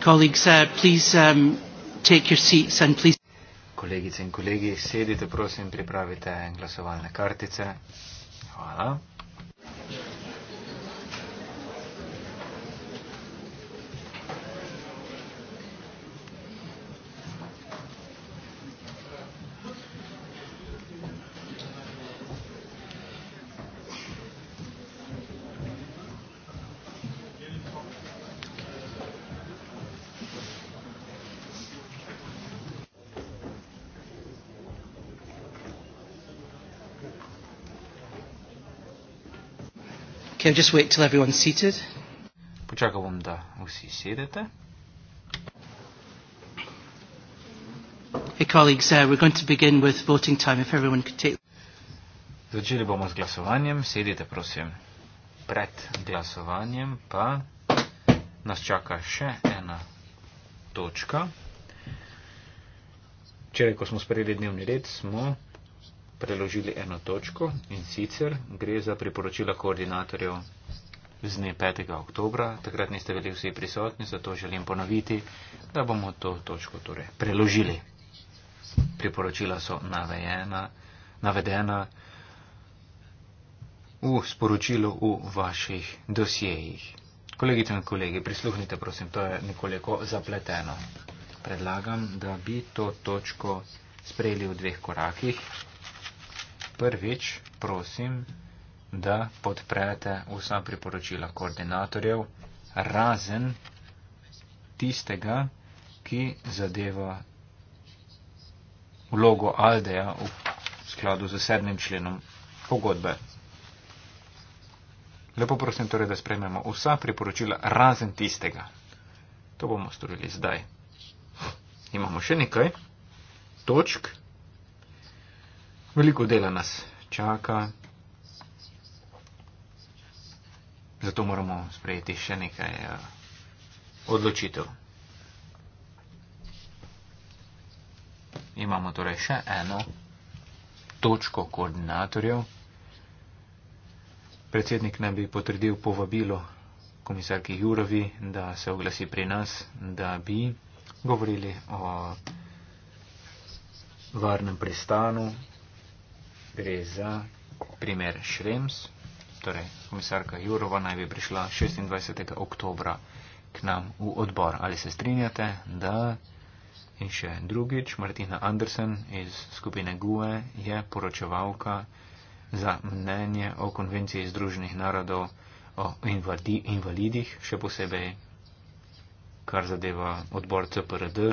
Colleagues, uh, please um, take your seats and please. Kolegice in kolegi, sedite, prosim, pripravite glasovalne kartice. Hvala. Can I just wait till everyone's seated? Počakaj bom, da vsi sedete. Hey colleagues, uh, we're going to begin with voting time, if everyone could take... Začeli bomo z glasovanjem, sedite prosim. Pred glasovanjem pa nas čaka še ena točka. Včeraj, ko smo sprejeli dnevni red, smo preložili eno točko in sicer gre za priporočila koordinatorjev z dne 5. oktobra. Takrat niste bili vsi prisotni, zato želim ponoviti, da bomo to točko torej preložili. Priporočila so navejena, navedena v sporočilu v vaših dosjejih. Kolegice in kolegi, prisluhnite, prosim, to je nekoliko zapleteno. Predlagam, da bi to točko sprejeli v dveh korakih prvič, prosim, da podprete vsa priporočila koordinatorjev, razen tistega, ki zadeva vlogo Aldeja v skladu z sedmim členom pogodbe. Lepo prosim torej, da sprememo vsa priporočila, razen tistega. To bomo storili zdaj. Imamo še nekaj točk. Veliko dela nas čaka, zato moramo sprejeti še nekaj eh, odločitev. Imamo torej še eno točko koordinatorjev. Predsednik naj bi potrdil povabilo komisarki Jurovi, da se oglasi pri nas, da bi govorili o varnem pristanu gre za primer Šrems, torej komisarka Jurova naj bi prišla 26. oktobra k nam v odbor. Ali se strinjate, da in še drugič, Martina Andersen iz skupine GUE je poročevalka za mnenje o konvenciji Združenih narodov o invalidih, še posebej kar zadeva odbor CPRD,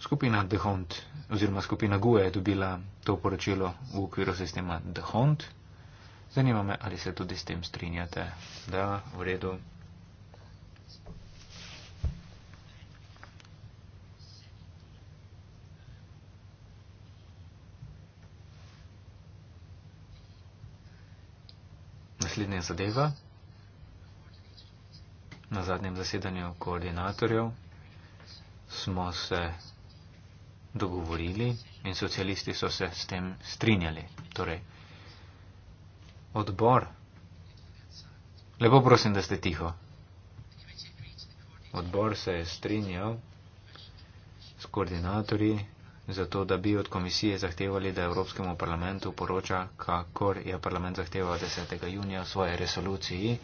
skupina The Hunt oziroma skupina Gue je dobila to poročilo v okviru sistema The Hunt. Zanima me, ali se tudi s tem strinjate. Da, v redu. Naslednja zadeva. Na zadnjem zasedanju koordinatorjev smo se dogovorili in socialisti so se s tem strinjali. Torej, odbor. Lepo prosim, da ste tiho. Odbor se je strinjal s koordinatorji zato, da bi od komisije zahtevali, da Evropskemu parlamentu poroča, kakor je parlament zahteval 10. junija v svoji resoluciji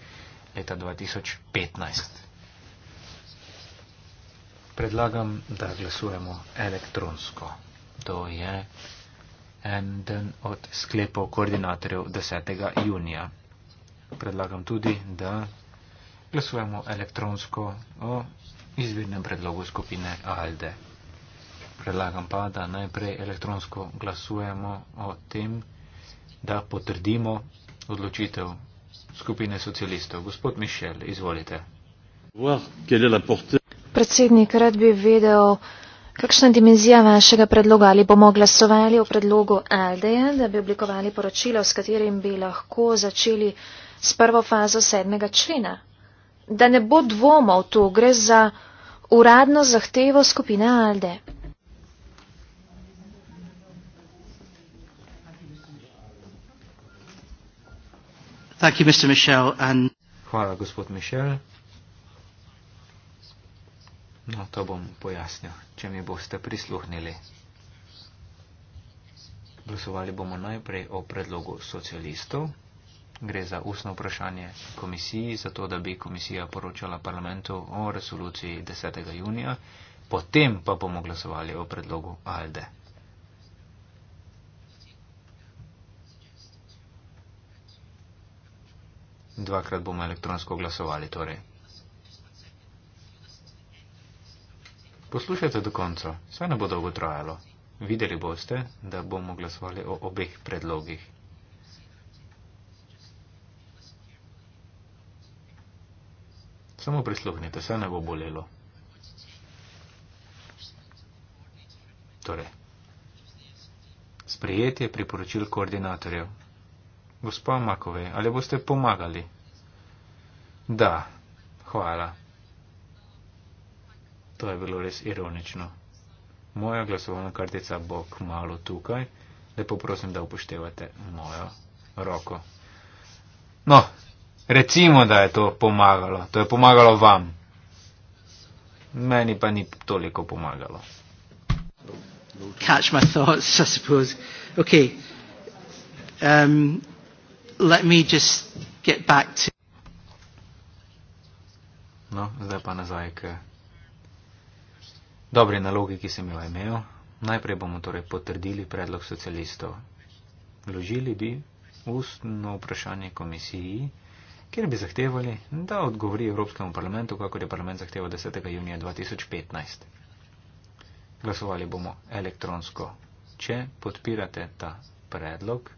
leta 2015 predlagam, da glasujemo elektronsko. To je eden od sklepov koordinatorjev 10. junija. Predlagam tudi, da glasujemo elektronsko o izvirnem predlogu skupine ALDE. Predlagam pa, da najprej elektronsko glasujemo o tem, da potrdimo odločitev skupine socialistov. Gospod Mišel, izvolite. Voir, Predsednik, rad bi vedel, kakšna dimenzija vašega predloga. Ali bomo glasovali o predlogu LDN, da bi oblikovali poročilo, s katerim bi lahko začeli s prvo fazo sedmega člena? Da ne bo dvomov tu, gre za uradno zahtevo skupine Alde. Hvala, gospod Mišel. No, to bom pojasnil, če mi boste prisluhnili. Glasovali bomo najprej o predlogu socialistov. Gre za ustno vprašanje komisiji, zato da bi komisija poročala parlamentu o resoluciji 10. junija. Potem pa bomo glasovali o predlogu ALDE. Dvakrat bomo elektronsko glasovali, torej. Poslušajte do konca, saj ne bo dolgo trajalo. Videli boste, da bomo glasovali o obeh predlogih. Samo prisluhnite, saj ne bo bolelo. Torej, sprejetje priporočil koordinatorjev. Gospa Makove, ali boste pomagali? Da, hvala. To je bilo res ironično. Moja glasovna kartica bo k malu tukaj, lepo prosim, da upoštevate mojo roko. No, recimo, da je to pomagalo, to je pomagalo vam. Meni pa ni toliko pomagalo. Catch my thoughts, I suppose. Okay. Um, let me just get back to. No, zdaj pa nazaj k dobre naloge, ki sem jo imel. Najprej bomo torej potrdili predlog socialistov. Vložili bi ustno vprašanje komisiji, kjer bi zahtevali, da odgovori Evropskemu parlamentu, kako je parlament zahteval 10. junija 2015. Glasovali bomo elektronsko. Če podpirate ta predlog,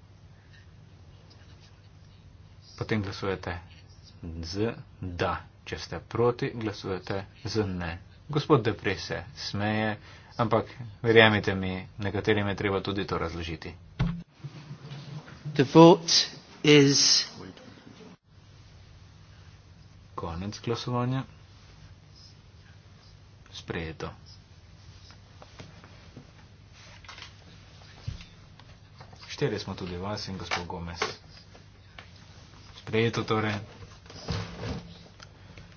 potem glasujete z da. Če ste proti, glasujete z ne. Gospod Depre se smeje, ampak verjemite mi, nekaterim je treba tudi to razložiti. Is... Konec glasovanja. Sprejeto. Šteli smo tudi vas in gospod Gomez. Sprejeto torej.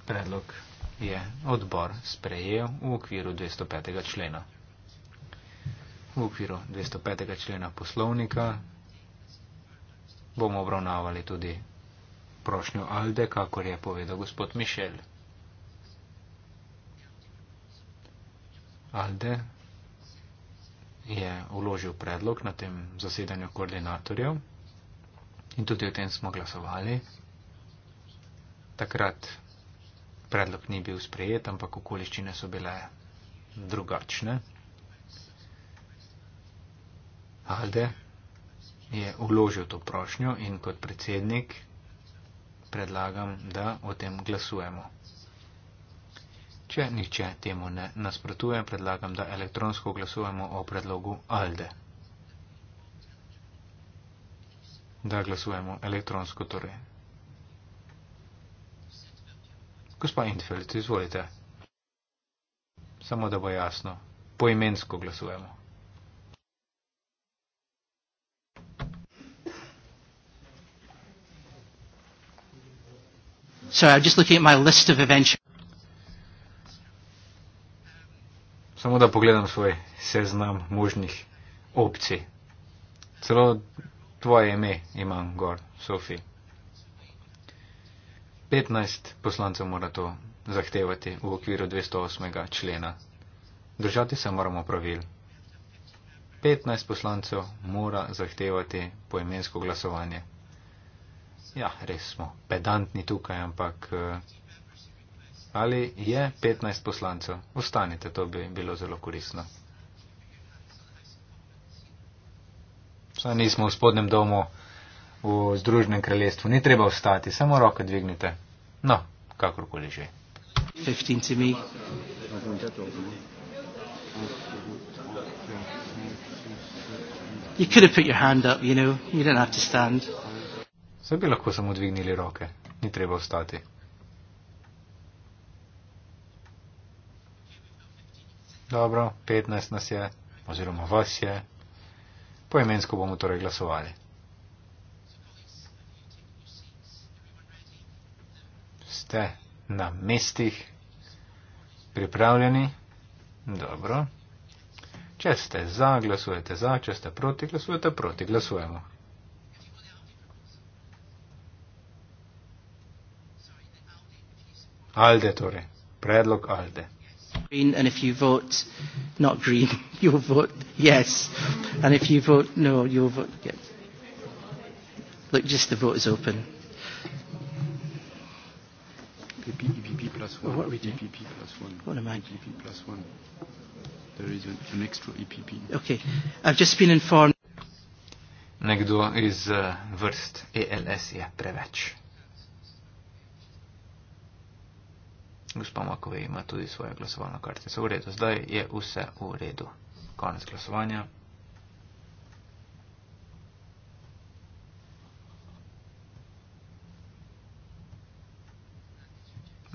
Predlog je odbor sprejel v okviru 205. člena. V okviru 205. člena poslovnika bomo obravnavali tudi prošnjo Alde, kakor je povedal gospod Mišel. Alde je uložil predlog na tem zasedanju koordinatorjev in tudi o tem smo glasovali. Takrat predlog ni bil sprejet, ampak okoliščine so bile drugačne. Alde je uložil to prošnjo in kot predsednik predlagam, da o tem glasujemo. Če nihče temu ne nasprotuje, predlagam, da elektronsko glasujemo o predlogu Alde. Da glasujemo elektronsko torej. Gospa Infeld, izvolite. Samo da bo jasno, poimensko glasujemo. Sorry, Samo da pogledam svoj seznam možnih opcij. Celo tvoje ime imam gor, Sofi. 15 poslancev mora to zahtevati v okviru 208. člena. Držati se moramo pravil. 15 poslancev mora zahtevati poimensko glasovanje. Ja, res smo pedantni tukaj, ampak eh, ali je 15 poslancev? Ostanite, to bi bilo zelo korisno. Saj nismo v spodnem domu v Združenem kraljestvu. Ni treba ostati, samo roke dvignite. No, kakorkoli že. 15 you up, you know. you don't have to stand. So bi lahko samo dvignili roke, ni treba ostati. Dobro, 15 nas je, oziroma vas je. Poimensko bomo torej glasovali. ste na mestih pripravljeni. Dobro. Če ste za, glasujete za, če ste proti, glasujete proti, glasujemo. Alde torej, predlog Alde. Green and if you vote not green, you'll vote yes. And if you vote no, you'll vote yes. Look, just the vote is open. EPP, EPP plus one. What are we doing? EPP plus one. What am I doing? EPP plus one. There is an, an extra EPP. Okay. I've just been informed. Nekdo iz uh, vrst ELS je preveč. Gospa Makove ima tudi svojo glasovalno kartico. V redu, zdaj je vse v redu. Konec glasovanja.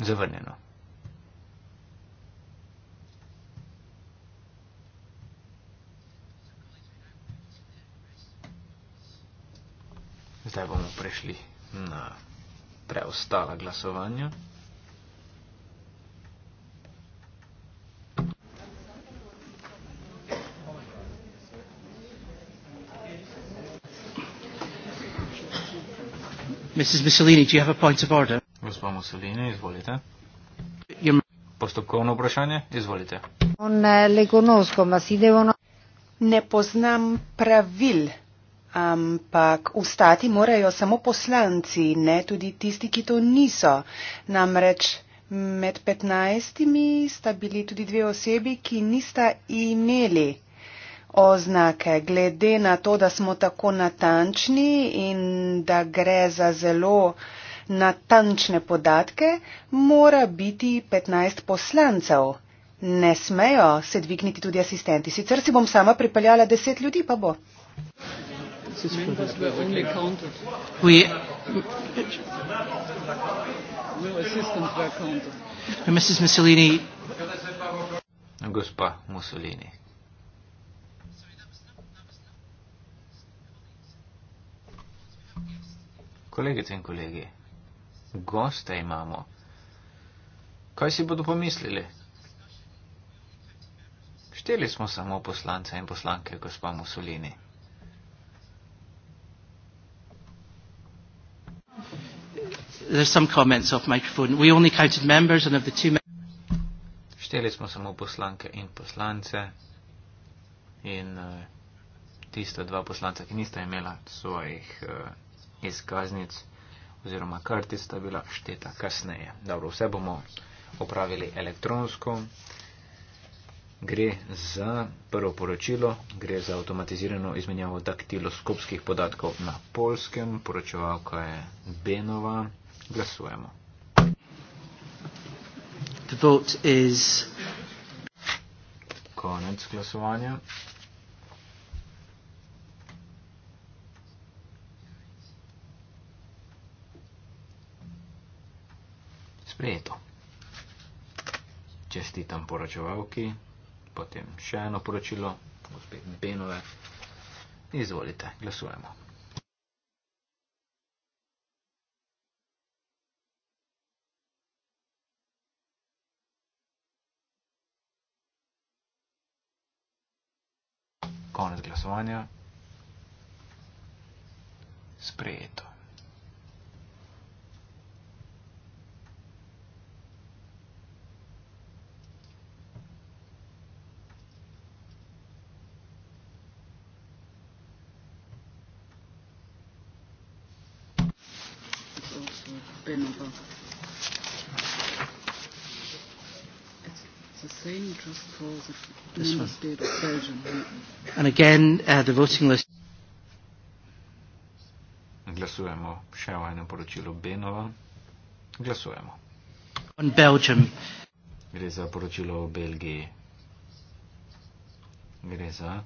zavrnjeno. Zdaj bomo prešli na preostala glasovanja. Mrs. Mussolini, do you have a point of order? Gospod Mussolini, izvolite. Postopkovno vprašanje, izvolite. Eh, ne poznam pravil, ampak ustati morajo samo poslanci, ne tudi tisti, ki to niso. Namreč med 15 sta bili tudi dve osebi, ki nista imeli oznake. Glede na to, da smo tako natančni in da gre za zelo natančne podatke, mora biti 15 poslancev. Ne smejo se dvigniti tudi asistenti. Sicer si bom sama pripeljala 10 ljudi, pa bo. Gospa Mussolini. kolegice in kolegi, goste imamo. Kaj si bodo pomislili? Šteli smo samo poslance in poslanke, gospa Mussolini. Šteli smo samo poslanke in poslance in uh, tista dva poslanca, ki nista imela svojih. Uh, iz kaznic oziroma karti sta bila šteta kasneje. Dobro, vse bomo opravili elektronsko. Gre za prvo poročilo, gre za avtomatizirano izmenjavo daktiloskopskih podatkov na polskem, poročevalka je Benova, glasujemo. The vote is... Konec glasovanja. sprejeto. Čestitam poročevalki, potem še eno poročilo, gospe Benove. Izvolite, glasujemo. Konec glasovanja. Sprejeto. penalty. The same just for the this one. state of Belgium. And again, uh, the voting list. Glasujemo še o enem poročilu Benova. Glasujemo. Gre za poročilo o Belgiji. Gre za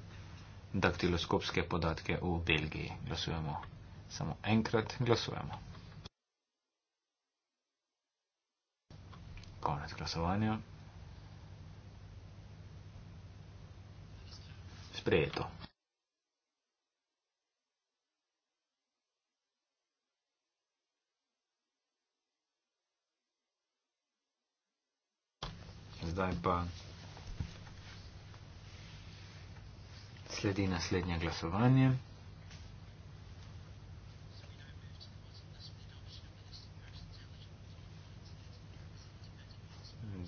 daktiloskopske podatke v Belgiji. Glasujemo samo enkrat. Glasujemo. konec glasovanja. Sprejeto. Zdaj pa sledi naslednje glasovanje.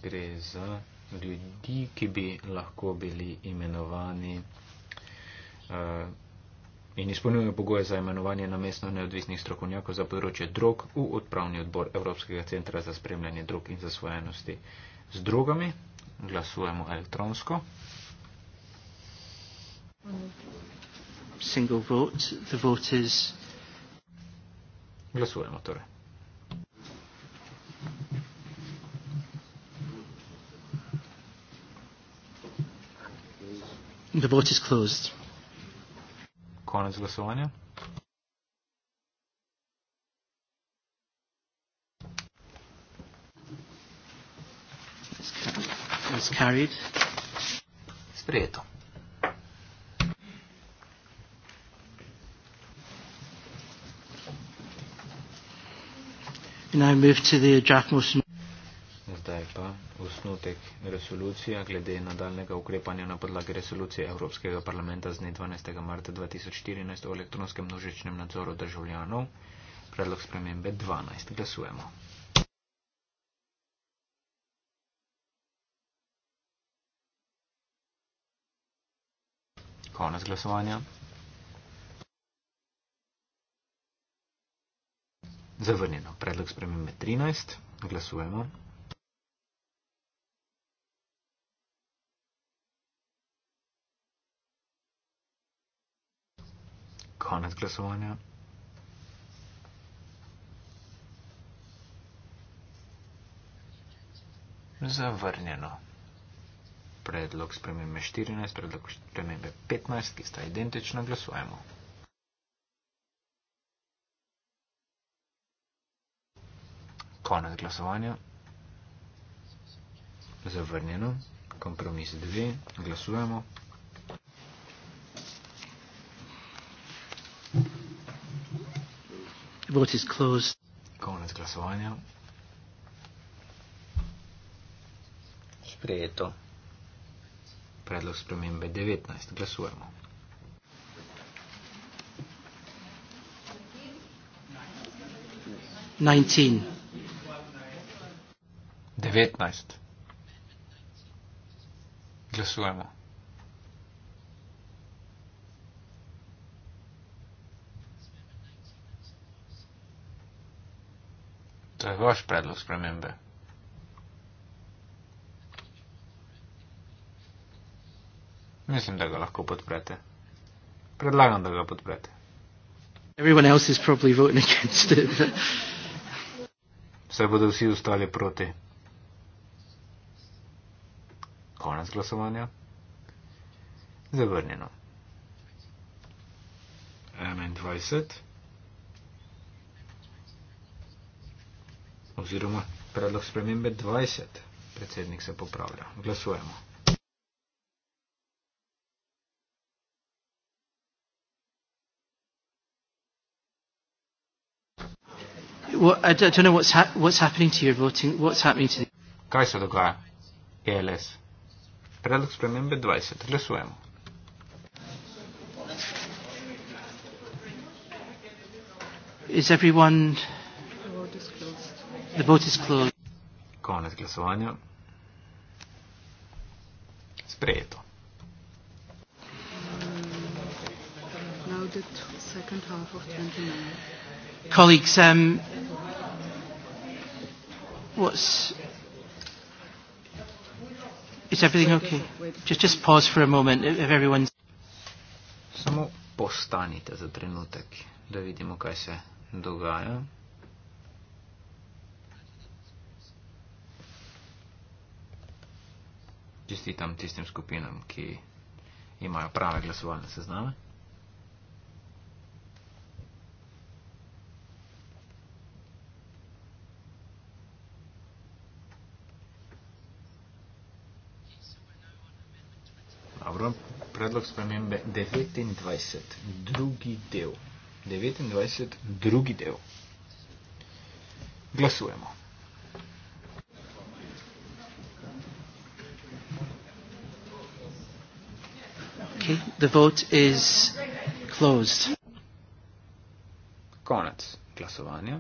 gre za ljudi, ki bi lahko bili imenovani uh, in izpolnjujejo pogoje za imenovanje na mestno neodvisnih strokovnjakov za področje drog v odpravni odbor Evropskega centra za spremljanje drog in zasvojenosti z drogami. Glasujemo elektronsko. Single vote, the vote is. Glasujemo torej. The vote is closed. Konec glasovanja. Is carried. Sprejeto. And I move to the draft motion osnutek resolucije glede nadaljnega ukrepanja na podlagi resolucije Evropskega parlamenta z dne 12. marca 2014 o elektronskem množičnem nadzoru državljanov. Predlog spremembe 12. Glasujemo. Konec glasovanja. Zavrnjeno. Predlog spremembe 13. Glasujemo. konec glasovanja. Zavrnjeno. Predlog spremembe 14, predlog spremembe 15, ki sta identična, glasujemo. Konec glasovanja. Zavrnjeno. Kompromis 2. Glasujemo. vote is closed. Konec glasovanja. Sprejeto. Predlog spremembe 19. Glasujemo. Nineteen. 19. Glasujemo. To je vaš predlog spremembe. Mislim, da ga lahko podprete. Predlagam, da ga podprete. Vse bodo vsi ostali proti. Konec glasovanja. Zavrnjeno. 21. oziroma predlog spremembe 20. Predsednik se popravlja. Glasujemo. Well, I don't know what's, ha what's happening to your voting. What's happening to the... Kaj se dogaja? ELS. Predlog spremembe 20. Glasujemo. Is everyone... The vote is closed. Konec glasovanja. Sprejeto. Colleagues, um, what's is everything okay? Just just pause for a moment if everyone's. Samo postanite za trenutek, da vidimo kaj se dogaja. čestitam tistim skupinam, ki imajo prave glasovalne sezname. Dobro, predlog spremembe 29, drugi del. 29, drugi del. Glasujemo. Okay, the vote is closed. Konec glasovanja.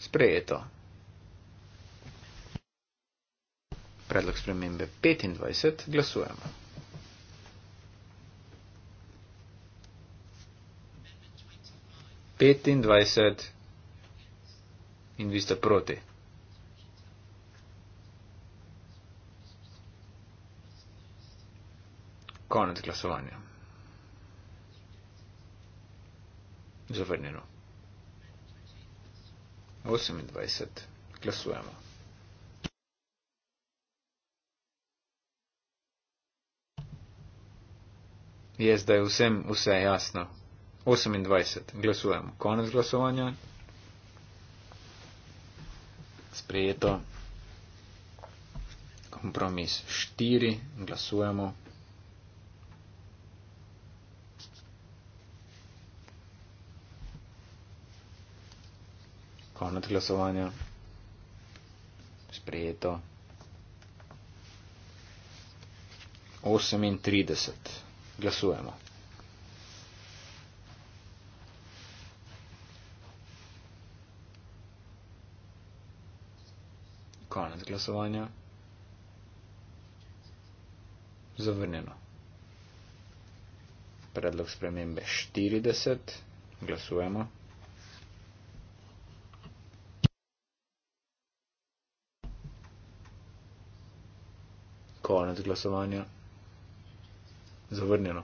Sprejeto. Predlog spremembe 25. Glasujemo. Petindvajset in vi ste proti. konec glasovanja. Zavrnjeno. 28. Glasujemo. Je zdaj vsem vse jasno. 28. Glasujemo. Konec glasovanja. Sprejeto. Kompromis 4. Glasujemo. Konec glasovanja. Sprejeto. 38. Glasujemo. Konec glasovanja. Zavrnjeno. Predlog spremembe 40. Glasujemo. Glasujemo. konec glasovanja. Zavrnjeno.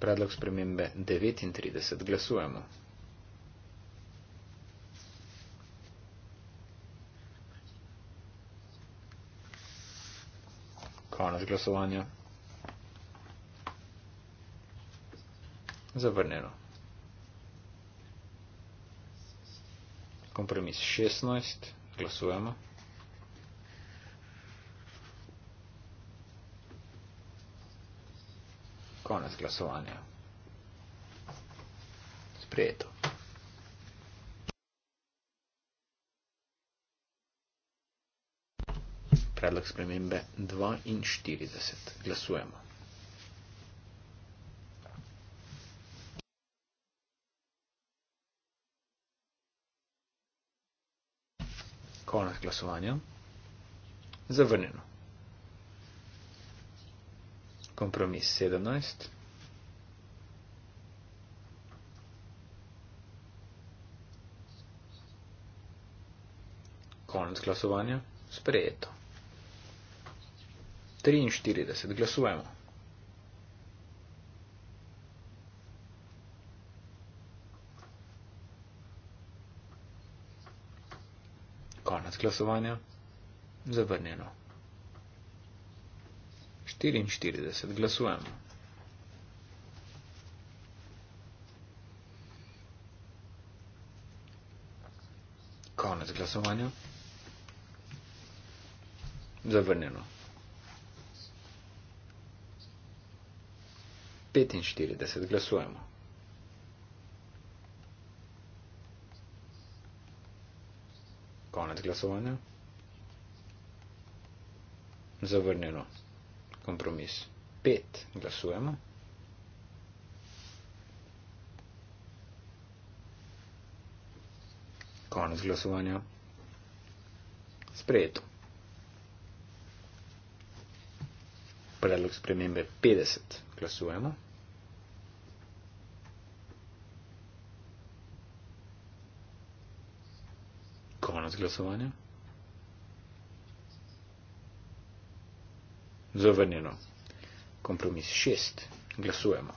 Predlog spremembe 39. Glasujemo. Konec glasovanja. Zavrnjeno. kompromis 16, glasujemo. Konec glasovanja. Sprejeto. Predlog spremembe 42, glasujemo. konec glasovanja. Zavrnjeno. Kompromis 17. Konec glasovanja. Sprejeto. 43. Glasujemo. glasovanja? Zavrnjeno. 44. Glasujemo. Konec glasovanja. Zavrnjeno. 45. Glasujemo. konec glasovanja. Zavrnjeno. Kompromis. Pet. Glasujemo. Konec glasovanja. Sprejeto. Predlog spremembe 50. Glasujemo. danes glasovanje? Zavrnjeno. Kompromis šest. Glasujemo.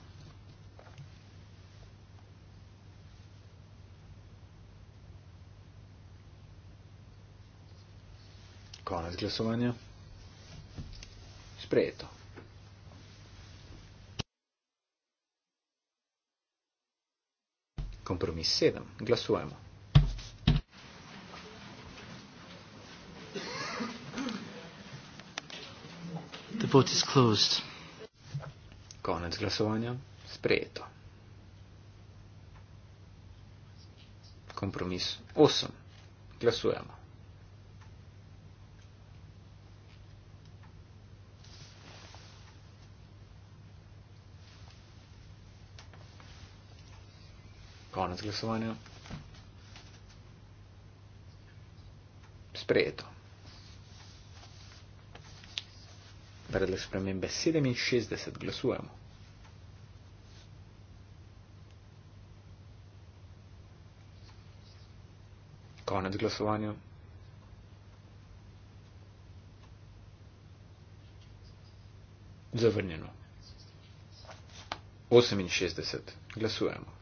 Konec glasovanja. Sprejeto. Kompromis sedem. Glasujemo. The vote is closed. Konec glasovanja. Sprejeto. Kompromis 8. Glasujemo. Konec glasovanja. Sprejeto. Predlog spremembe 67 glasujemo. Konec glasovanja. Zavrnjeno. 68 glasujemo.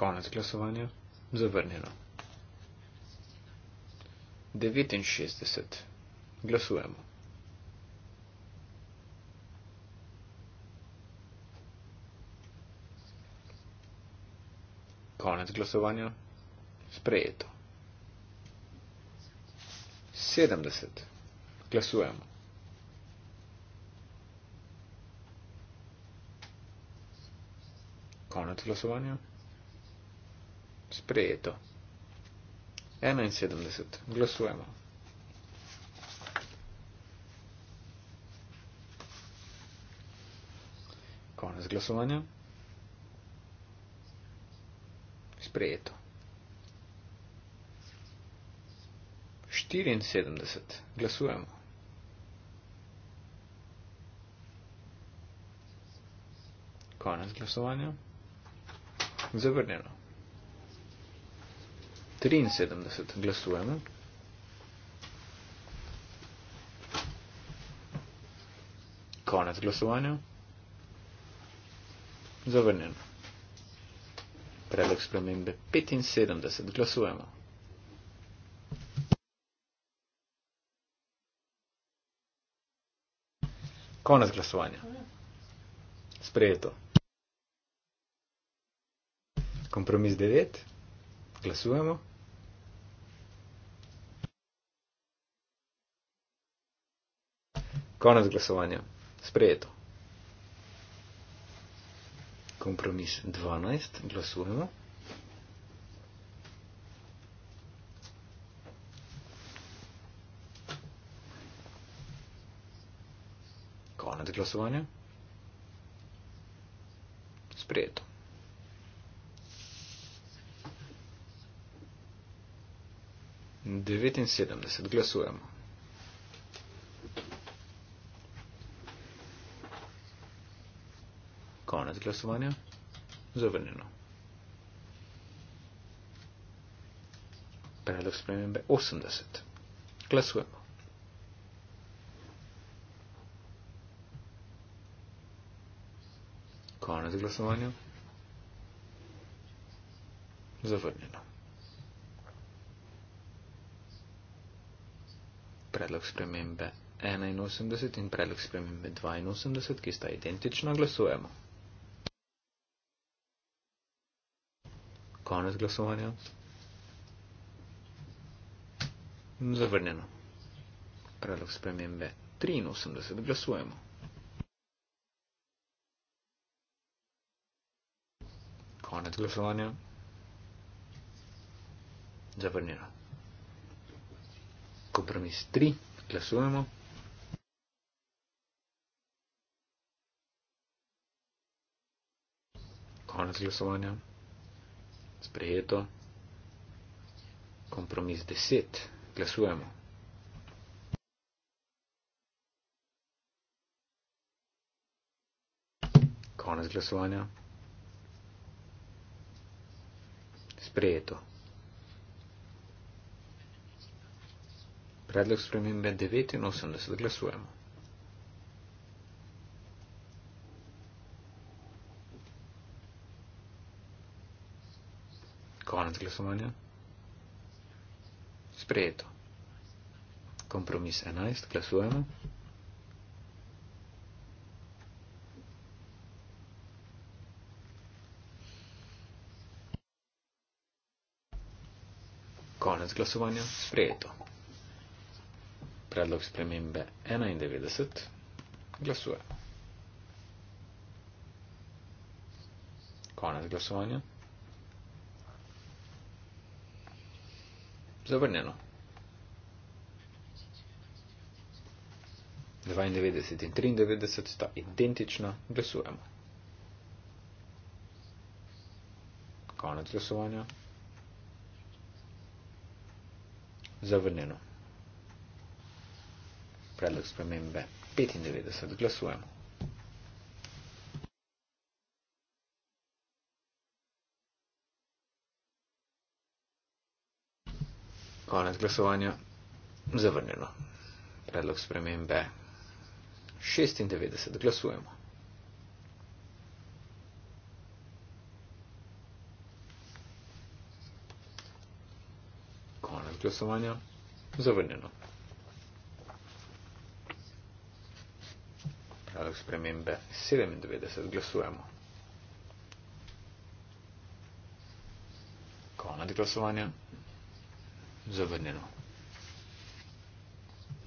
Konec glasovanja. Zavrnjeno. 69. Glasujemo. Konec glasovanja. Sprejeto. 70. Glasujemo. Konec glasovanja sprejeto. 71. Glasujemo. Konec glasovanja. Sprejeto. 74. Glasujemo. Konec glasovanja. Zavrnjeno. 73 glasujemo. Konec glasovanja. Zavrnjen. Predlog spremembe 75 glasujemo. Konec glasovanja. Sprejeto. Kompromis 9. Glasujemo. Konec glasovanja. Sprejeto. Kompromis 12. Glasujemo. Konec glasovanja. Sprejeto. Devetinsedemdeset glasujemo. Konec glasovanja. Zavrnjeno. Predlog spremembe 80. Glasujemo. Konec glasovanja. Zavrnjeno. Predlog spremembe 81 in predlog spremembe 82, ki sta identična, glasujemo. konec glasovanja. Zavrnjeno. Predlog spremembe 83. Glasujemo. Konec glasovanja. Zavrnjeno. Kompromis 3. Glasujemo. Konec glasovanja. Sprejeto. Kompromis 10. Glasujemo. Konec glasovanja. Sprejeto. Predlog spremembe 89. Glasujemo. Konec glasovanja. Sprejeto. Kompromis 11. Glasujemo. Konec glasovanja. Sprejeto. Predlog spremembe 91. Glasujemo. Konec glasovanja. zavrnjeno. 92 in 93 sta identična, glasujemo. Konec glasovanja. Zavrnjeno. Predlog spremembe 95 glasujemo. danes glasovanja zavrnjeno. Predlog spremembe 96 glasujemo. Glasovanja zavrnjeno. Predlog spremembe 97 glasujemo. Konec glasovanja zavrnjeno.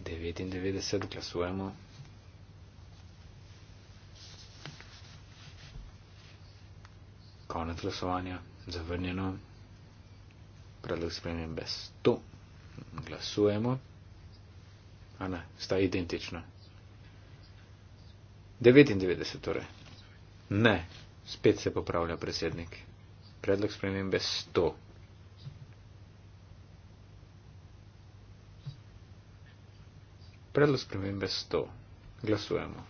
99 glasujemo. Konec glasovanja, zavrnjeno. Predlog spremembe 100. Glasujemo. A ne, sta identična. 99 torej. Ne, spet se popravlja predsednik. Predlog spremembe 100. predlog spremembe 100. Glasujemo.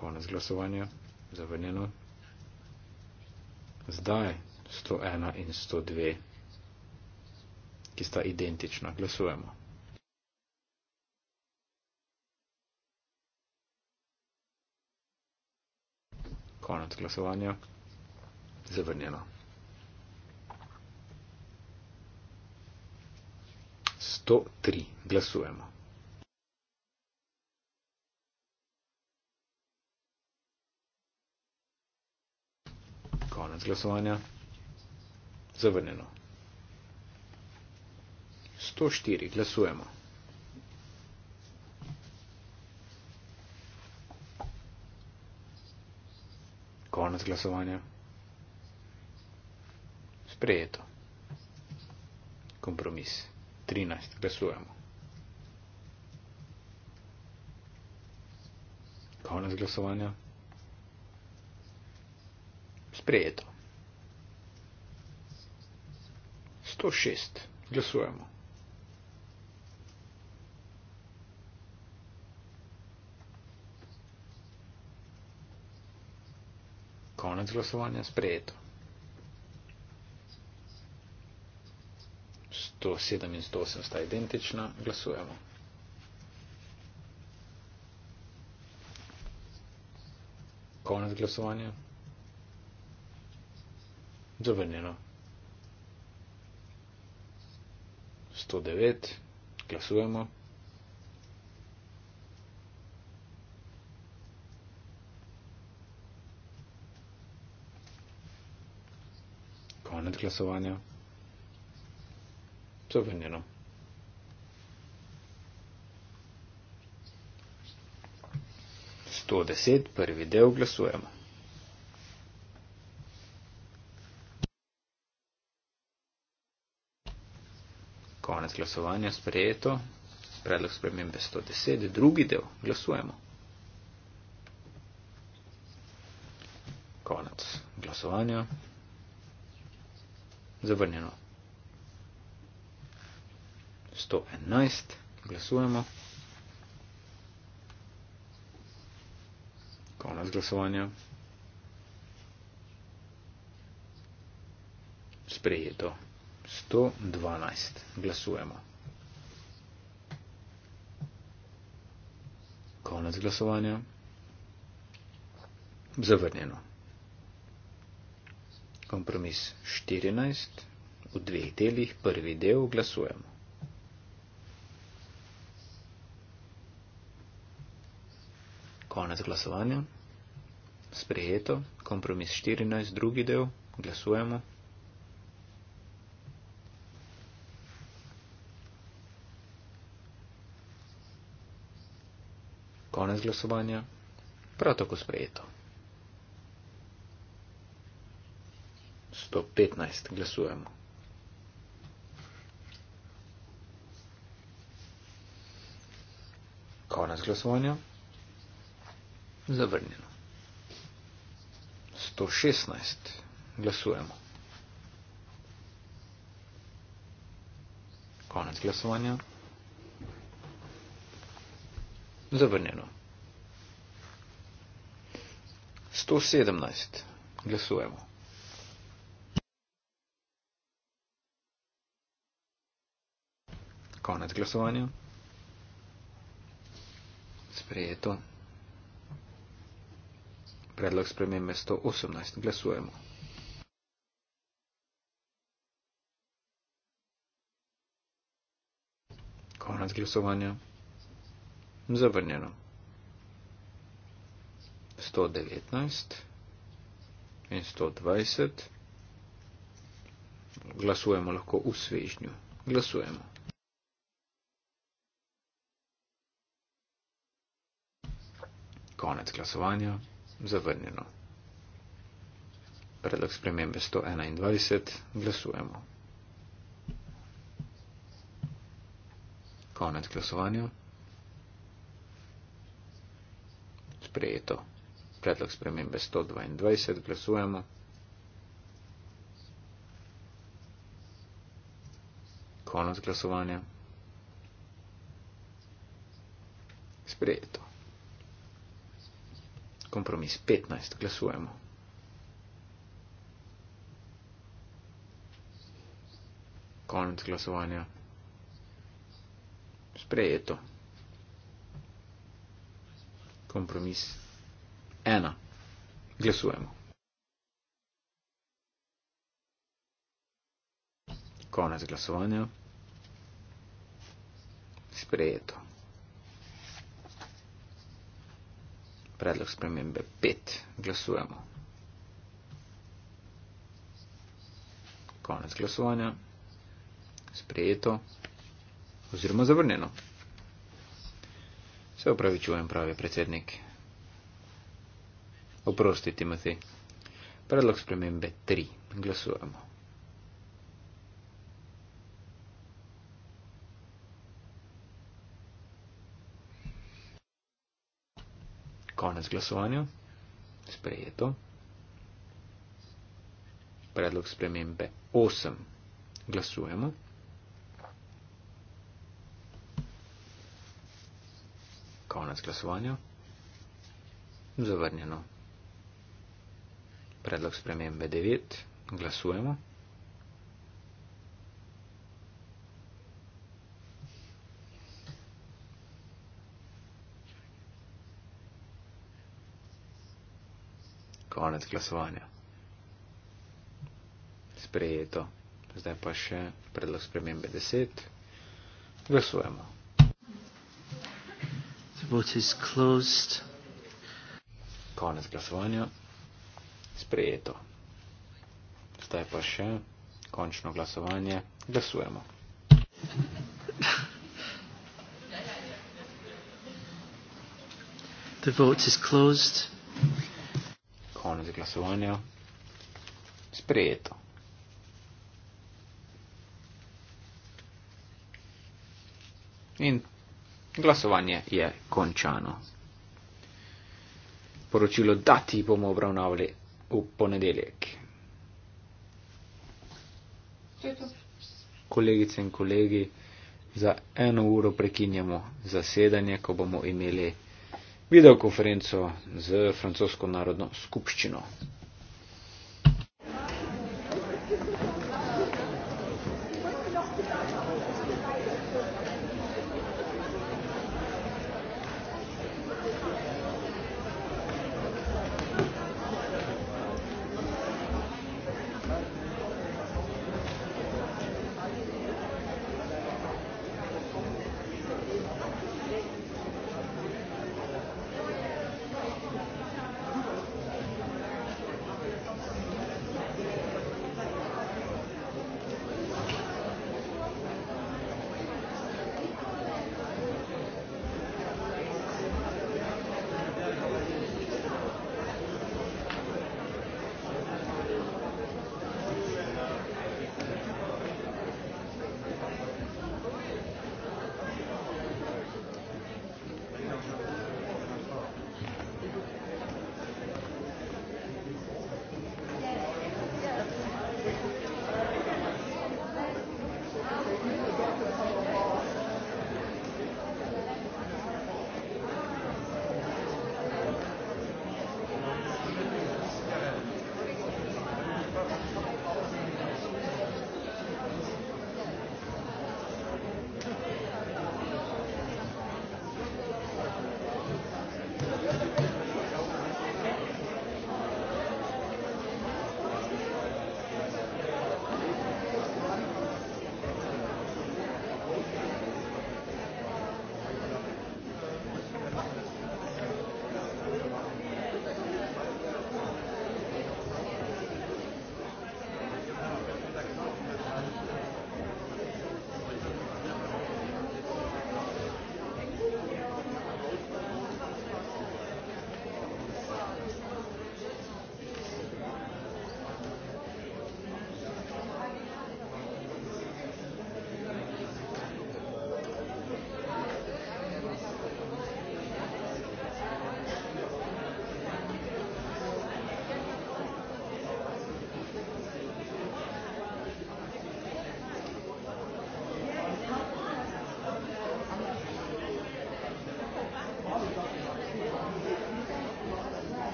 Konec glasovanja. Zavrnjeno. Zdaj 101 in 102, ki sta identična. Glasujemo. Konec glasovanja. Zavrnjeno. 103. Glasujemo. Konec glasovanja. Zavrnjeno. 104. Glasujemo. Konec glasovanja. Sprejeto. Kompromis. 13. Glasujemo. Konec glasovanja. Sprejeto. 106. Glasujemo. Konec glasovanja. Sprejeto. to 7 in 108 sta identična, glasujemo. Konec glasovanja. Zavrnjeno. 109, glasujemo. Konec glasovanja črvanje. No? To deset, prvi del glasujemo. Konec glasovanja sprejeto, predlog spremembe 110, drugi del glasujemo. Konec glasovanja zavrnjeno. 111, glasujemo. Konec glasovanja. Sprejeto. 112, glasujemo. Konec glasovanja. Zavrnjeno. Kompromis 14 v dveh delih, prvi del glasujemo. Konec glasovanja. Sprejeto. Kompromis 14, drugi del. Glasujemo. Konec glasovanja. Prav tako sprejeto. 115. Glasujemo. Konec glasovanja. Zavrnjeno. 116. Glasujemo. Konec glasovanja. Zavrnjeno. 117. Glasujemo. Konec glasovanja. Sprejeto predlog spremembe 118 glasujemo. Konec glasovanja. Zavrnjeno. 119 in 120. Glasujemo lahko v svežnju. Glasujemo. Konec glasovanja zavrnjeno. Predlog spremembe 121. Glasujemo. Konec glasovanja. Sprejeto. Predlog spremembe 122. Glasujemo. Konec glasovanja. Sprejeto kompromis 15. Glasujemo. Konec glasovanja. Sprejeto. Kompromis 1. Glasujemo. Konec glasovanja. Sprejeto. predlog spremembe 5. Glasujemo. Konec glasovanja. Sprejeto oziroma zavrnjeno. Se upravičujem, pravi predsednik. Oprosti, Timothy. Predlog spremembe 3. Glasujemo. konec glasovanja, sprejeto. Predlog spremembe 8. Glasujemo. Konec glasovanja. Zavrnjeno. Predlog spremembe 9. Glasujemo. konec glasovanja. Sprejeto. Zdaj pa še predlog spremembe 10. Glasujemo. Konec glasovanja. Sprejeto. Zdaj pa še končno glasovanje. Glasujemo. The vote is closed konec glasovanja. Sprejeto. In glasovanje je končano. Poročilo dati bomo obravnavali v ponedeljek. Kolegice in kolegi, za eno uro prekinjamo zasedanje, ko bomo imeli videokonferenco z francosko narodno skupščino.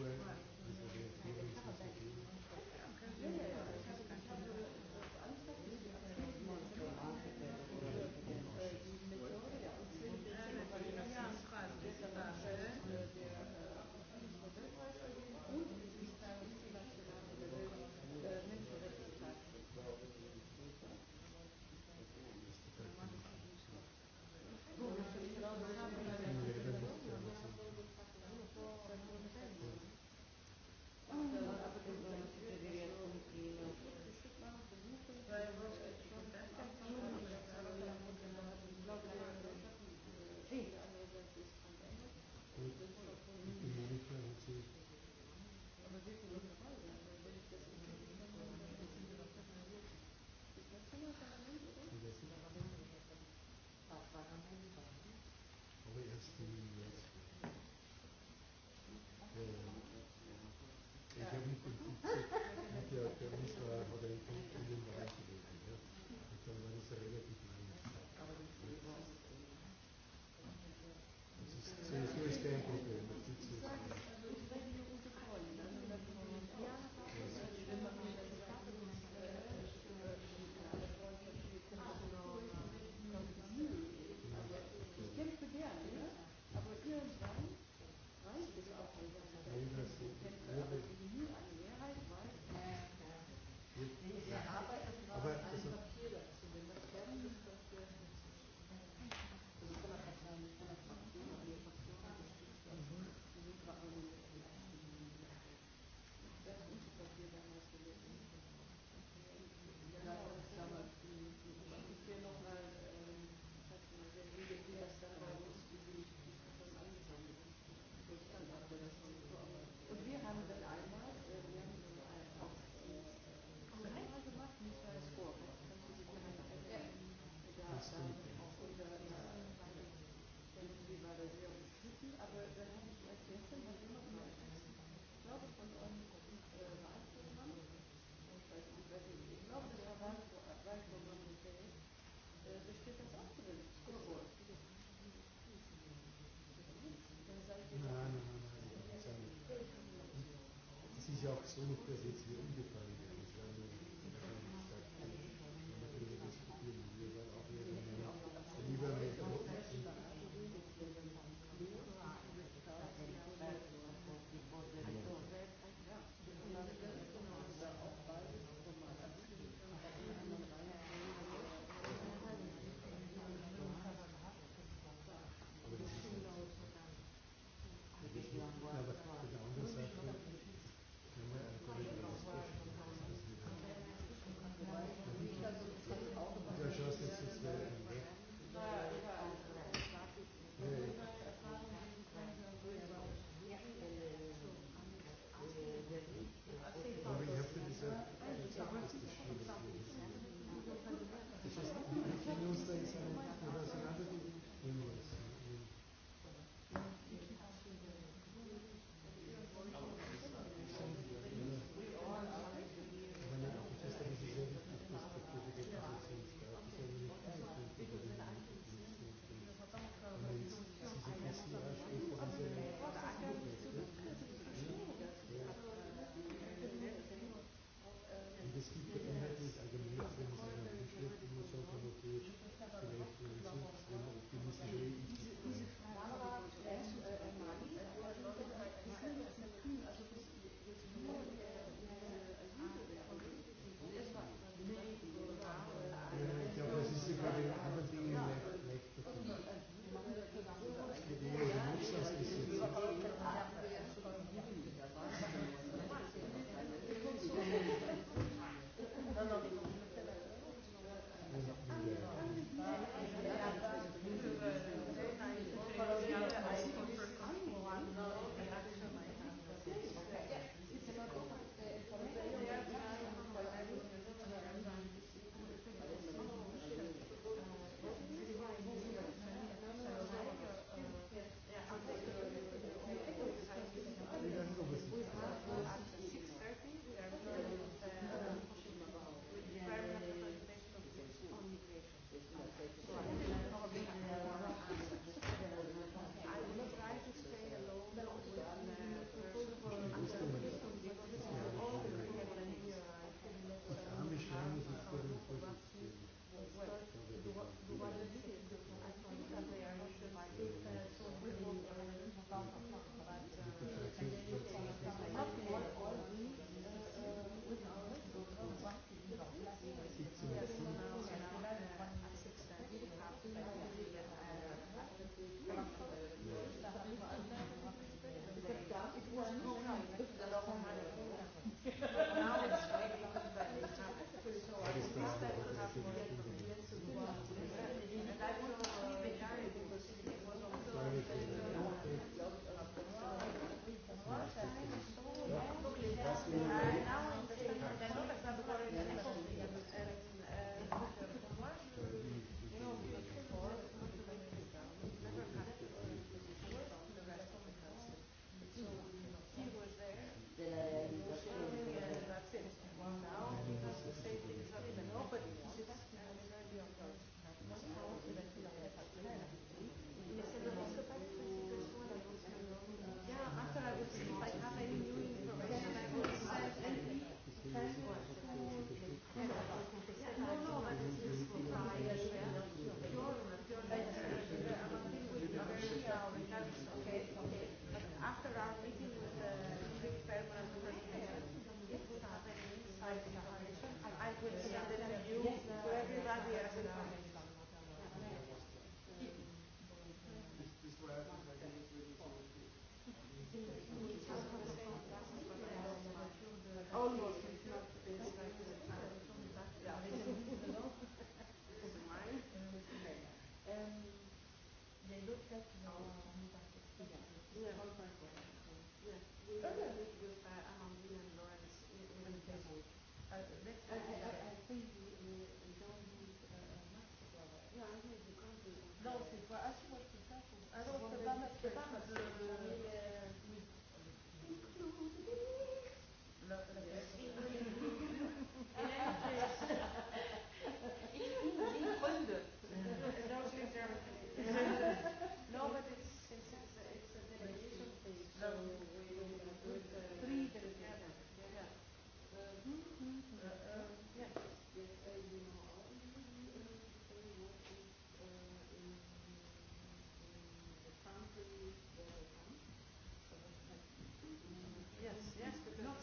Pues. Thank you. auch so eine Position gefallen.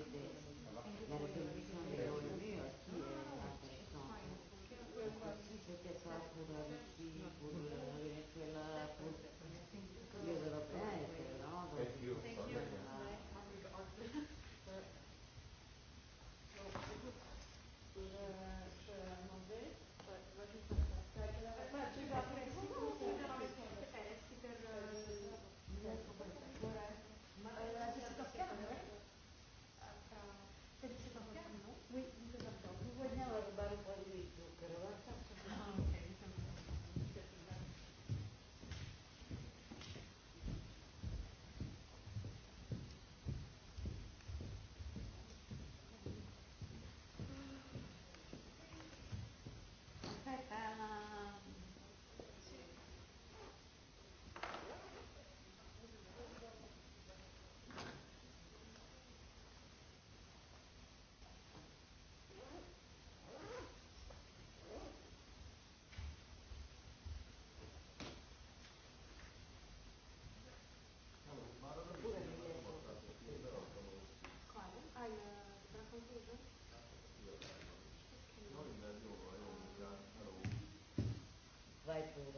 siete la rivoluzione dei loro miei, chi è la persona, così siete proprio la rivoluzione. vai por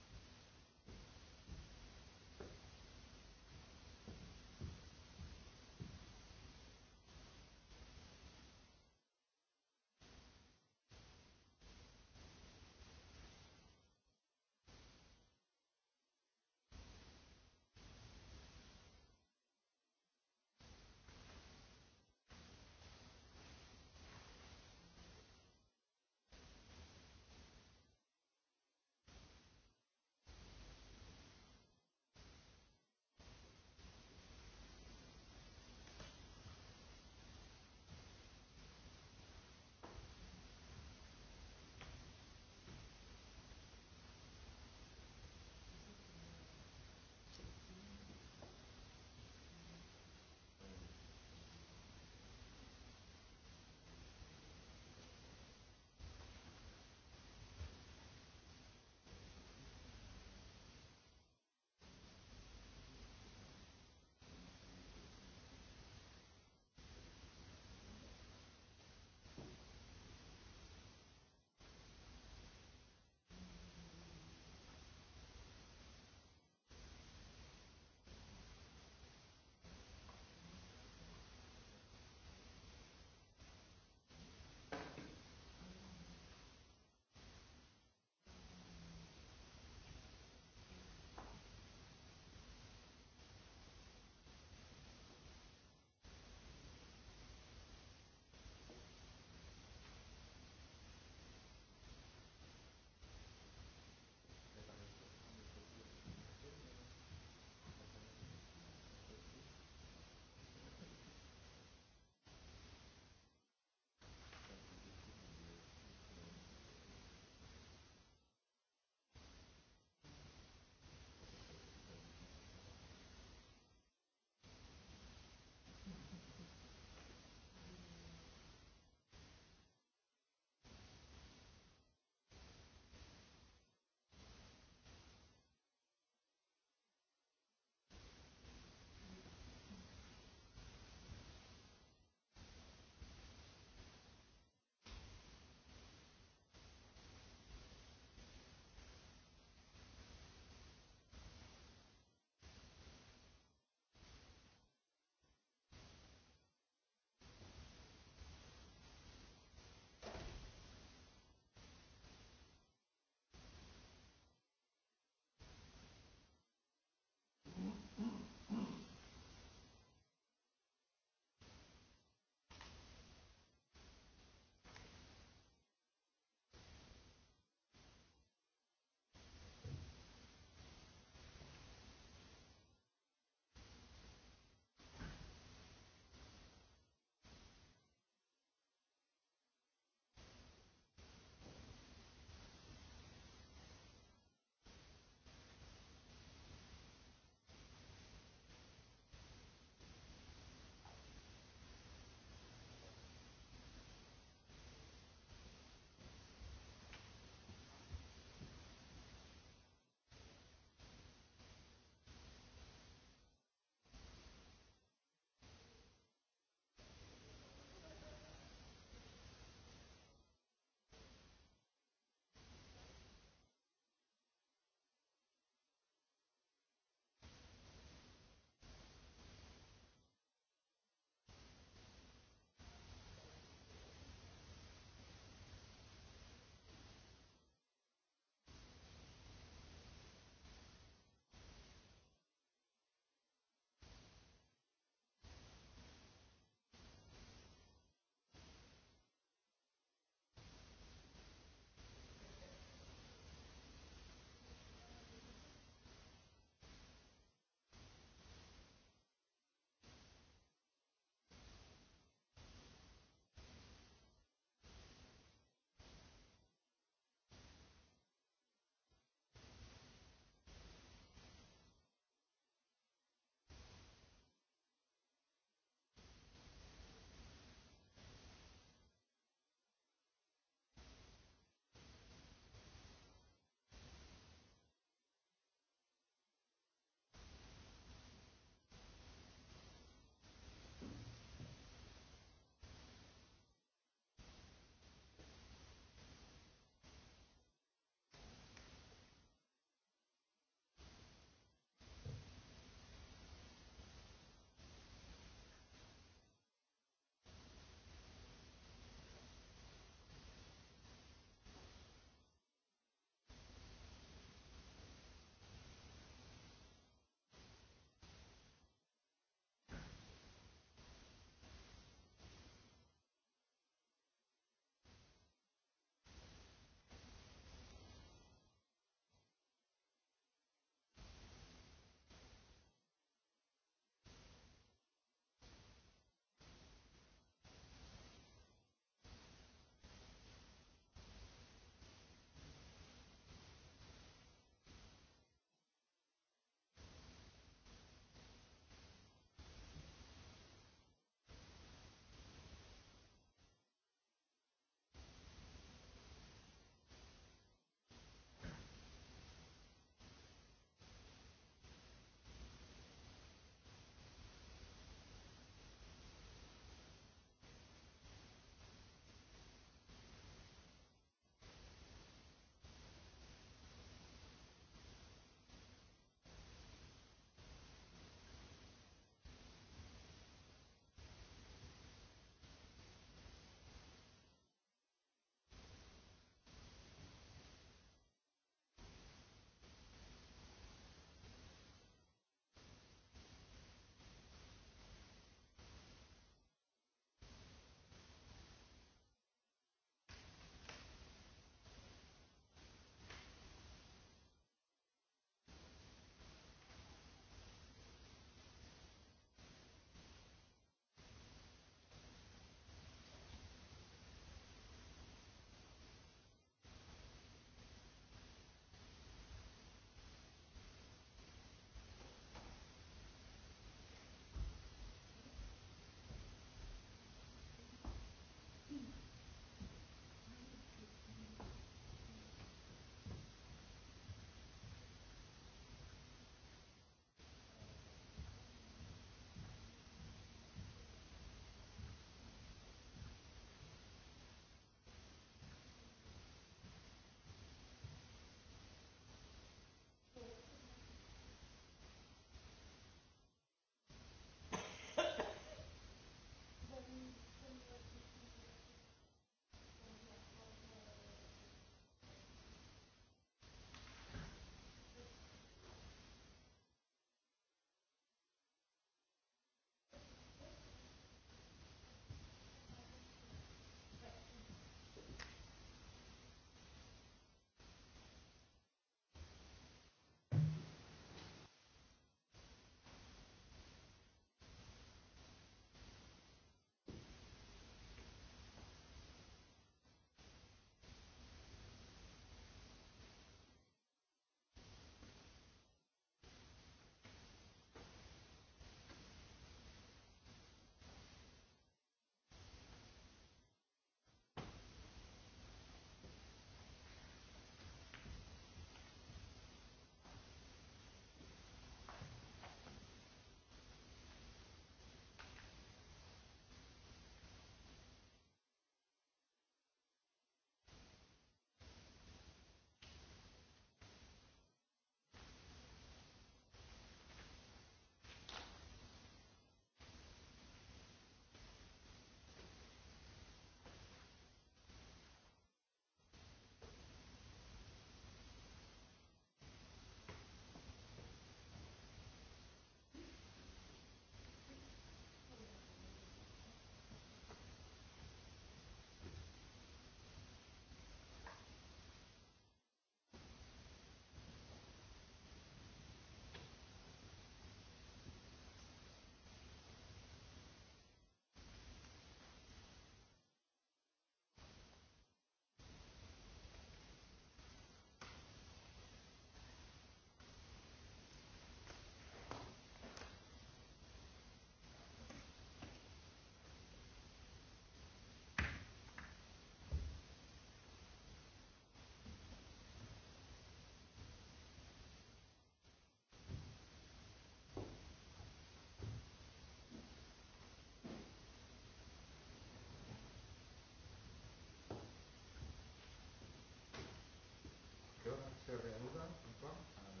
realiza un plan al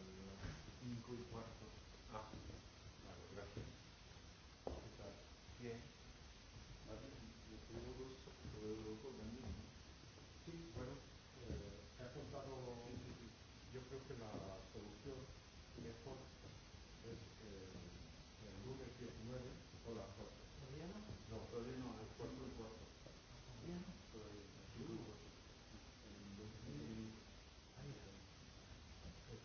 cinco y cuarto A. Vale, gracias. ¿Qué tal? Bien. Vale, yo tengo dos sobre el grupo de mí. Sí, bueno, eh, he apuntado, yo creo que la solución mejor es eh, el lunes 19 o la cuarta. ¿Todavía no? No, todavía no, el cuarto y cuarto. ¿Todavía no? Todavía no.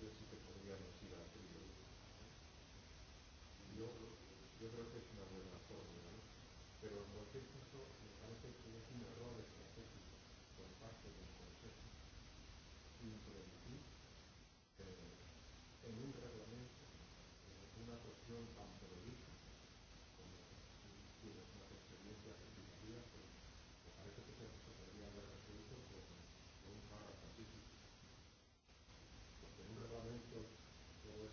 decirte que ya no siga a Cristo. Yo, yo creo que es una buena fórmula, ¿no? Pero en cualquier caso, me parece que es un error estratégico por parte del Consejo introducir eh, en un reglamento eh, una cuestión tan prohibida.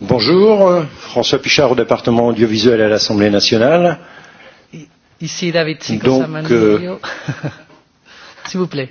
Bonjour, François Pichard au département audiovisuel à l'Assemblée nationale. Ici David Sigosamani. Euh... S'il vous plaît.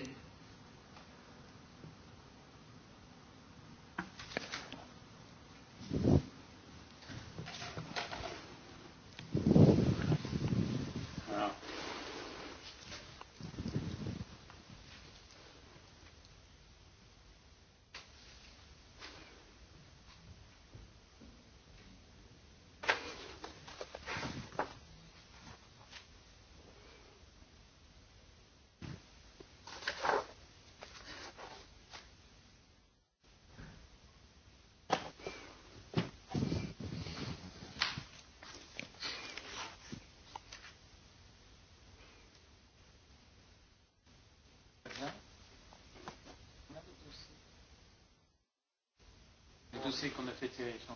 situation.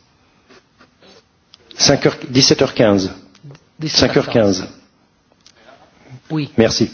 17h15. 17h15. 17h15. Oui. Merci.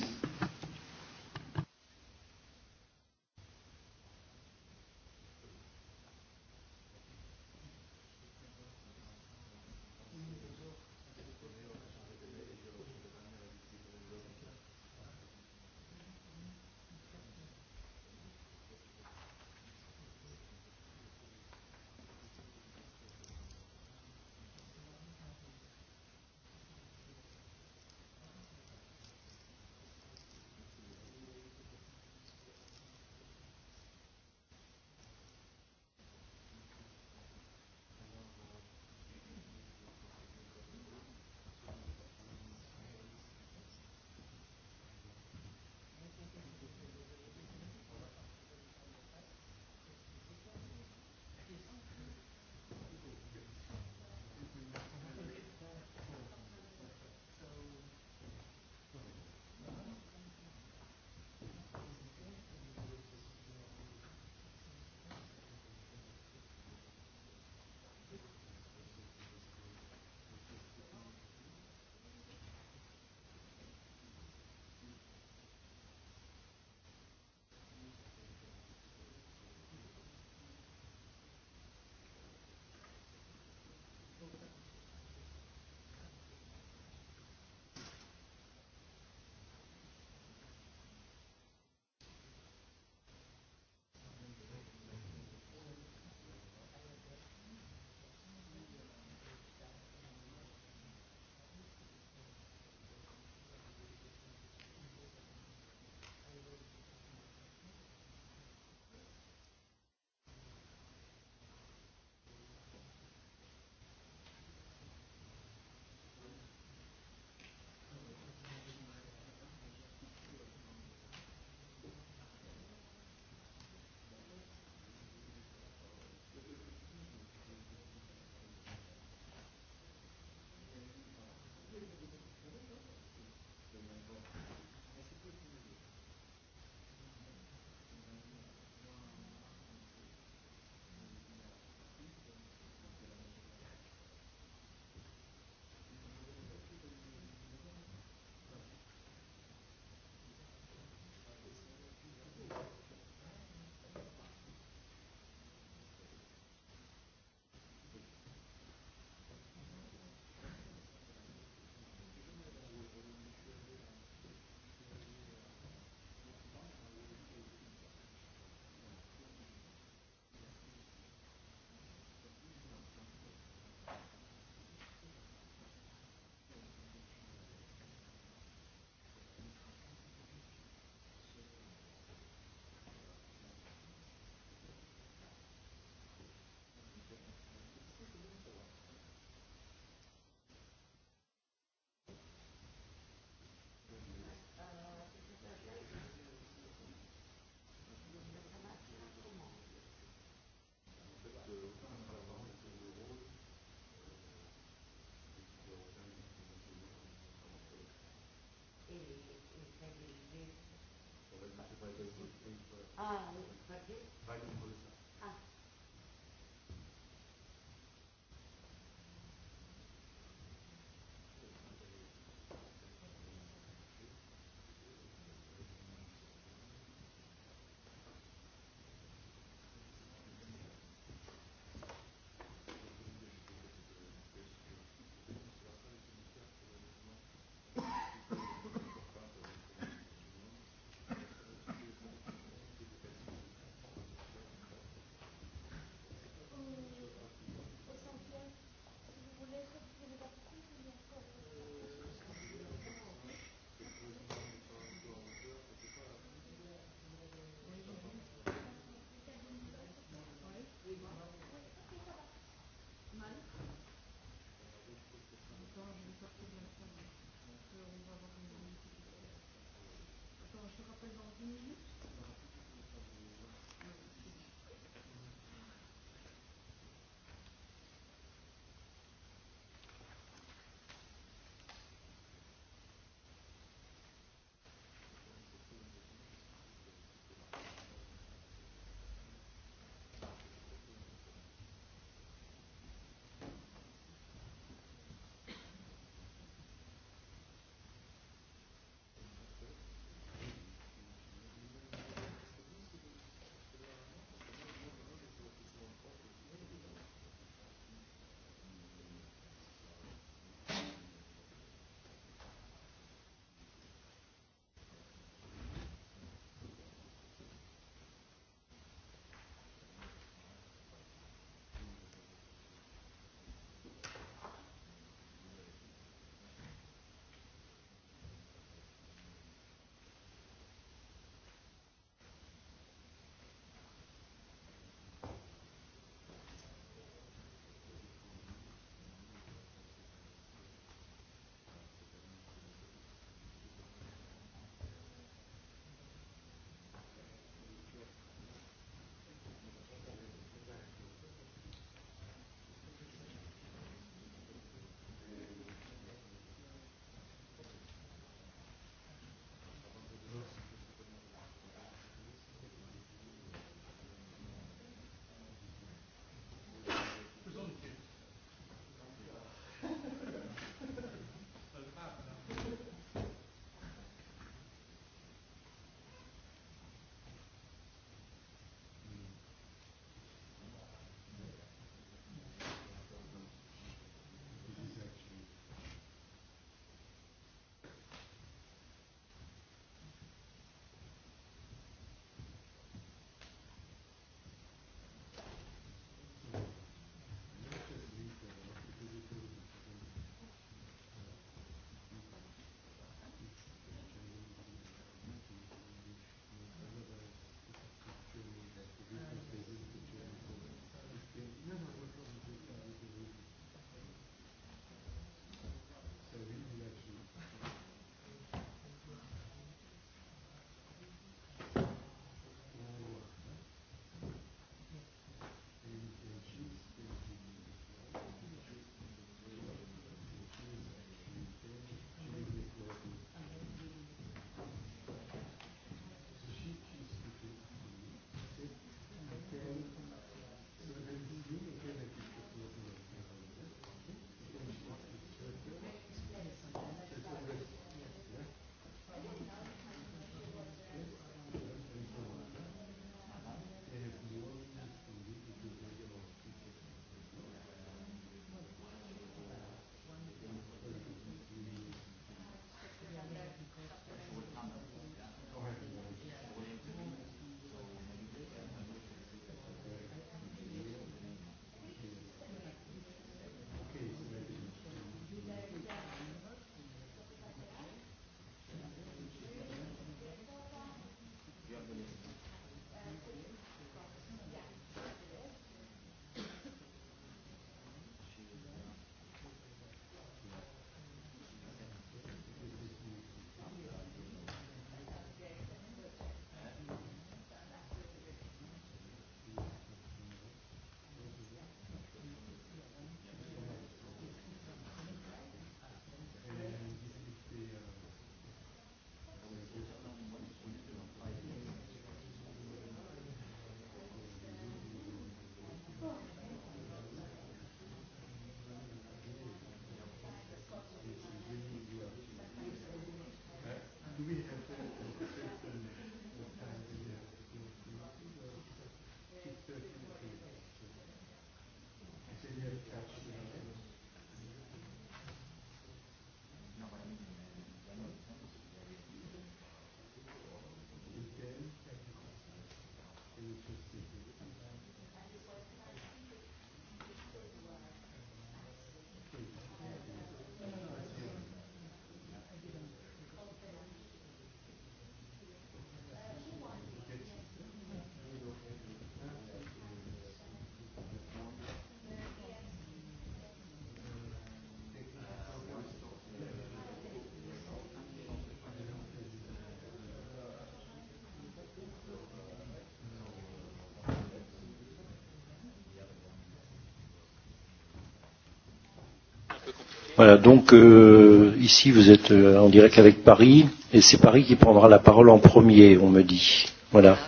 Voilà, donc euh, ici vous êtes euh, en direct avec Paris, et c'est Paris qui prendra la parole en premier, on me dit. Voilà. Ah.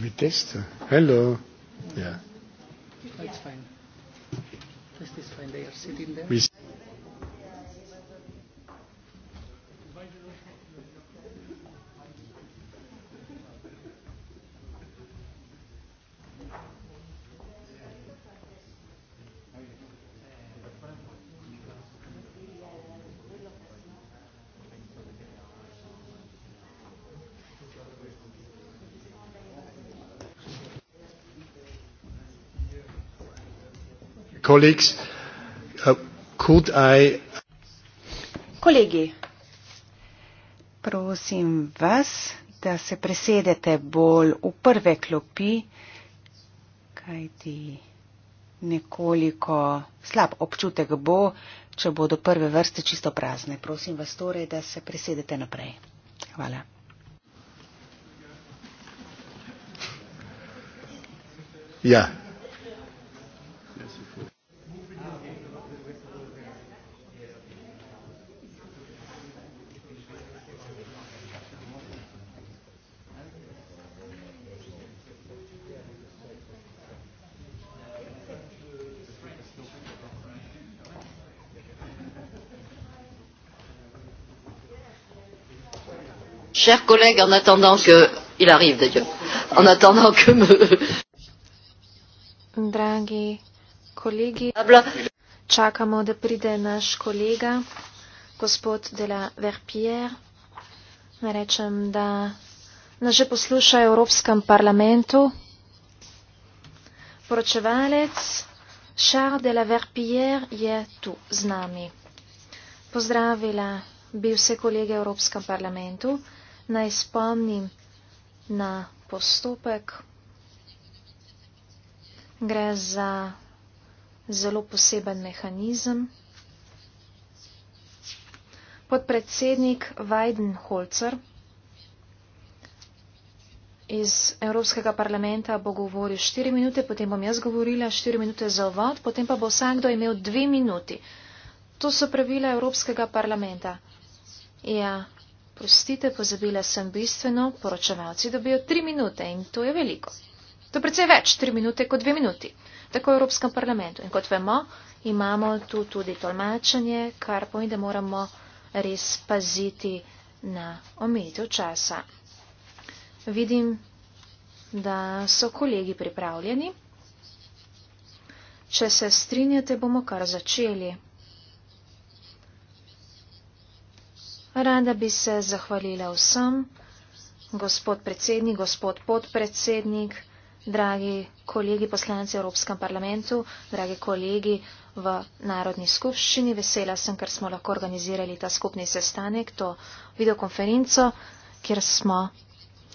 vitesse. Hello. colleagues, uh, could I... Kolegi, prosim vas, da se presedete bolj v prve klopi, kajti nekoliko slab občutek bo, če bodo prve vrste čisto prazne. Prosim vas torej, da se presedete naprej. Hvala. Ja. Yeah. chers collègues, en attendant que. Il arrive d'ailleurs. En attendant que me. Dragi colleghi, čakamo, da pride naš kolega, gospod de la Verpierre. Rečem, da nas že posluša v Evropskem parlamentu. Poročevalec Charles de la Verpierre je tu z nami. Pozdravila bi vse kolege v Evropskem parlamentu naj spomnim na postopek. Gre za zelo poseben mehanizem. Podpredsednik Weidenholzer iz Evropskega parlamenta bo govoril 4 minute, potem bom jaz govorila 4 minute za uvod, potem pa bo vsakdo imel 2 minuti. To so pravila Evropskega parlamenta. Ja, Prostite, pozabila sem bistveno, poročevalci dobijo tri minute in to je veliko. To precej več, tri minute kot dve minuti. Tako v Evropskem parlamentu. In kot vemo, imamo tu tudi tolmačenje, kar pomeni, da moramo res paziti na omejitev časa. Vidim, da so kolegi pripravljeni. Če se strinjate, bomo kar začeli. Rada bi se zahvalila vsem, gospod predsednik, gospod podpredsednik, dragi kolegi poslanci v Evropskem parlamentu, dragi kolegi v Narodni skupščini. Vesela sem, ker smo lahko organizirali ta skupni sestanek, to videokonferenco, kjer smo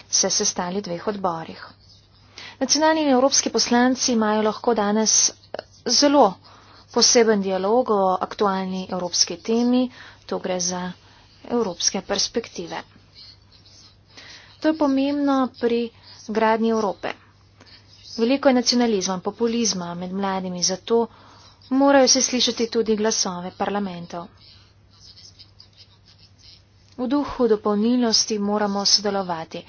se sestali v dveh odborih. Nacionalni in evropski poslanci imajo lahko danes eh, zelo poseben dialog o aktualni evropski temi. To gre za evropske perspektive. To je pomembno pri gradnji Evrope. Veliko je nacionalizma in populizma med mladimi, zato morajo se slišati tudi glasove parlamentov. V duhu dopolnilnosti moramo sodelovati,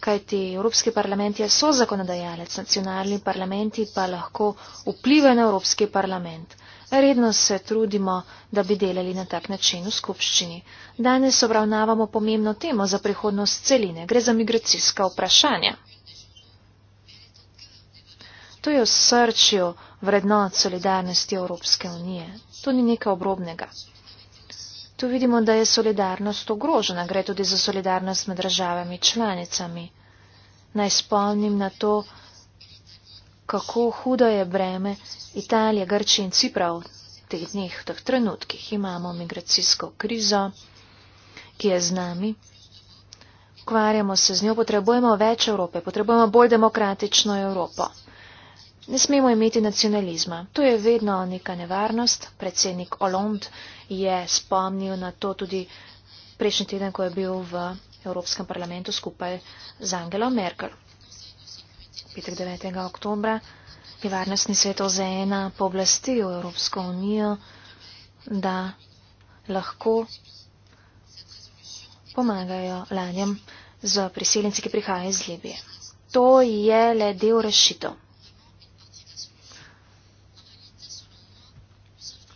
kajti Evropski parlament je sozakonodajalec, nacionalni parlamenti pa lahko vplivajo na Evropski parlament. Redno se trudimo, da bi delali na tak način v skupščini. Danes obravnavamo pomembno temo za prihodnost celine. Gre za migracijska vprašanja. To je v srčju vrednot solidarnosti Evropske unije. To ni nekaj obrobnega. Tu vidimo, da je solidarnost ogrožena. Gre tudi za solidarnost med državami članicami. Naj spomnim na to, da je to kako huda je breme Italije, Grčije in Cipra v teh dneh, v teh trenutkih. Imamo migracijsko krizo, ki je z nami. Ukvarjamo se z njo, potrebujemo več Evrope, potrebujemo bolj demokratično Evropo. Ne smemo imeti nacionalizma. To je vedno neka nevarnost. Predsednik Hollande je spomnil na to tudi prejšnji teden, ko je bil v Evropskem parlamentu skupaj z Angelo Merkel petek 9. oktobra, je Varnostni svet OZN-a pooblastil Evropsko unijo, da lahko pomagajo ladjem z priseljenci, ki prihajajo iz Libije. To je le del rešitev.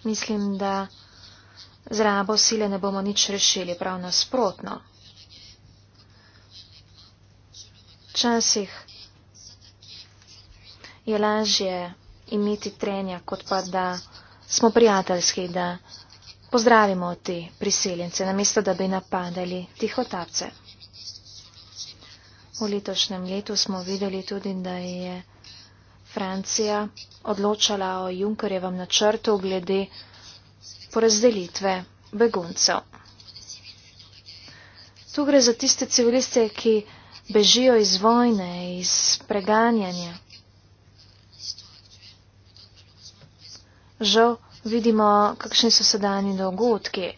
Mislim, da z rabo sile ne bomo nič rešili, prav nasprotno. Včasih je lažje imeti trenja, kot pa da smo prijateljski, da pozdravimo te priseljence, namesto da bi napadali tihotapce. V letošnjem letu smo videli tudi, da je Francija odločala o Junkerjevem načrtu glede porazdelitve beguncev. Tu gre za tiste civiliste, ki bežijo iz vojne, iz preganjanja. Žal vidimo, kakšni so sedajni dogodki.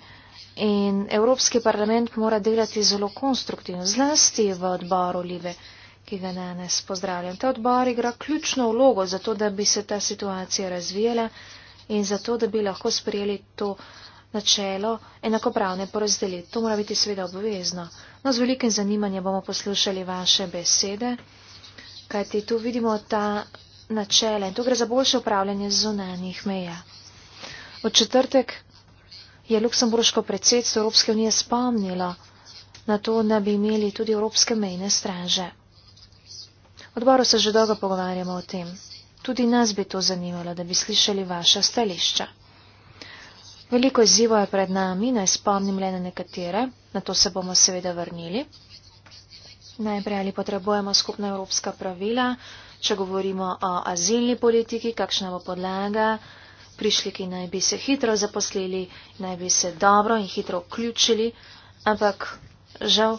In Evropski parlament mora delati zelo konstruktivno, zlasti v odboru Live, ki ga danes pozdravljam. Ta odbor igra ključno vlogo za to, da bi se ta situacija razvijala in za to, da bi lahko sprejeli to načelo enakopravne porazdeli. To mora biti seveda obvezno. No, z velikim zanimanjem bomo poslušali vaše besede, kajti tu vidimo ta načela in tu gre za boljše upravljanje zunanjih meja. Od četrtek je Luksemburško predsedstvo Evropske unije spomnilo na to, da bi imeli tudi Evropske mejne straže. Odboru se že dolgo pogovarjamo o tem. Tudi nas bi to zanimalo, da bi slišali vaše stališča. Veliko izzivo je pred nami, naj spomnim le na nekatere, na to se bomo seveda vrnili. Najprej ali potrebujemo skupna evropska pravila, Če govorimo o azilni politiki, kakšna bo podlaga, prišli, ki naj bi se hitro zaposlili, naj bi se dobro in hitro vključili, ampak žal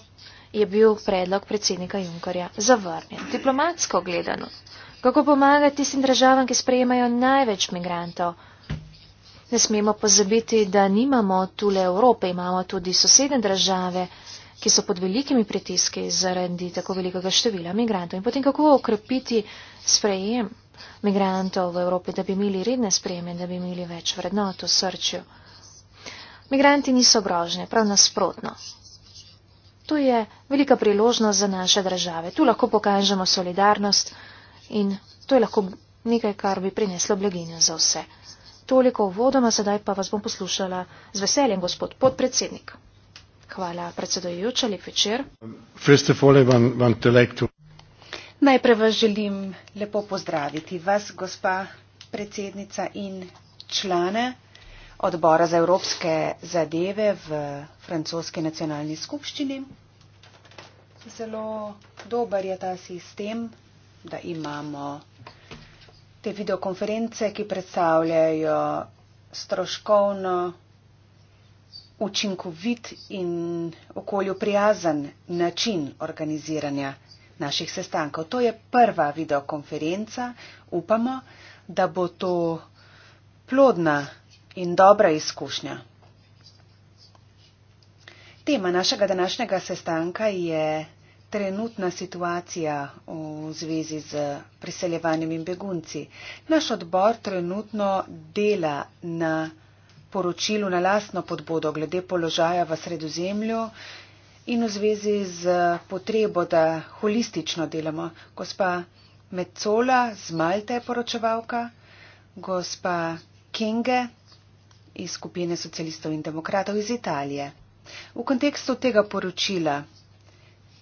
je bil predlog predsednika Junkarja zavrnjen. Diplomatsko gledano, kako pomagati tistim državam, ki sprejemajo največ migrantov? Ne smemo pozabiti, da nimamo tule Evrope, imamo tudi sosedne države ki so pod velikimi pritiski zaradi tako velikega števila migrantov. In potem kako okrepiti sprejem migrantov v Evropi, da bi imeli redne sprejeme, da bi imeli več vrednot v srčju. Migranti niso grožnje, prav nasprotno. To je velika priložnost za naše države. Tu lahko pokažemo solidarnost in to je lahko nekaj, kar bi prineslo blaginjo za vse. Toliko vodoma, sedaj pa vas bom poslušala z veseljem, gospod podpredsednik. Hvala, predsedojoča, lep večer. Najprej vas želim lepo pozdraviti, vas, gospa predsednica in člane odbora za evropske zadeve v francoski nacionalni skupščini. Zelo dober je ta sistem, da imamo te videokonference, ki predstavljajo stroškovno učinkovit in okolju prijazen način organiziranja naših sestankov. To je prva videokonferenca. Upamo, da bo to plodna in dobra izkušnja. Tema našega današnjega sestanka je trenutna situacija v zvezi z priseljevanjem in begunci. Naš odbor trenutno dela na poročilu na lastno podbodo glede položaja v sredozemlju in v zvezi z potrebo, da holistično delamo. Gospa Mecola z Malte je poročevalka, gospa Kinge iz skupine socialistov in demokratov iz Italije. V kontekstu tega poročila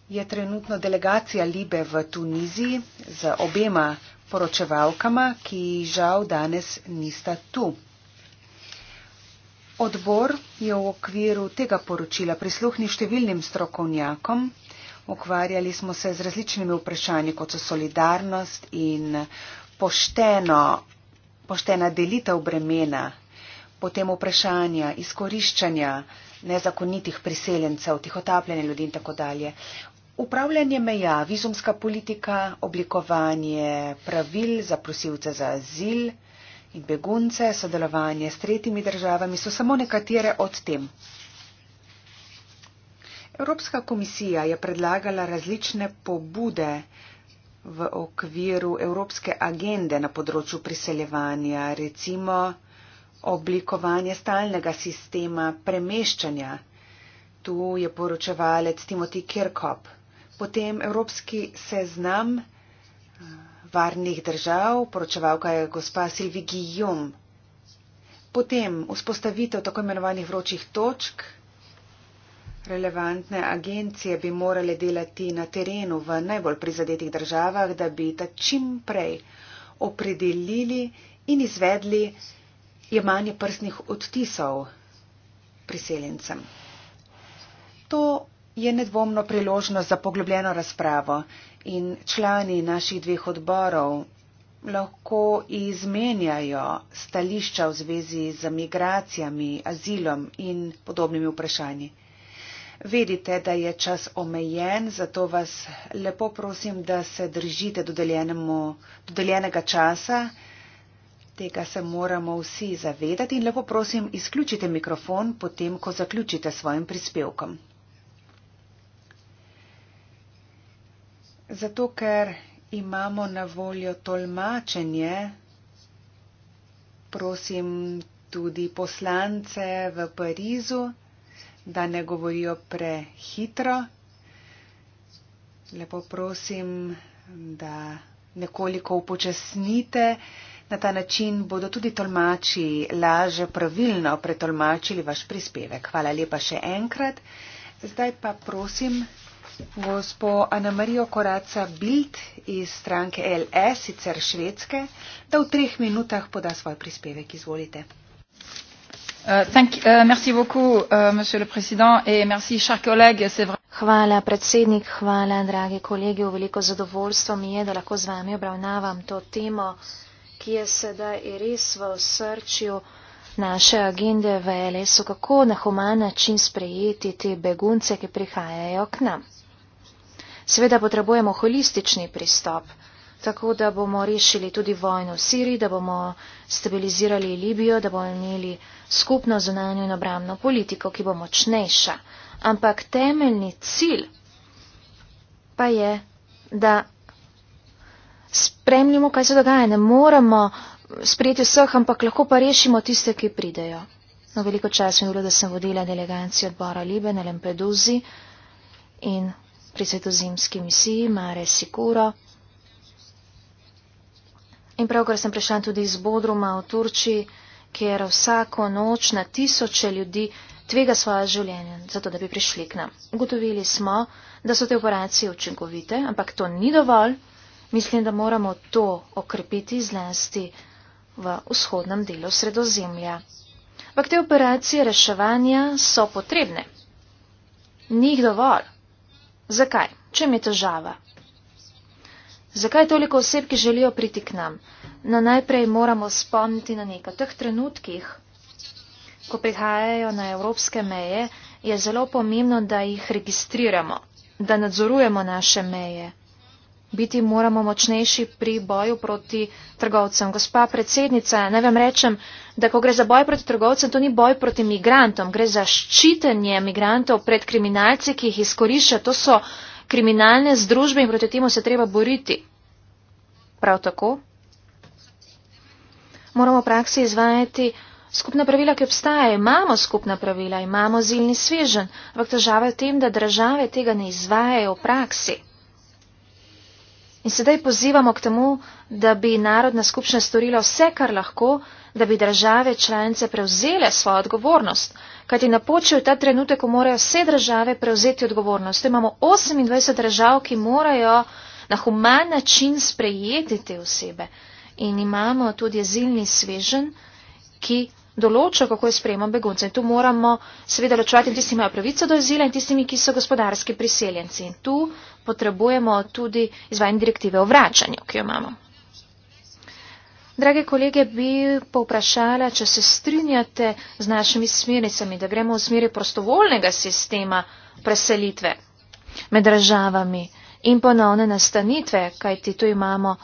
je trenutno delegacija Libe v Tuniziji z obema poročevalkama, ki žal danes nista tu. Odbor je v okviru tega poročila prisluhnil številnim strokovnjakom. Ukvarjali smo se z različnimi vprašanji, kot so solidarnost in pošteno, poštena delitev bremena, potem vprašanja izkoriščanja nezakonitih priseljencev, tihotapljene ljudi in tako dalje. Upravljanje meja, vizumska politika, oblikovanje pravil za prosilce za azil begunce, sodelovanje s tretjimi državami so samo nekatere od tem. Evropska komisija je predlagala različne pobude v okviru Evropske agende na področju priseljevanja, recimo oblikovanje stalnega sistema premeščanja. Tu je poročevalec Timothy Kirkop. Potem Evropski seznam varnih držav, poročevalka je gospa Silvi Gijom. Potem vzpostavitev tako imenovanih vročih točk. Relevantne agencije bi morale delati na terenu v najbolj prizadetih državah, da bi ta čim prej opredelili in izvedli jemanje prstnih odtisov priseljencem. To je nedvomno priložnost za poglobljeno razpravo in člani naših dveh odborov lahko izmenjajo stališča v zvezi z migracijami, azilom in podobnimi vprašanji. Vedite, da je čas omejen, zato vas lepo prosim, da se držite dodeljenega časa. Tega se moramo vsi zavedati in lepo prosim, izključite mikrofon, potem ko zaključite svojim prispevkom. Zato, ker imamo na voljo tolmačenje, prosim tudi poslance v Parizu, da ne govorijo prehitro. Lepo prosim, da nekoliko upočasnite. Na ta način bodo tudi tolmači laže pravilno pretolmačili vaš prispevek. Hvala lepa še enkrat. Zdaj pa prosim, gospo Anamarijo Koraca Bild iz stranke LS, sicer švedske, da v treh minutah poda svoj prispevek. Izvolite. Uh, uh, uh, hvala predsednik, hvala dragi kolegi. V veliko zadovoljstvo mi je, da lahko z vami obravnavam to temo, ki je sedaj res v srčju naše agende v LS-u, kako na human način sprejeti te begunce, ki prihajajo k nam. Seveda potrebujemo holistični pristop, tako da bomo rešili tudi vojno v Siriji, da bomo stabilizirali Libijo, da bomo imeli skupno zunanjo in obramno politiko, ki bo močnejša. Ampak temeljni cilj pa je, da spremljamo, kaj se dogaja. Ne moramo sprejeti vseh, ampak lahko pa rešimo tiste, ki pridejo. No, veliko časa mi je bilo, da sem vodila delegacijo odbora Libe na Lampeduzi in pri sredozimski misiji Mare Sikuro. In pravkar sem prišla tudi iz Bodruma v Turčiji, kjer vsako noč na tisoče ljudi tvega svoje življenje, zato da bi prišli k nam. Ugotovili smo, da so te operacije učinkovite, ampak to ni dovolj. Mislim, da moramo to okrepiti zlasti v vzhodnem delu sredozemlja. Ampak te operacije reševanja so potrebne. Ni jih dovolj. Zakaj? Čem je težava? Zakaj toliko oseb, ki želijo priti k nam? Na no, najprej moramo spomniti na nekaj. V teh trenutkih, ko prihajajo na evropske meje, je zelo pomembno, da jih registriramo, da nadzorujemo naše meje biti moramo močnejši pri boju proti trgovcem. Gospa predsednica, naj vam rečem, da ko gre za boj proti trgovcem, to ni boj proti migrantom, gre za ščitenje migrantov pred kriminalci, ki jih izkorišča. To so kriminalne združbe in proti temu se treba boriti. Prav tako moramo v praksi izvajati skupna pravila, ki obstajajo. Imamo skupna pravila, imamo zilni svežen, ampak težava je v tem, da države tega ne izvajajo v praksi. In sedaj pozivamo k temu, da bi Narodna skupščina storila vse, kar lahko, da bi države članice prevzele svojo odgovornost. Kajti napočil je ta trenutek, ko morajo vse države prevzeti odgovornost. Te imamo 28 držav, ki morajo na human način sprejeti te osebe. In imamo tudi jezilni svežen, ki določa, kako je sprejemo begunce. In tu moramo seveda ločevati tisti, ki imajo pravico do jezila in tisti, ki so gospodarski priseljenci. In tu potrebujemo tudi izvajanje direktive o vračanju, ki jo imamo. Drage kolege, bi povprašala, če se strinjate z našimi smernicami, da gremo v smeri prostovoljnega sistema preselitve med državami in ponovne nastanitve, kajti tu imamo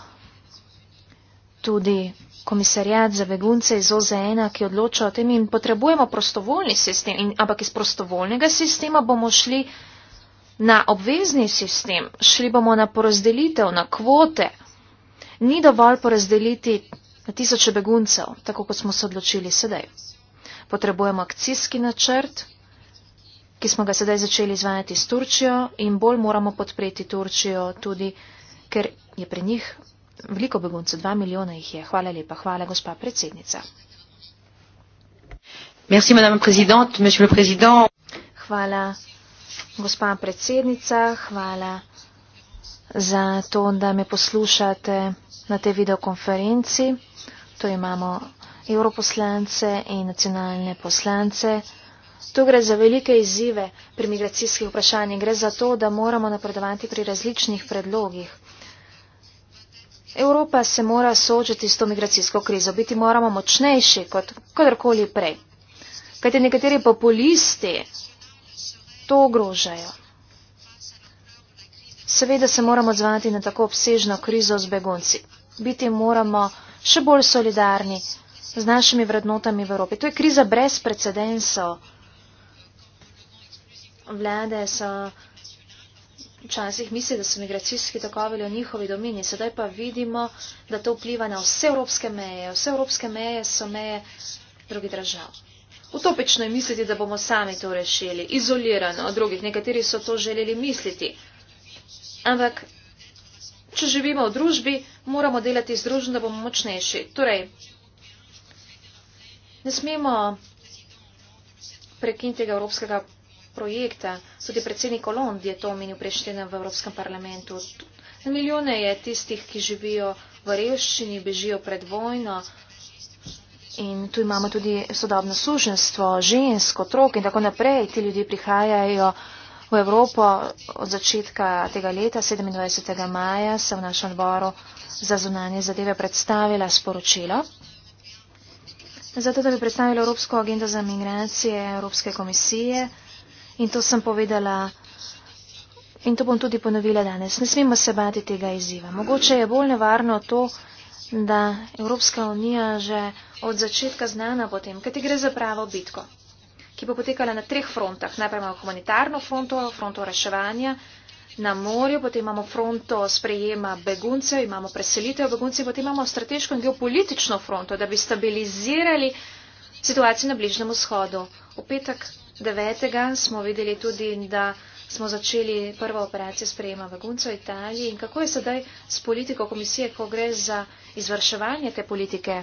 tudi komisarjat za begunce iz OZN, ki odloča o tem in potrebujemo prostovoljni sistem, in, ampak iz prostovoljnega sistema bomo šli na obvezni sistem, šli bomo na porazdelitev, na kvote. Ni dovolj porazdeliti na tisoče beguncev, tako kot smo se odločili sedaj. Potrebujemo akcijski načrt, ki smo ga sedaj začeli izvajati s Turčijo in bolj moramo podpreti Turčijo tudi, ker je pri njih veliko beguncev, dva milijona jih je. Hvala lepa, hvala gospa predsednica. Merci, madame la présidente, monsieur le président. Voilà. Gospa predsednica, hvala za to, da me poslušate na tej videokonferenci. To imamo europoslance in nacionalne poslance. Tu gre za velike izzive pri migracijskih vprašanjih. Gre za to, da moramo napredovati pri različnih predlogih. Evropa se mora soočiti s to migracijsko krizo. Biti moramo močnejši kot kadarkoli prej. Kajte nekateri populisti to ogrožajo. Seveda se moramo odzvati na tako obsežno krizo z begunci. Biti moramo še bolj solidarni z našimi vrednotami v Evropi. To je kriza brez precedensov. Vlade so včasih mislili, da so migracijski tokovi v njihovi domini. Sedaj pa vidimo, da to vpliva na vse evropske meje. Vse evropske meje so meje drugih držav. Utopično je misliti, da bomo sami to rešili, izolirano od drugih. Nekateri so to želeli misliti. Ampak, če živimo v družbi, moramo delati združno, da bomo močnejši. Torej, ne smemo prekiniti tega evropskega projekta. Tudi predsednik Kolond je to omenil prejšnjem v Evropskem parlamentu. Na milijone je tistih, ki živijo v revščini, bežijo pred vojno, In tu imamo tudi sodobno suženstvo, žensko, otrok in tako naprej. Ti ljudje prihajajo v Evropo od začetka tega leta, 27. maja, sem v našem odboru za zunanje zadeve predstavila sporočilo. Zato, da bi predstavila Evropsko agendo za migracije Evropske komisije in to sem povedala in to bom tudi ponovila danes. Ne smemo se bati tega izziva. Mogoče je bolj nevarno to, da Evropska unija že od začetka znana potem, kaj ti gre za pravo bitko, ki bo potekala na treh frontah. Najprej imamo humanitarno fronto, fronto reševanja na morju, potem imamo fronto sprejema beguncev, imamo preselitev beguncev, potem imamo strateško in geopolitično fronto, da bi stabilizirali situacijo na Bližnem vzhodu. V petek 9. smo videli tudi, da smo začeli prvo operacijo sprejema beguncev v Italiji in kako je sedaj s politiko komisije, ko gre za izvrševanje te politike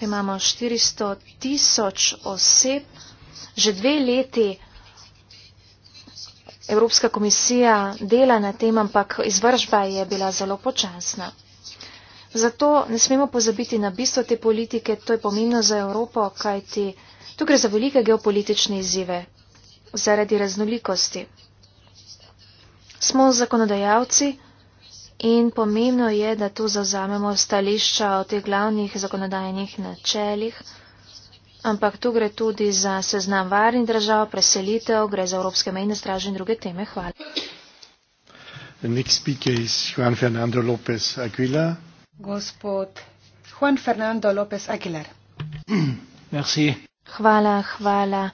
imamo 400 tisoč oseb. Že dve leti Evropska komisija dela na tem, ampak izvržba je bila zelo počasna. Zato ne smemo pozabiti na bistvo te politike, to je pomembno za Evropo, kajti tu gre za velike geopolitične izzive zaradi raznolikosti. Smo zakonodajalci, In pomembno je, da tu zavzamemo stališča o teh glavnih zakonodajnih načeljih, ampak tu gre tudi za seznam varnih držav, preselitev, gre za evropske mejne straže in druge teme. Hvala. Gospod Juan Fernando López Aguilar. Merci. Hvala, hvala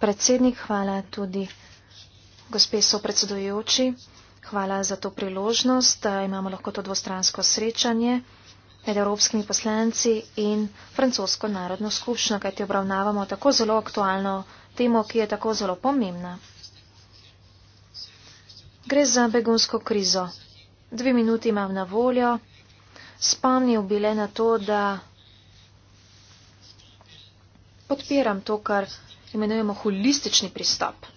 predsednik, hvala tudi gospe sopredsedujoči. Hvala za to priložnost, da imamo lahko to dvostransko srečanje med evropskimi poslanci in francosko narodno skupščino, kajti obravnavamo tako zelo aktualno temo, ki je tako zelo pomembna. Gre za begunsko krizo. Dve minuti imam na voljo. Spomnil bi le na to, da podpiram to, kar imenujemo holistični pristop.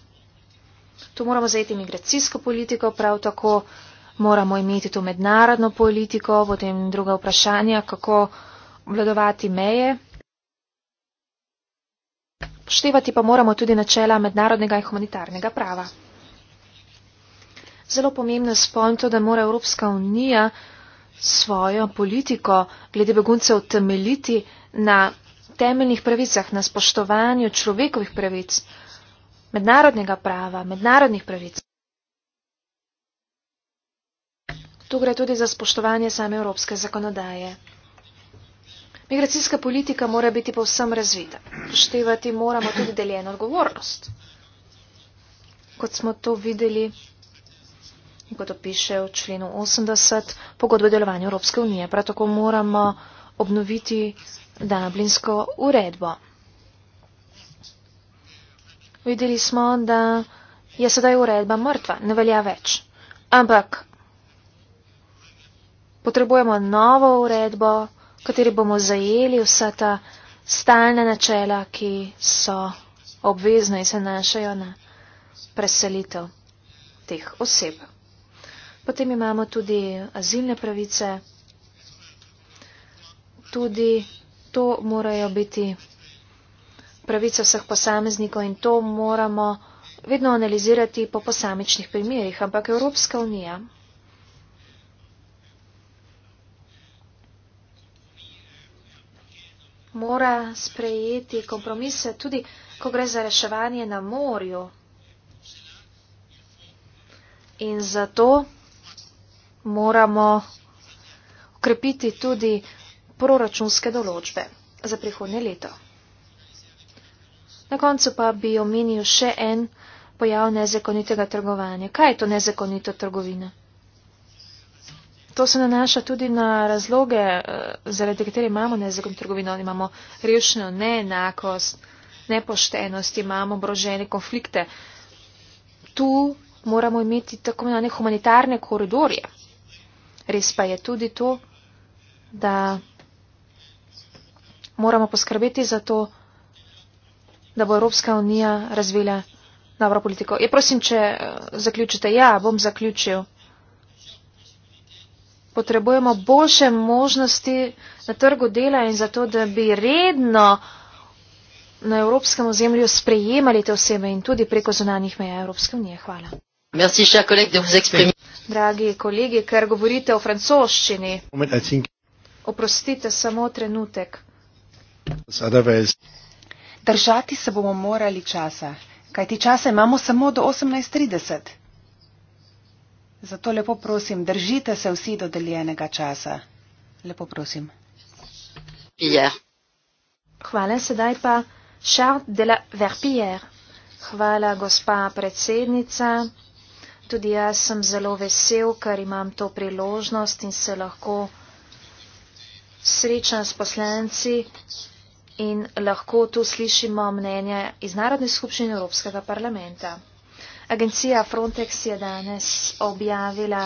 Tu moramo zajeti migracijsko politiko, prav tako moramo imeti to mednarodno politiko, potem druga vprašanja, kako obvladovati meje. Poštevati pa moramo tudi načela mednarodnega in humanitarnega prava. Zelo pomembno je spomnito, da mora Evropska unija svojo politiko glede beguncev temeljiti na temeljnih pravicah, na spoštovanju človekovih pravic mednarodnega prava, mednarodnih pravic. Tu gre tudi za spoštovanje same evropske zakonodaje. Migracijska politika mora biti povsem razvita. Poštevati moramo tudi deljeno odgovornost. Kot smo to videli, kot opiše v členu 80 pogodbe o delovanju Evropske unije, prav tako moramo obnoviti Dublinsko uredbo videli smo, da je sedaj uredba mrtva, ne velja več. Ampak potrebujemo novo uredbo, v kateri bomo zajeli vsa ta stalna načela, ki so obvezna in se našajo na preselitev teh oseb. Potem imamo tudi azilne pravice. Tudi to morajo biti pravica vseh posameznikov in to moramo vedno analizirati po posamičnih primerjih, ampak Evropska unija. mora sprejeti kompromise tudi, ko gre za reševanje na morju. In zato moramo ukrepiti tudi proračunske določbe za prihodne leto. Na koncu pa bi omenil še en pojav nezakonitega trgovanja. Kaj je to nezakonita trgovina? To se nanaša tudi na razloge, eh, zaradi katerih imamo nezakonito trgovino. Imamo revščino, neenakost, nepoštenost, imamo obrožene konflikte. Tu moramo imeti tako imenovane humanitarne koridorje. Res pa je tudi to, da moramo poskrbeti za to, da bo Evropska unija razvila dobro politiko. Je ja, prosim, če eh, zaključite. Ja, bom zaključil. Potrebujemo boljše možnosti na trgu dela in zato, da bi redno na evropskem ozemlju sprejemali te osebe in tudi preko zunanjih meja Evropske unije. Hvala. Merci, collègue, de vous Dragi kolegi, ker govorite o francoščini, oprostite samo trenutek. Otherwise. Držati se bomo morali časa, kajti časa imamo samo do 18.30. Zato lepo prosim, držite se vsi dodeljenega časa. Lepo prosim. Yeah. Hvala, sedaj pa Charles de la Verpierre. Hvala, gospa predsednica. Tudi jaz sem zelo vesel, ker imam to priložnost in se lahko srečam s poslenci in lahko tu slišimo mnenje iz Narodne skupščine Evropskega parlamenta. Agencija Frontex je danes objavila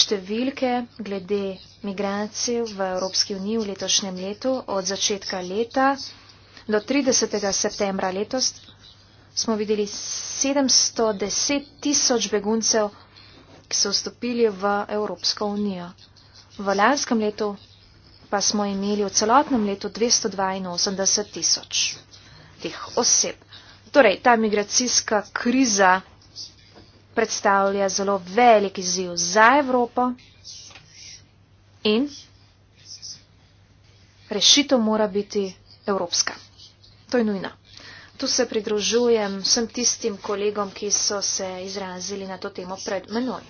številke glede migracij v Evropski uniji v letošnjem letu. Od začetka leta do 30. septembra letos smo videli 710 tisoč beguncev, ki so vstopili v Evropsko unijo. V lanskem letu pa smo imeli v celotnem letu 282 tisoč teh oseb. Torej, ta migracijska kriza predstavlja zelo velik izziv za Evropo in rešitev mora biti evropska. To je nujno. Tu se pridružujem vsem tistim kolegom, ki so se izrazili na to temo pred menoj.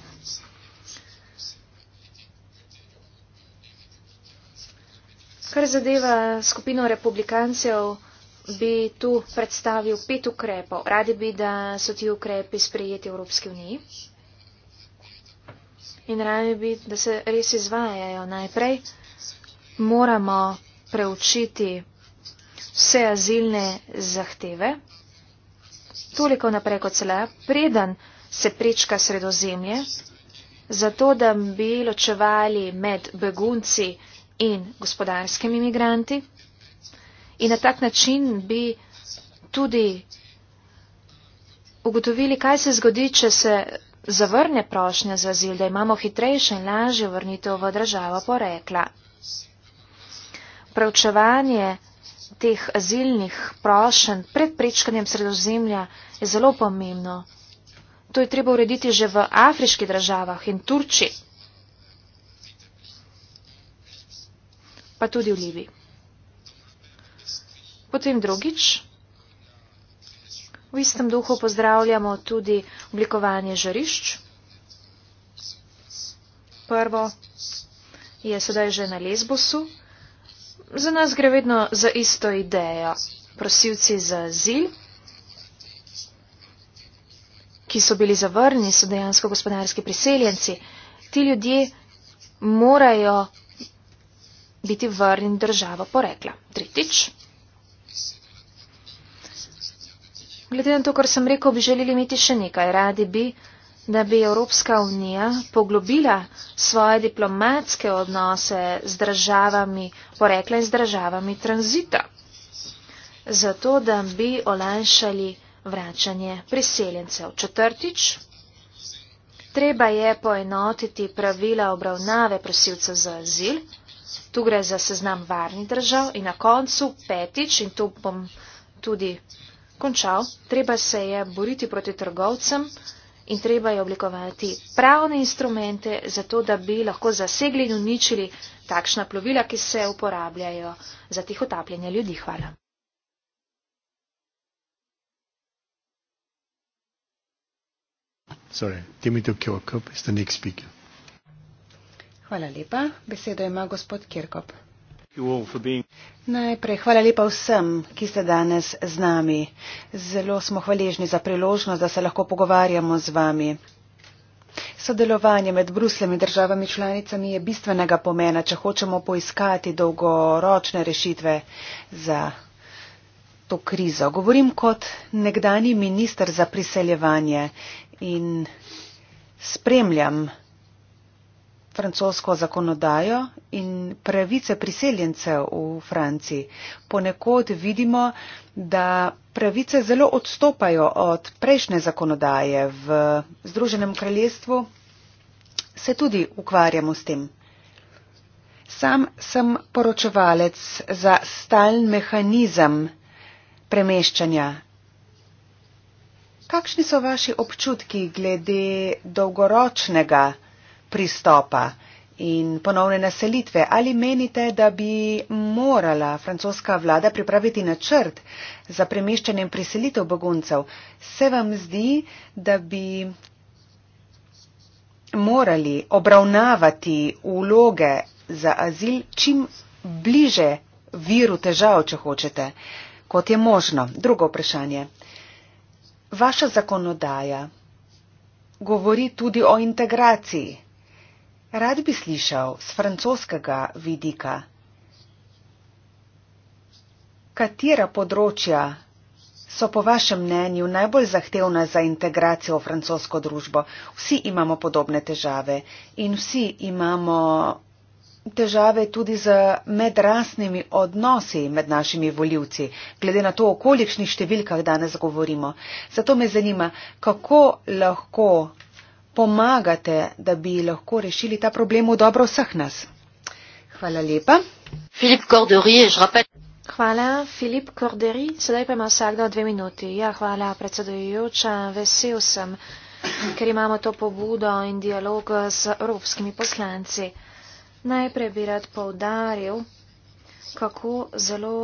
Kar zadeva skupino republikancev, bi tu predstavil pet ukrepov. Radi bi, da so ti ukrepi sprejeti v Evropski uniji. In radi bi, da se res izvajajo najprej. Moramo preučiti vse azilne zahteve. Toliko naprej kot celo, preden se prečka sredozemlje, zato da bi ločevali med begunci, in gospodarskimi imigranti. In na tak način bi tudi ugotovili, kaj se zgodi, če se zavrne prošnja za azil, da imamo hitrejše in lažje vrnitev v državo porekla. Pravčevanje teh azilnih prošenj pred prečkanjem sredozemlja je zelo pomembno. To je treba urediti že v afriških državah in Turčiji. pa tudi olivi. Potem drugič, v istem duhu pozdravljamo tudi oblikovanje žarišč. Prvo je sedaj že na Lesbosu. Za nas gre vedno za isto idejo. Prosilci za azil, ki so bili zavrnjeni, so dejansko gospodarski priseljenci. Ti ljudje morajo biti vrnjen državo porekla. Tretjič. Glede na to, kar sem rekel, bi želeli imeti še nekaj. Radi bi, da bi Evropska unija poglobila svoje diplomatske odnose z državami porekla in z državami tranzita, zato da bi olajšali vračanje priseljencev. Četrtič. Treba je poenotiti pravila obravnave prosilcev za azil. Tu gre za seznam varnih držav in na koncu petič, in to bom tudi končal, treba se je boriti proti trgovcem in treba je oblikovati pravne instrumente za to, da bi lahko zasegli in uničili takšna plovila, ki se uporabljajo za tih otapljanje ljudi. Hvala. Sorry, Dimitri Kyokup is the next speaker. Hvala lepa. Besedo ima gospod Kirkop. Najprej hvala lepa vsem, ki ste danes z nami. Zelo smo hvaležni za priložnost, da se lahko pogovarjamo z vami. Sodelovanje med Bruslem in državami članicami je bistvenega pomena, če hočemo poiskati dolgoročne rešitve za to krizo. Govorim kot nekdani minister za priseljevanje in spremljam francosko zakonodajo in pravice priseljencev v Franciji. Ponekod vidimo, da pravice zelo odstopajo od prejšnje zakonodaje v Združenem kraljestvu. Se tudi ukvarjamo s tem. Sam sem poročevalec za stalen mehanizem premeščanja. Kakšni so vaši občutki glede dolgoročnega? pristopa in ponovne naselitve. Ali menite, da bi morala francoska vlada pripraviti načrt za premeščanje in priselitev beguncev? Se vam zdi, da bi morali obravnavati vloge za azil čim bliže viru težav, če hočete, kot je možno? Drugo vprašanje. Vaša zakonodaja govori tudi o integraciji Rad bi slišal z francoskega vidika, katera področja so po vašem mnenju najbolj zahtevna za integracijo v francosko družbo. Vsi imamo podobne težave in vsi imamo težave tudi z medrasnimi odnosi med našimi voljivci, glede na to, o kolikšnih številkah danes govorimo. Zato me zanima, kako lahko pomagate, da bi lahko rešili ta problem v dobro vseh nas. Hvala lepa. Filip Corderi, je žrapet. Hvala, Filip Corderi. Sedaj pa ima vsakdo dve minuti. Ja, hvala, predsedujoča. Vesel sem, ker imamo to pobudo in dialog z evropskimi poslanci. Najprej bi rad povdaril, kako zelo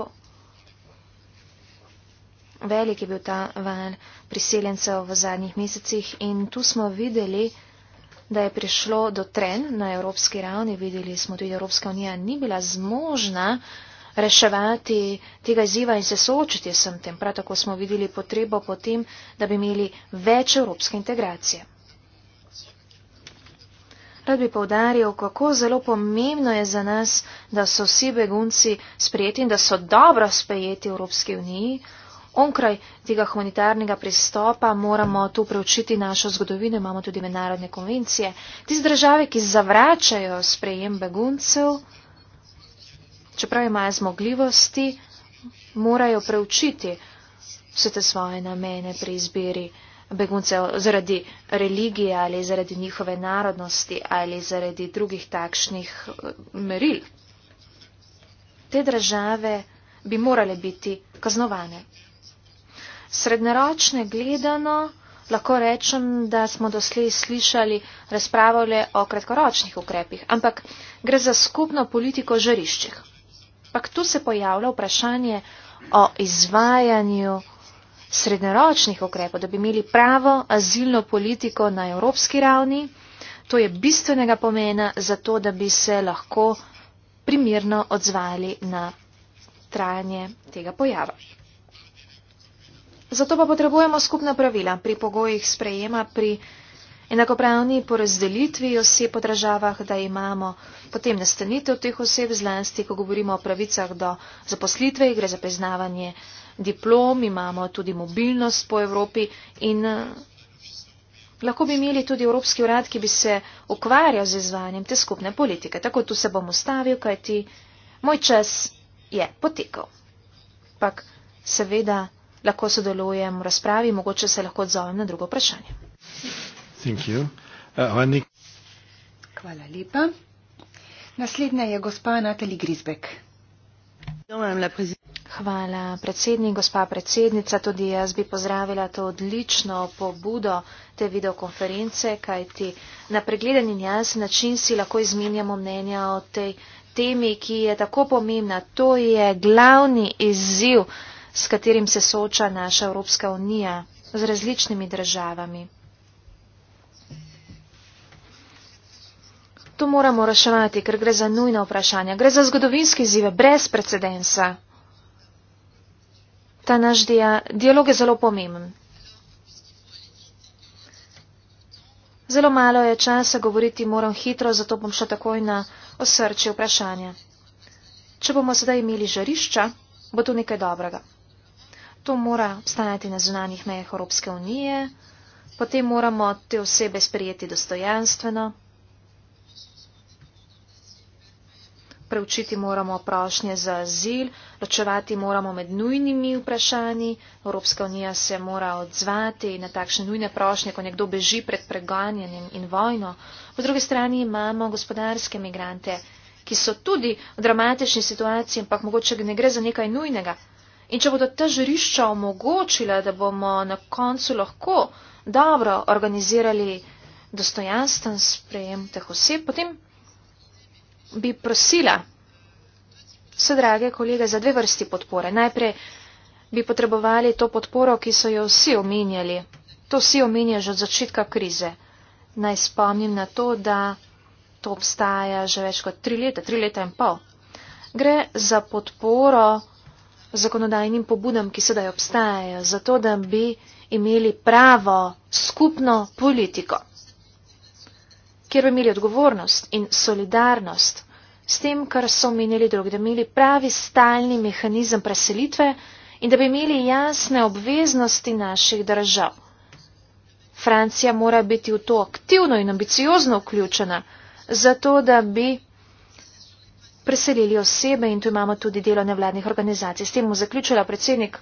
velik je bil ta val priseljencev v zadnjih mesecih in tu smo videli, da je prišlo do tren na evropski ravni. Videli smo tudi, da Evropska unija ni bila zmožna reševati tega izziva in se soočiti s tem. Prav tako smo videli potrebo potem, da bi imeli več evropske integracije. Rad bi povdaril, kako zelo pomembno je za nas, da so vsi begunci sprejeti in da so dobro sprejeti v Evropski uniji, onkraj tega humanitarnega pristopa moramo tu preučiti našo zgodovino, imamo tudi mednarodne konvencije. Tiste države, ki zavračajo sprejem beguncev, čeprav imajo zmogljivosti, morajo preučiti vse te svoje namene pri izbiri beguncev zaradi religije ali zaradi njihove narodnosti ali zaradi drugih takšnih eh, meril. Te države bi morale biti kaznovane. Srednjeročne gledano lahko rečem, da smo doslej slišali razpravo le o kratkoročnih ukrepih, ampak gre za skupno politiko žariščih. Pak tu se pojavlja vprašanje o izvajanju srednjeročnih ukrepov, da bi imeli pravo azilno politiko na evropski ravni. To je bistvenega pomena za to, da bi se lahko primirno odzvali na trajanje tega pojava. Zato pa potrebujemo skupna pravila pri pogojih sprejema, pri enakopravni porazdelitvi oseb po državah, da imamo potem nastanitev teh oseb, zlasti, ko govorimo o pravicah do zaposlitve, gre za priznavanje diplom, imamo tudi mobilnost po Evropi in eh, lahko bi imeli tudi Evropski urad, ki bi se ukvarjal z izvanjem te skupne politike. Tako tu se bom ustavil, kajti moj čas je potekal. Pak seveda lahko sodelujem v razpravi, mogoče se lahko odzovem na drugo vprašanje. Uh, Hvala lepa. Naslednja je gospa Nateli Grizbek. Hvala predsednik, gospa predsednica. Tudi jaz bi pozdravila to odlično pobudo te videokonference, kajti na pregleden in jasen način si lahko izmenjamo mnenja o tej temi, ki je tako pomembna. To je glavni izziv s katerim se sooča naša Evropska unija z različnimi državami. To moramo reševati, ker gre za nujna vprašanja, gre za zgodovinske izzive brez precedensa. Ta naš dia, dialog je zelo pomemben. Zelo malo je časa govoriti, moram hitro, zato bom šla takoj na osrčje vprašanja. Če bomo sedaj imeli žarišča, bo to nekaj dobrega to mora obstajati na zunanjih mejah Evropske unije, potem moramo te osebe sprijeti dostojanstveno, preučiti moramo prošnje za azil, ločevati moramo med nujnimi vprašanji, Evropska unija se mora odzvati na takšne nujne prošnje, ko nekdo beži pred preganjanjem in vojno. Po druge strani imamo gospodarske migrante, ki so tudi v dramatični situaciji, ampak mogoče ne gre za nekaj nujnega. In če bodo ta žarišča omogočila, da bomo na koncu lahko dobro organizirali dostojanstven sprejem teh oseb, potem bi prosila vse drage kolege za dve vrsti podpore. Najprej bi potrebovali to podporo, ki so jo vsi omenjali. To vsi omenjajo že od začetka krize. Naj spomnim na to, da to obstaja že več kot tri leta, tri leta in pol. Gre za podporo zakonodajnim pobudam, ki sedaj obstajajo, zato da bi imeli pravo skupno politiko, kjer bi imeli odgovornost in solidarnost s tem, kar so omenili drugi, da bi imeli pravi stalni mehanizem preselitve in da bi imeli jasne obveznosti naših držav. Francija mora biti v to aktivno in ambiciozno vključena, zato da bi preselili osebe in tu imamo tudi delo nevladnih organizacij. S tem mu zaključila predsednik.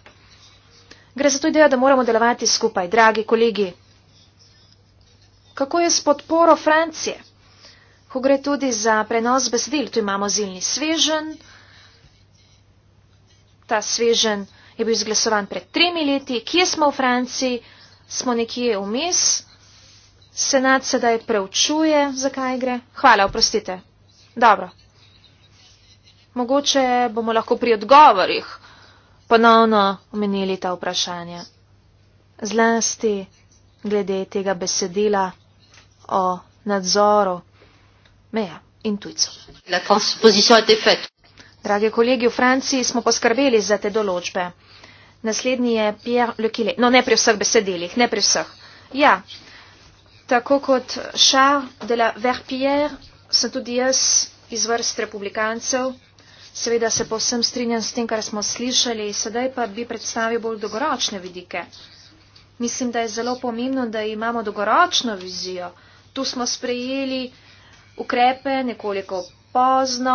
Gre za to idejo, da moramo delovati skupaj, dragi kolegi. Kako je s podporo Francije? Ko gre tudi za prenos besedil, tu imamo zilni svežen. Ta svežen je bil izglasovan pred tremi leti. Kje smo v Franciji? Smo nekje vmes. Senat sedaj preučuje, zakaj gre. Hvala, oprostite. Dobro. Mogoče bomo lahko pri odgovorih ponovno omenili ta vprašanja. Zlasti glede tega besedila o nadzoru meja in tujcev. Drage kolegi, v Franciji smo poskrbeli za te določbe. Naslednji je Pierre Le Quile. No, ne pri vseh besedilih, ne pri vseh. Ja, tako kot Charles de la Verpierre, sem tudi jaz iz vrst republikancev. Seveda se povsem strinjam s tem, kar smo slišali, sedaj pa bi predstavil bolj dogoročne vidike. Mislim, da je zelo pomembno, da imamo dogoročno vizijo. Tu smo sprejeli ukrepe nekoliko pozno,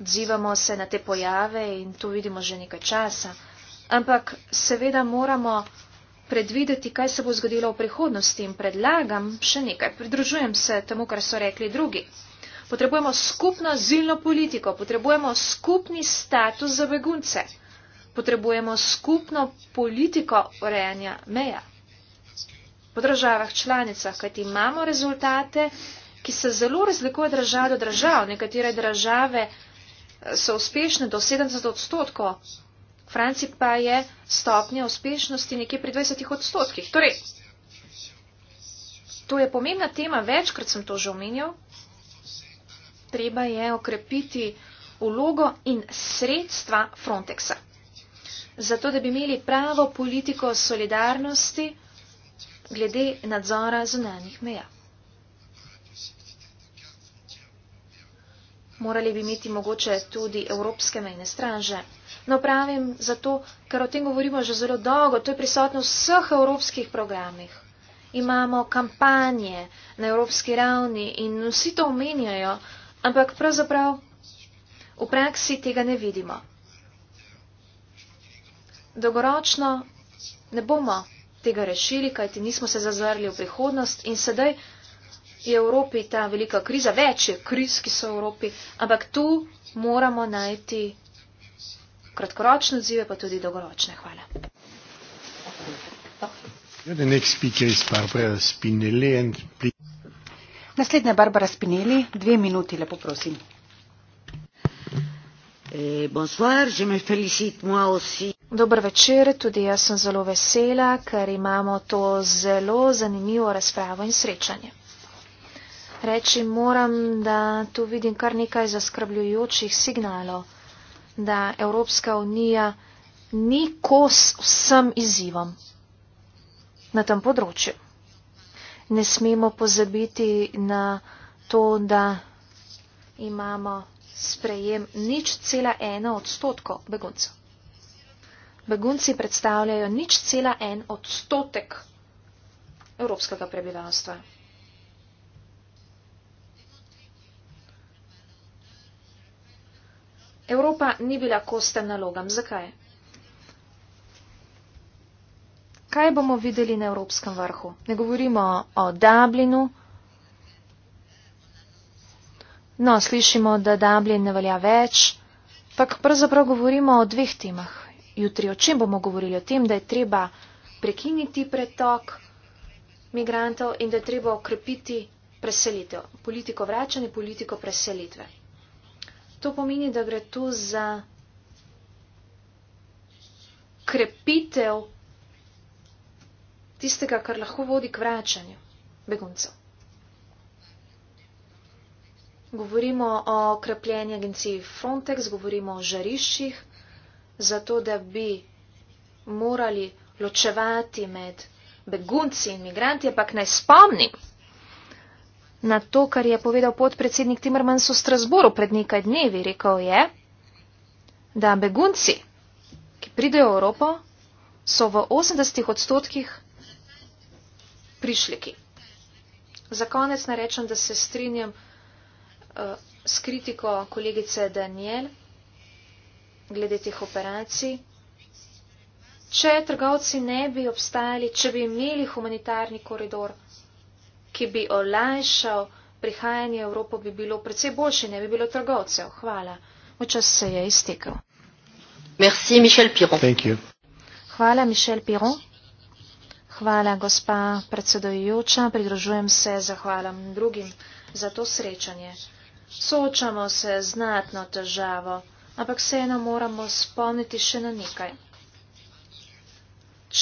odzivamo se na te pojave in to vidimo že nekaj časa. Ampak seveda moramo predvideti, kaj se bo zgodilo v prihodnosti in predlagam še nekaj. Pridružujem se temu, kar so rekli drugi. Potrebujemo skupno zilno politiko, potrebujemo skupni status za begunce, potrebujemo skupno politiko urejanja meja. Po državah članicah, kajti imamo rezultate, ki se zelo razlikujejo držav do držav. Nekatere države eh, so uspešne do 70 odstotkov, v Franciji pa je stopnja uspešnosti nekje pri 20 odstotkih. Torej, to je pomembna tema, večkrat sem to že omenjal treba je okrepiti ulogo in sredstva Frontexa. Zato, da bi imeli pravo politiko solidarnosti glede nadzora zunanjih meja. Morali bi imeti mogoče tudi evropske mejne straže. No, pravim zato, ker o tem govorimo že zelo dolgo, to je prisotno v vseh evropskih programih. Imamo kampanje na evropski ravni in vsi to omenjajo, Ampak pravzaprav v praksi tega ne vidimo. Dolgoročno ne bomo tega rešili, kajti nismo se zazrli v prihodnost in sedaj je v Evropi ta velika kriza, več je kriz, ki so v Evropi, ampak tu moramo najti kratkoročne odzive, pa tudi dolgoročne. Hvala. Oh. Naslednja Barbara Spinelli, dve minuti, lepo prosim. Eh, Dobro večer, tudi jaz sem zelo vesela, ker imamo to zelo zanimivo razpravo in srečanje. Reči moram, da tu vidim kar nekaj zaskrbljujočih signalov, da Evropska unija ni kos vsem izzivom na tem področju ne smemo pozabiti na to, da imamo sprejem nič cela ena odstotka beguncev. Begunci predstavljajo nič cela en odstotek evropskega prebivalstva. Evropa ni bila kosten nalogam. Zakaj? kaj bomo videli na Evropskem vrhu? Ne govorimo o Dublinu. No, slišimo, da Dublin ne velja več. Pak pravzaprav govorimo o dveh temah. Jutri o čem bomo govorili? O tem, da je treba prekiniti pretok migrantov in da je treba okrepiti preselitev. Politiko vračanja, politiko preselitve. To pomeni, da gre tu za krepitev tistega, kar lahko vodi k vračanju beguncev. Govorimo o krepljenju agenciji Frontex, govorimo o žariščih, zato da bi morali ločevati med begunci in migranti, ampak naj spomnim na to, kar je povedal podpredsednik Timmermans v Strasboru pred nekaj dnevi. Rekel je, da begunci, ki pridejo v Evropo, so v 80 odstotkih prišljiki. Za konec narečem, da se strinjam uh, s kritiko kolegice Daniel glede teh operacij. Če trgovci ne bi obstajali, če bi imeli humanitarni koridor, ki bi olajšal prihajanje v Evropo, bi bilo predvsej boljše, ne bi bilo trgovcev. Hvala. Moj čas se je iztekel. Merci, Michel Piron. Thank you. Hvala, Michel Piron. Hvala, gospa predsedojuča. Pridružujem se zahvalam drugim za to srečanje. Soočamo se z znatno težavo, ampak vseeno moramo spomniti še na nekaj.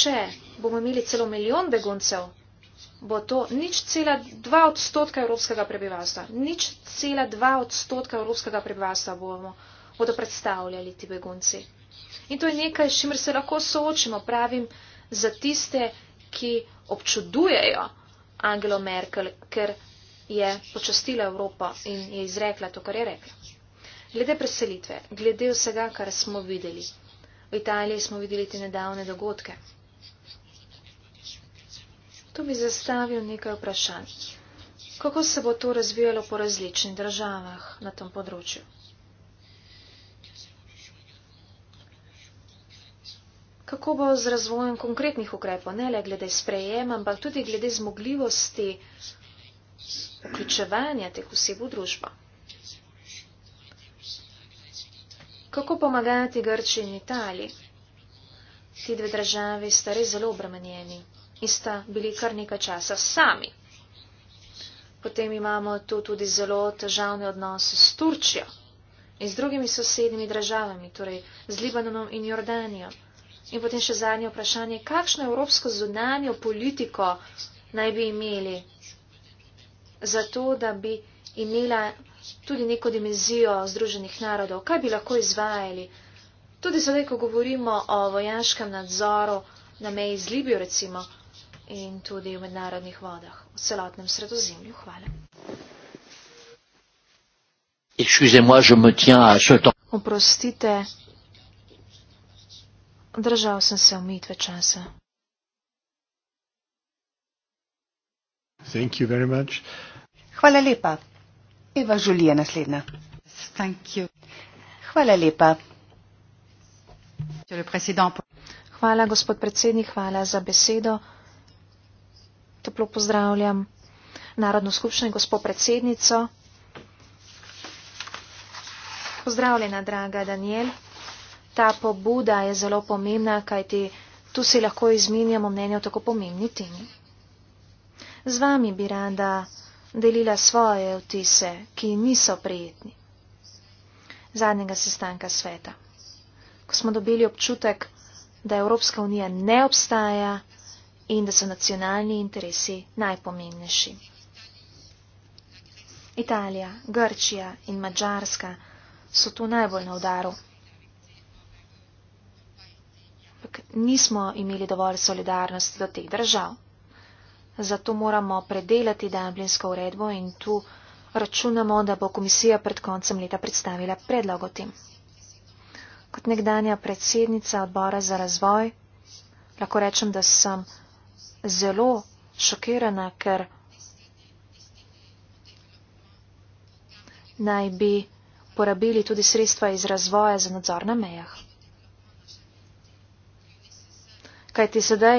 Če bomo imeli celo milijon beguncev, bo to nič cela dva odstotka evropskega prebivalstva. Nič cela dva odstotka evropskega prebivalstva bomo, bodo predstavljali ti begunci. In to je nekaj, s čimer se lahko soočimo, pravim, za tiste, ki ki občudujejo Angelo Merkel, ker je počastila Evropo in je izrekla to, kar je rekla. Glede preselitve, glede vsega, kar smo videli. V Italiji smo videli te nedavne dogodke. Tu bi zastavil nekaj vprašanj. Kako se bo to razvijalo po različnih državah na tem področju? Kako bo z razvojem konkretnih ukrepov, ne le glede sprejema, ampak tudi glede zmogljivosti vključevanja teh oseb v družbo? Kako pomagati Grči in Italiji? Ti dve državi sta res zelo obremenjeni in sta bili kar nekaj časa sami. Potem imamo tu tudi zelo težavne odnose s Turčjo in z drugimi sosednjimi državami, torej z Libanonom in Jordanijo. In potem še zadnje vprašanje, kakšno evropsko zunanjo politiko naj bi imeli za to, da bi imela tudi neko dimenzijo Združenih narodov, kaj bi lahko izvajali. Tudi zdaj, ko govorimo o vojaškem nadzoru na meji z Libijo recimo in tudi v mednarodnih vodah v celotnem sredozemlju. Hvala. Oprostite držal sem se omitve časa. Thank you very much. Hvala lepa. Eva Žulija naslednja. Thank you. Hvala lepa. Hvala, gospod predsednik, hvala za besedo. Toplo pozdravljam Narodno skupšnjo in gospod predsednico. Pozdravljena, draga Daniel ta pobuda je zelo pomembna, kajti tu si lahko izmenjamo mnenje o tako pomembni temi. Z vami bi rada delila svoje vtise, ki niso prijetni. Zadnjega sestanka sveta. Ko smo dobili občutek, da Evropska unija ne obstaja in da so nacionalni interesi najpomembnejši. Italija, Grčija in Mačarska so tu najbolj na udaru nismo imeli dovolj solidarnosti do teh držav. Zato moramo predelati Dublinsko uredbo in tu računamo, da bo komisija pred koncem leta predstavila predlog o tem. Kot nekdanja predsednica odbora za razvoj lahko rečem, da sem zelo šokirana, ker naj bi porabili tudi sredstva iz razvoja za nadzor na mejah. kajti sedaj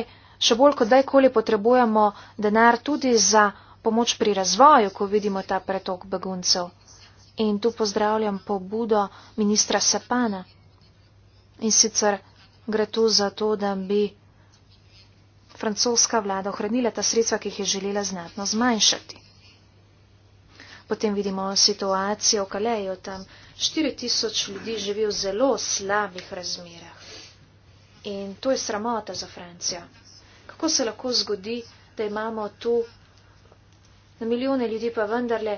še bolj kot dajkoli potrebujemo denar tudi za pomoč pri razvoju, ko vidimo ta pretok beguncev. In tu pozdravljam pobudo ministra Sepana. In sicer gre tu za to, da bi francoska vlada ohranila ta sredstva, ki jih je želela znatno zmanjšati. Potem vidimo situacijo v Kalejo, tam 4000 ljudi živi v zelo slabih razmerah. In to je sramota za Francijo. Kako se lahko zgodi, da imamo tu na milijone ljudi, pa vendarle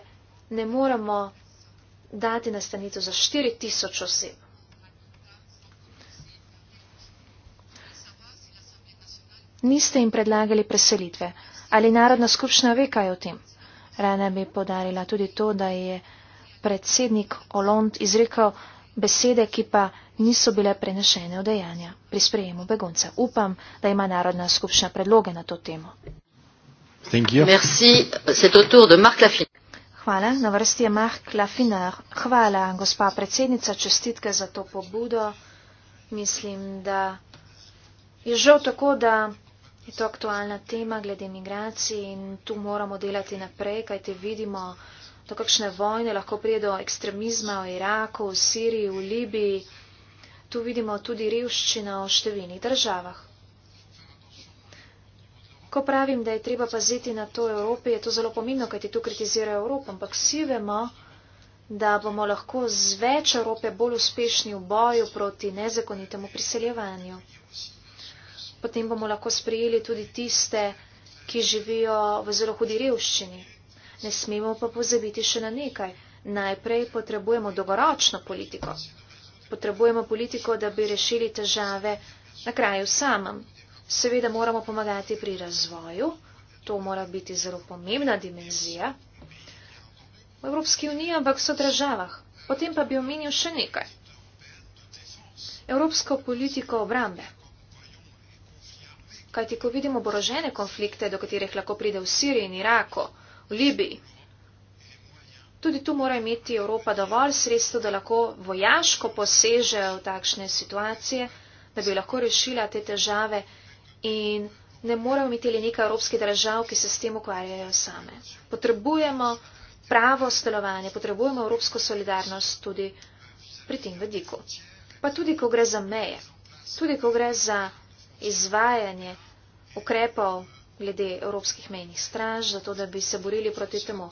ne moremo dati nastanitev za 4000 oseb. Niste jim predlagali preselitve. Ali narodna skupščina ve kaj o tem? Rana bi podarila tudi to, da je predsednik Olond izrekel besede, ki pa niso bile prenešene v dejanja pri sprejemu begunca. Upam, da ima Narodna skupščina predloge na to temo. Hvala, na vrsti je Mark Lafinar. Hvala, gospa predsednica, čestitke za to pobudo. Mislim, da je žal tako, da je to aktualna tema glede migracij in tu moramo delati naprej, kajte vidimo, da kakšne vojne lahko prije do ekstremizma v Iraku, v Siriji, v Libiji. Tu vidimo tudi revščino v številnih državah. Ko pravim, da je treba paziti na to Evropi, je to zelo pomembno, kaj ti tu kritizira Evropa, ampak vsi vemo, da bomo lahko z več Evrope bolj uspešni v boju proti nezakonitemu priseljevanju. Potem bomo lahko sprejeli tudi tiste, ki živijo v zelo hudi revščini. Ne smemo pa pozabiti še na nekaj. Najprej potrebujemo dolgoročno politiko. Potrebujemo politiko, da bi rešili težave na kraju samem. Seveda moramo pomagati pri razvoju, to mora biti zelo pomembna dimenzija v Evropski uniji, ampak so državah. Potem pa bi omenil še nekaj. Evropsko politiko obrambe. Kajti, ko vidimo borožene konflikte, do katerih lahko pride v Siriji in Iraku, v Libiji, Tudi tu mora imeti Evropa dovolj sredstev, da lahko vojaško poseže v takšne situacije, da bi lahko rešila te težave in ne moremo imeti le nekaj evropskih držav, ki se s tem ukvarjajo same. Potrebujemo pravo stolovanje, potrebujemo evropsko solidarnost tudi pri tem vediku. Pa tudi, ko gre za meje, tudi, ko gre za izvajanje ukrepov glede evropskih mejnih straž, zato da bi se borili proti temu.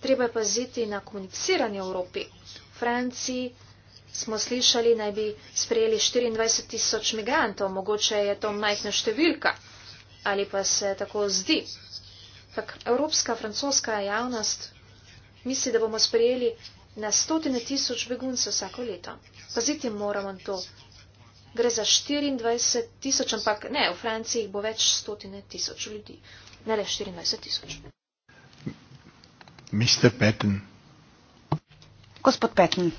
Treba je paziti na komuniciranje v Evropi. V Franciji smo slišali, naj bi sprejeli 24 tisoč migrantov, mogoče je to majhna številka ali pa se tako zdi. Tak, evropska, francoska javnost misli, da bomo sprejeli na stotine tisoč beguncev vsako leto. Paziti moramo to. Gre za 24 tisoč, ampak ne, v Franciji bo več stotine tisoč ljudi. Ne le 24 tisoč. Mr. Patten. Gospod Patten.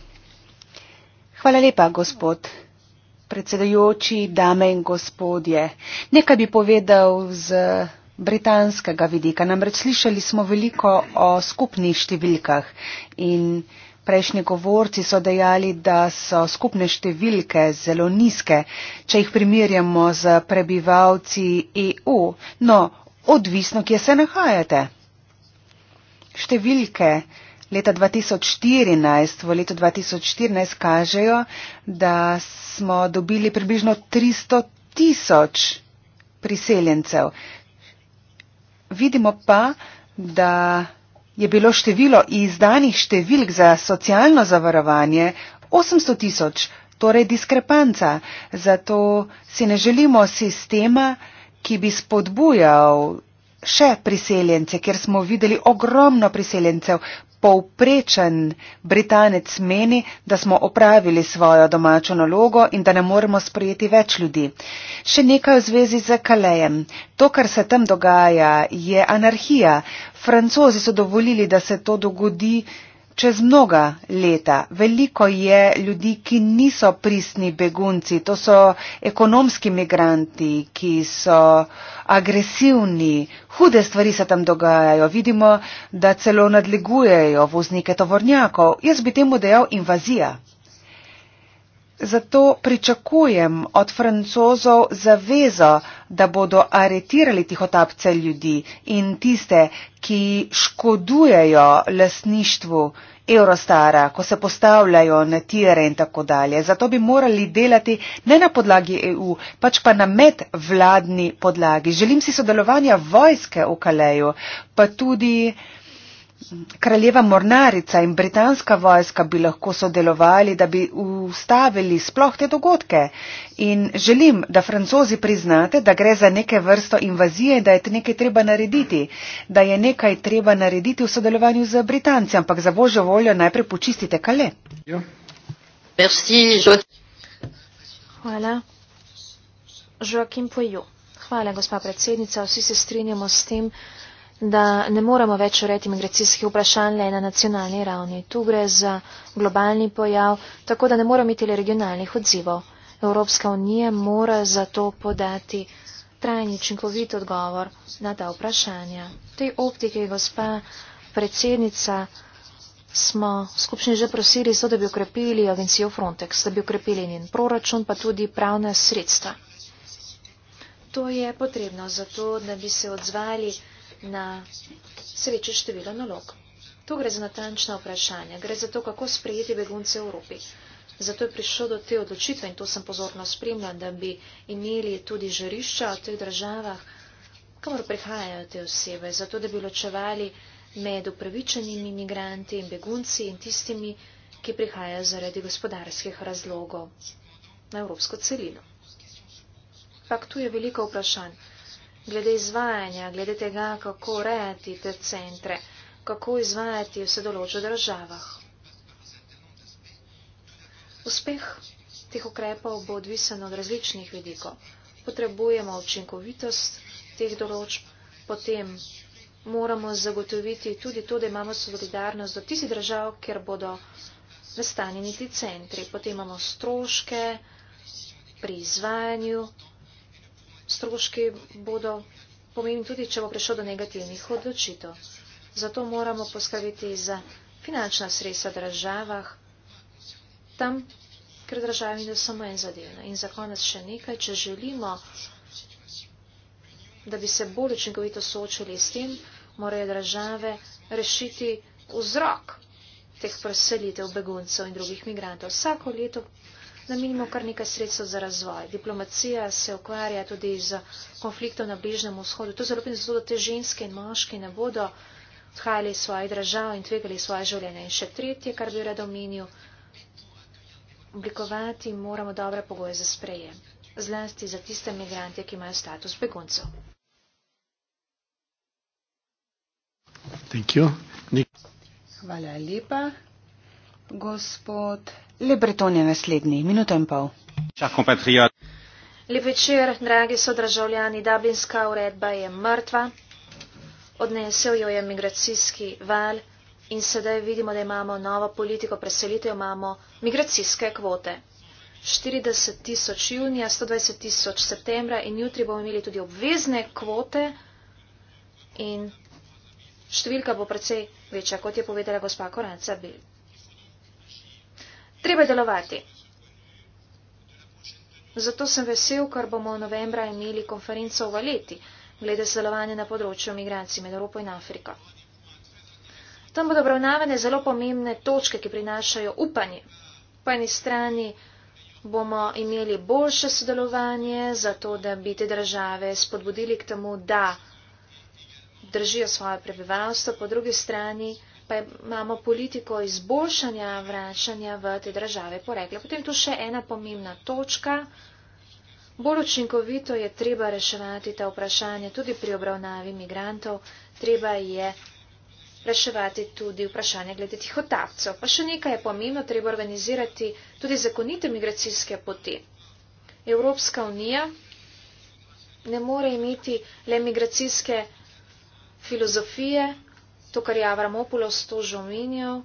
Hvala lepa, gospod predsedujoči, dame in gospodje. Nekaj bi povedal z britanskega vidika. Namreč slišali smo veliko o skupnih številkah in prejšnji govorci so dejali, da so skupne številke zelo nizke, če jih primerjamo z prebivalci EU. No, odvisno, kje se nahajate številke leta 2014, v letu 2014 kažejo, da smo dobili približno 300 tisoč priseljencev. Vidimo pa, da je bilo število izdanih številk za socialno zavarovanje 800 tisoč, torej diskrepanca. Zato si ne želimo sistema, ki bi spodbujal še priseljence, ker smo videli ogromno priseljencev. Povprečen Britanec meni, da smo opravili svojo domačo nalogo in da ne moremo sprejeti več ljudi. Še nekaj v zvezi z Kalejem. To, kar se tam dogaja, je anarhija. Francozi so dovolili, da se to dogodi čez mnoga leta. Veliko je ljudi, ki niso pristni begunci, to so ekonomski migranti, ki so agresivni, hude stvari se tam dogajajo, vidimo, da celo nadlegujejo voznike tovornjakov. Jaz bi temu dejal invazija. Zato pričakujem od francozov zavezo, da bodo aretirali tihotapce ljudi in tiste, ki škodujejo lasništvu Eurostara, ko se postavljajo na tire in tako dalje. Zato bi morali delati ne na podlagi EU, pač pa na medvladni podlagi. Želim si sodelovanja vojske v Kaleju, pa tudi. Kraljeva mornarica in britanska vojska bi lahko sodelovali, da bi ustavili sploh te dogodke. In želim, da francozi priznate, da gre za neke vrsto invazije, da je nekaj treba narediti, da je nekaj treba narediti v sodelovanju z Britanci, ampak za božjo voljo najprej počistite kale. Hvala. Joakim Pojo. Hvala, gospa predsednica. Vsi se strinjamo s tem da ne moremo več urediti migracijskih vprašanj le na nacionalni ravni. Tu gre za globalni pojav, tako da ne moremo imeti le regionalnih odzivov. Evropska unija mora zato podati trajni učinkovit odgovor na ta vprašanja. V tej optiki, gospa predsednica, smo skupšni že prosili za to, da bi ukrepili agencijo Frontex, da bi ukrepili njen proračun, pa tudi pravna sredstva. To je potrebno zato, da bi se odzvali na vse večje število nalog. Tu gre za natančna vprašanja, gre za to, kako sprejeti begunce v Evropi. Zato je prišlo do te odločitve in to sem pozorno spremljal, da bi imeli tudi žarišča v teh državah, kamor prihajajo te osebe, zato da bi ločevali med upravičenimi imigranti in begunci in tistimi, ki prihajajo zaradi gospodarskih razlogov na evropsko celino. Pak tu je veliko vprašanj glede izvajanja, glede tega, kako urejati te centre, kako izvajati vse določene države. Uspeh teh ukrepov bo odvisen od različnih vidikov. Potrebujemo učinkovitost teh določb, potem moramo zagotoviti tudi to, da imamo solidarnost do tistih držav, kjer bodo nastanjeni ti centri. Potem imamo stroške pri izvajanju stroški bodo pomembni tudi, če bo prišlo do negativnih odločitev. Zato moramo poskrbeti za finančna sredstva državah, tam, ker državi ne samo en zadevna. No, in za konec še nekaj, če želimo, da bi se bolj učinkovito soočili s tem, morajo države rešiti vzrok teh preselitev beguncev in drugih migrantov. Vsako leto namenimo kar nekaj sredstv za razvoj. Diplomacija se ukvarja tudi z konfliktom na Bližnjem vzhodu. To zelo pomeni, da te ženske in moški ne bodo odhajali iz svojih držav in tvegali svoje življenje. In še tretje, kar bi rada omenil, oblikovati moramo dobre pogoje za spreje, zlasti za tiste migrante, ki imajo status beguncev. Hvala lepa. Gospod Lebreton je naslednji, minuto in pol. Lep večer, dragi sodržavljani. Dublinska uredba je mrtva. Odnesel jo je migracijski val in sedaj vidimo, da imamo novo politiko preselitev, imamo migracijske kvote. 40 tisoč junija, 120 tisoč septembra in jutri bomo imeli tudi obvezne kvote in številka bo precej večja, kot je povedala gospa Koranca Bild. Treba delovati. Zato sem vesel, ker bomo v novembra imeli konferenco v Valeti glede sodelovanja na področju migracij med Evropo in Afriko. Tam bodo obravnavane zelo pomembne točke, ki prinašajo upanje. Po eni strani bomo imeli boljše sodelovanje, zato da bi te države spodbudili k temu, da držijo svoje prebivalstvo, po drugi strani pa imamo politiko izboljšanja vračanja v te države porekla. Potem tu še ena pomembna točka. Bolj učinkovito je treba reševati ta vprašanje tudi pri obravnavi migrantov. Treba je reševati tudi vprašanje glede tih otapcev. Pa še nekaj je pomembno, treba organizirati tudi zakonite migracijske poti. Evropska unija ne more imeti le migracijske filozofije, to, kar je Avramopulos to že omenil,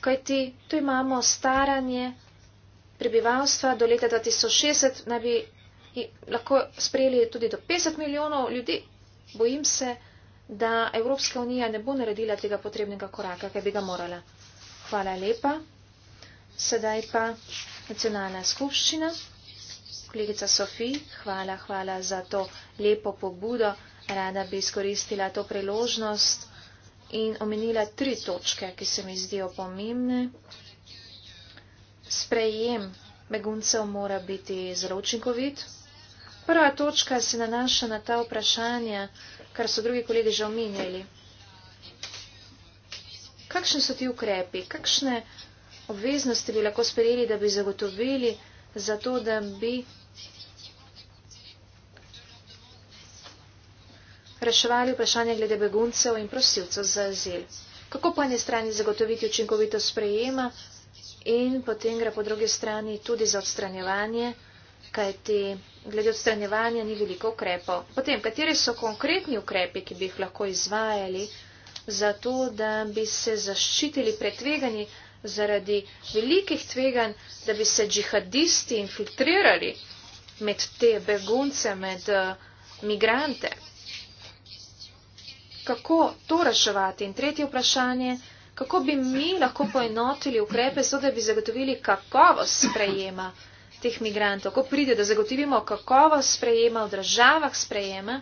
kajti tu imamo staranje prebivalstva do leta 2060, naj bi lahko sprejeli tudi do 50 milijonov ljudi. Bojim se, da Evropska unija ne bo naredila tega potrebnega koraka, kaj bi ga morala. Hvala lepa. Sedaj pa nacionalna skupščina. Kolegica Sofi, hvala, hvala za to lepo pobudo. Rada bi izkoristila to priložnost in omenila tri točke, ki se mi zdijo pomembne. Sprejem beguncev mora biti zelo učinkovit. Prva točka se nanaša na ta vprašanja, kar so drugi kolegi že omenjali. Kakšni so ti ukrepi, kakšne obveznosti bi lahko sprejeli, da bi zagotovili za to, da bi reševali vprašanje glede beguncev in prosilcev za azil. Kako po eni strani zagotoviti učinkovito sprejema in potem gre po drugi strani tudi za odstranjevanje, kajti glede odstranjevanja ni veliko ukrepov. Potem, kateri so konkretni ukrepi, ki bi jih lahko izvajali, zato da bi se zaščitili pred tveganji zaradi velikih tveganj, da bi se džihadisti infiltrirali med te begunce, med eh, migrante kako to reševati. In tretje vprašanje, kako bi mi lahko poenotili ukrepe, so da bi zagotovili kakovost sprejema teh migrantov. Ko pride, da zagotovimo kakovost sprejema v državah sprejema.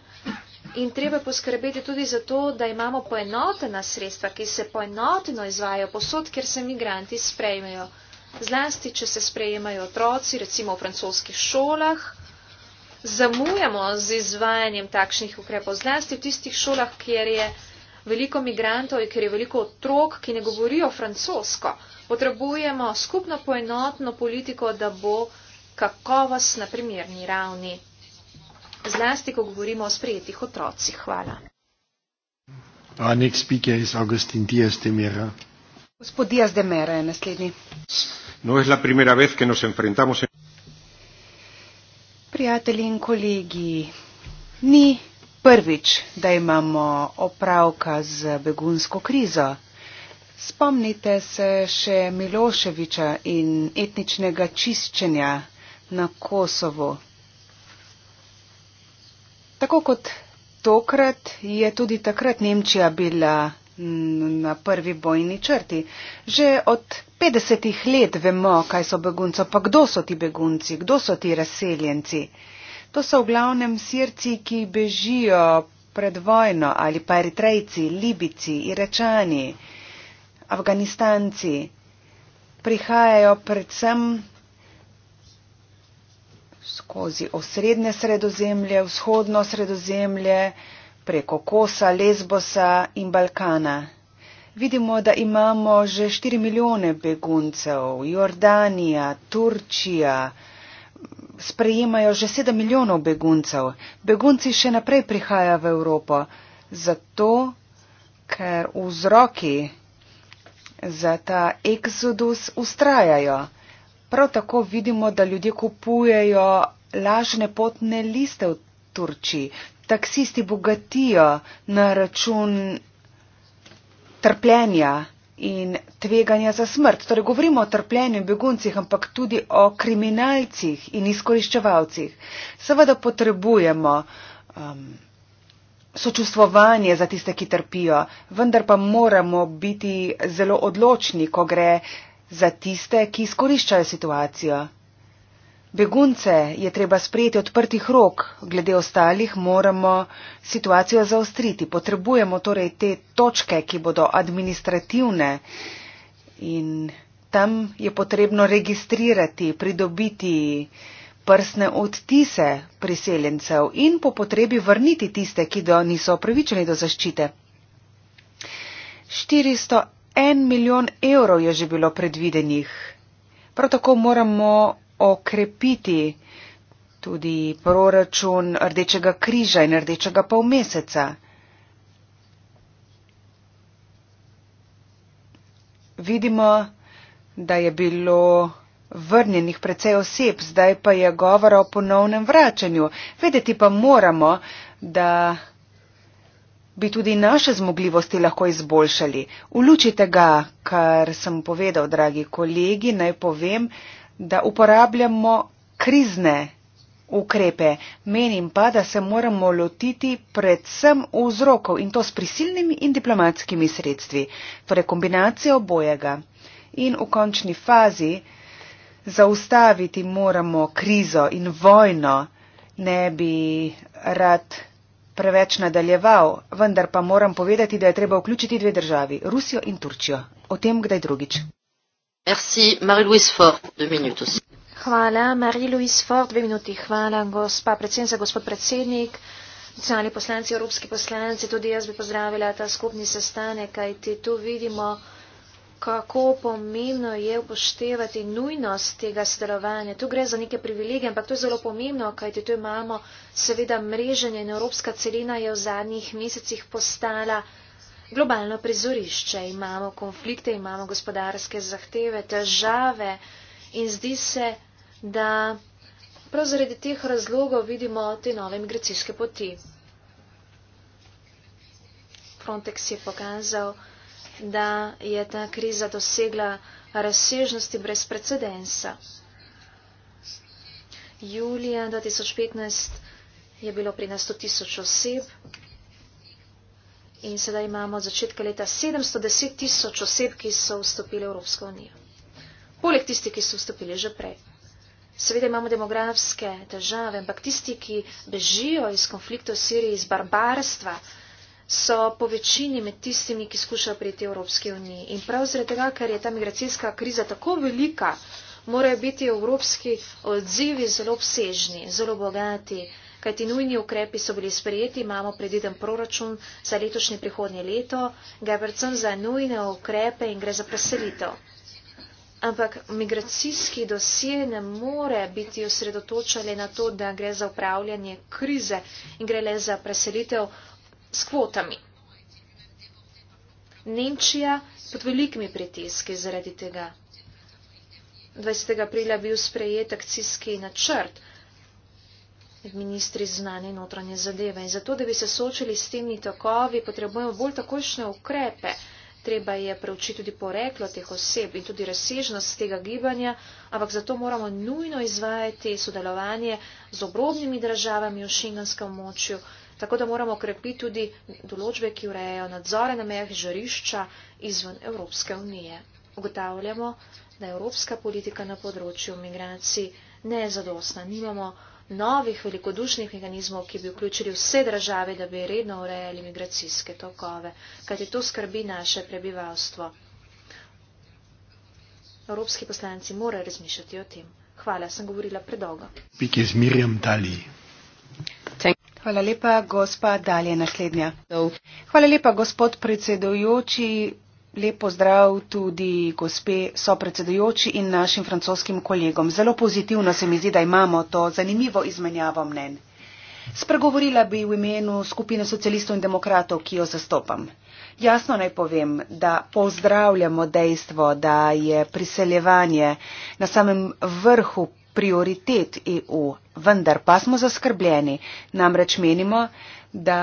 In treba poskrbeti tudi za to, da imamo poenotena sredstva, ki se poenoteno izvajo posod, kjer se migranti sprejmejo. Zlasti, če se sprejemajo otroci, recimo v francoskih šolah, zamujamo z izvajanjem takšnih ukrepov, zlasti v tistih šolah, kjer je veliko migrantov in kjer je veliko otrok, ki ne govorijo francosko. Potrebujemo skupno poenotno politiko, da bo kakovost na primerni ravni. Zlasti, ko govorimo o sprejetih otrocih. Hvala. Gospod Diaz de Mera je naslednji. No es la primera vez que nos enfrentamos en prijatelji in kolegi, ni prvič, da imamo opravka z begunsko krizo. Spomnite se še Miloševiča in etničnega čiščenja na Kosovo. Tako kot tokrat je tudi takrat Nemčija bila na prvi bojni črti. Že od 50 let vemo, kaj so begunci, pa kdo so ti begunci, kdo so ti razseljenci. To so v glavnem sirci, ki bežijo pred vojno ali pa eritrejci, libici, iračani, afganistanci. Prihajajo predvsem skozi osrednje sredozemlje, vzhodno sredozemlje, preko Kosa, Lesbosa in Balkana. Vidimo, da imamo že 4 milijone beguncev, Jordanija, Turčija, sprejemajo že 7 milijonov beguncev. Begunci še naprej prihajajo v Evropo, zato ker vzroki za ta eksodus ustrajajo. Prav tako vidimo, da ljudje kupujejo lažne potne liste v Turčiji. Taksisti bogatijo na račun trpljenja in tveganja za smrt. Torej govorimo o trpljenju in beguncih, ampak tudi o kriminalcih in izkoriščevalcih. Seveda potrebujemo um, sočustvovanje za tiste, ki trpijo, vendar pa moramo biti zelo odločni, ko gre za tiste, ki izkoriščajo situacijo. Begunce je treba sprejeti odprtih rok, glede ostalih moramo situacijo zaostriti. Potrebujemo torej te točke, ki bodo administrativne in tam je potrebno registrirati, pridobiti prsne odtise priseljencev in po potrebi vrniti tiste, ki do, niso upravičeni do zaščite. 401 milijon evrov je že bilo predvidenih. Prav tako moramo okrepiti tudi proračun Rdečega križa in Rdečega polmeseca. Vidimo, da je bilo vrnjenih precej oseb, zdaj pa je govora o ponovnem vračanju. Vedeti pa moramo, da bi tudi naše zmogljivosti lahko izboljšali. Vlučite ga, kar sem povedal, dragi kolegi, naj povem, da da uporabljamo krizne ukrepe. Menim pa, da se moramo lotiti predvsem vzrokov in to s prisilnimi in diplomatskimi sredstvi, torej kombinacijo obojega. In v končni fazi zaustaviti moramo krizo in vojno. Ne bi rad preveč nadaljeval, vendar pa moram povedati, da je treba vključiti dve državi, Rusijo in Turčijo. O tem kdaj drugič. Merci. Marie-Louise Ford, deux minutes aussi. Hvala, Marie-Louise Ford, dve minuti. Hvala, gospa predsednica, gospod predsednik, cenjeni poslanci, evropski poslanci, tudi jaz bi pozdravila ta skupni sestanek, kaj ti tu vidimo, kako pomembno je upoštevati nujnost tega sodelovanja. Tu gre za neke privilegije, ampak to je zelo pomembno, kaj ti tu imamo. Seveda, mreženje in evropska celina je v zadnjih mesecih postala globalno prizorišče. Imamo konflikte, imamo gospodarske zahteve, težave in zdi se, da prav zaradi teh razlogov vidimo te nove migracijske poti. Frontex je pokazal, da je ta kriza dosegla razsežnosti brez precedensa. Julija 2015 je bilo pri nas 100 tisoč oseb, In sedaj imamo od začetka leta 710 tisoč oseb, ki so vstopili v Evropsko unijo. Poleg tistih, ki so vstopili že prej. Seveda imamo demografske težave, ampak tisti, ki bežijo iz konflikta v Siriji, iz barbarstva, so po večini med tistimi, ki skušajo priti v Evropski uniji. In prav zred tega, ker je ta migracijska kriza tako velika, morajo biti evropski odzivi zelo obsežni, zelo bogati kajti nujni ukrepi so bili sprejeti, imamo prediden proračun za letošnje prihodnje leto, gre predvsem za nujne ukrepe in gre za preselitev. Ampak migracijski dosje ne more biti osredotočali na to, da gre za upravljanje krize in gre le za preselitev s kvotami. Nemčija pod velikimi pritiski zaradi tega. 20. aprila je bil sprejet akcijski načrt ministri znane in notranje zadeve. In zato, da bi se sočili s temi tokovi, potrebujemo bolj takošne ukrepe. Treba je preučiti tudi poreklo teh oseb in tudi razsežnost tega gibanja, ampak zato moramo nujno izvajati sodelovanje z obrobnimi državami v šengenskem močju, tako da moramo okrepiti tudi določbe, ki urejajo nadzore na mejah žarišča izven Evropske unije. Ugotavljamo, da je evropska politika na področju migracij nezadostna. Nimamo novih velikodušnih mehanizmov, ki bi vključili vse države, da bi redno urejali migracijske tokove, kajti to skrbi naše prebivalstvo. Evropski poslanci morajo razmišljati o tem. Hvala, sem govorila predolgo. Hvala lepa, gospa, dalje naslednja. Hvala lepa, gospod predsedujoči. Lepo zdrav tudi gospe sopredsedujoči in našim francoskim kolegom. Zelo pozitivno se mi zdi, da imamo to zanimivo izmenjavo mnen. Spregovorila bi v imenu skupine socialistov in demokratov, ki jo zastopam. Jasno naj povem, da pozdravljamo dejstvo, da je priseljevanje na samem vrhu prioritet EU, vendar pa smo zaskrbljeni. Namreč menimo, da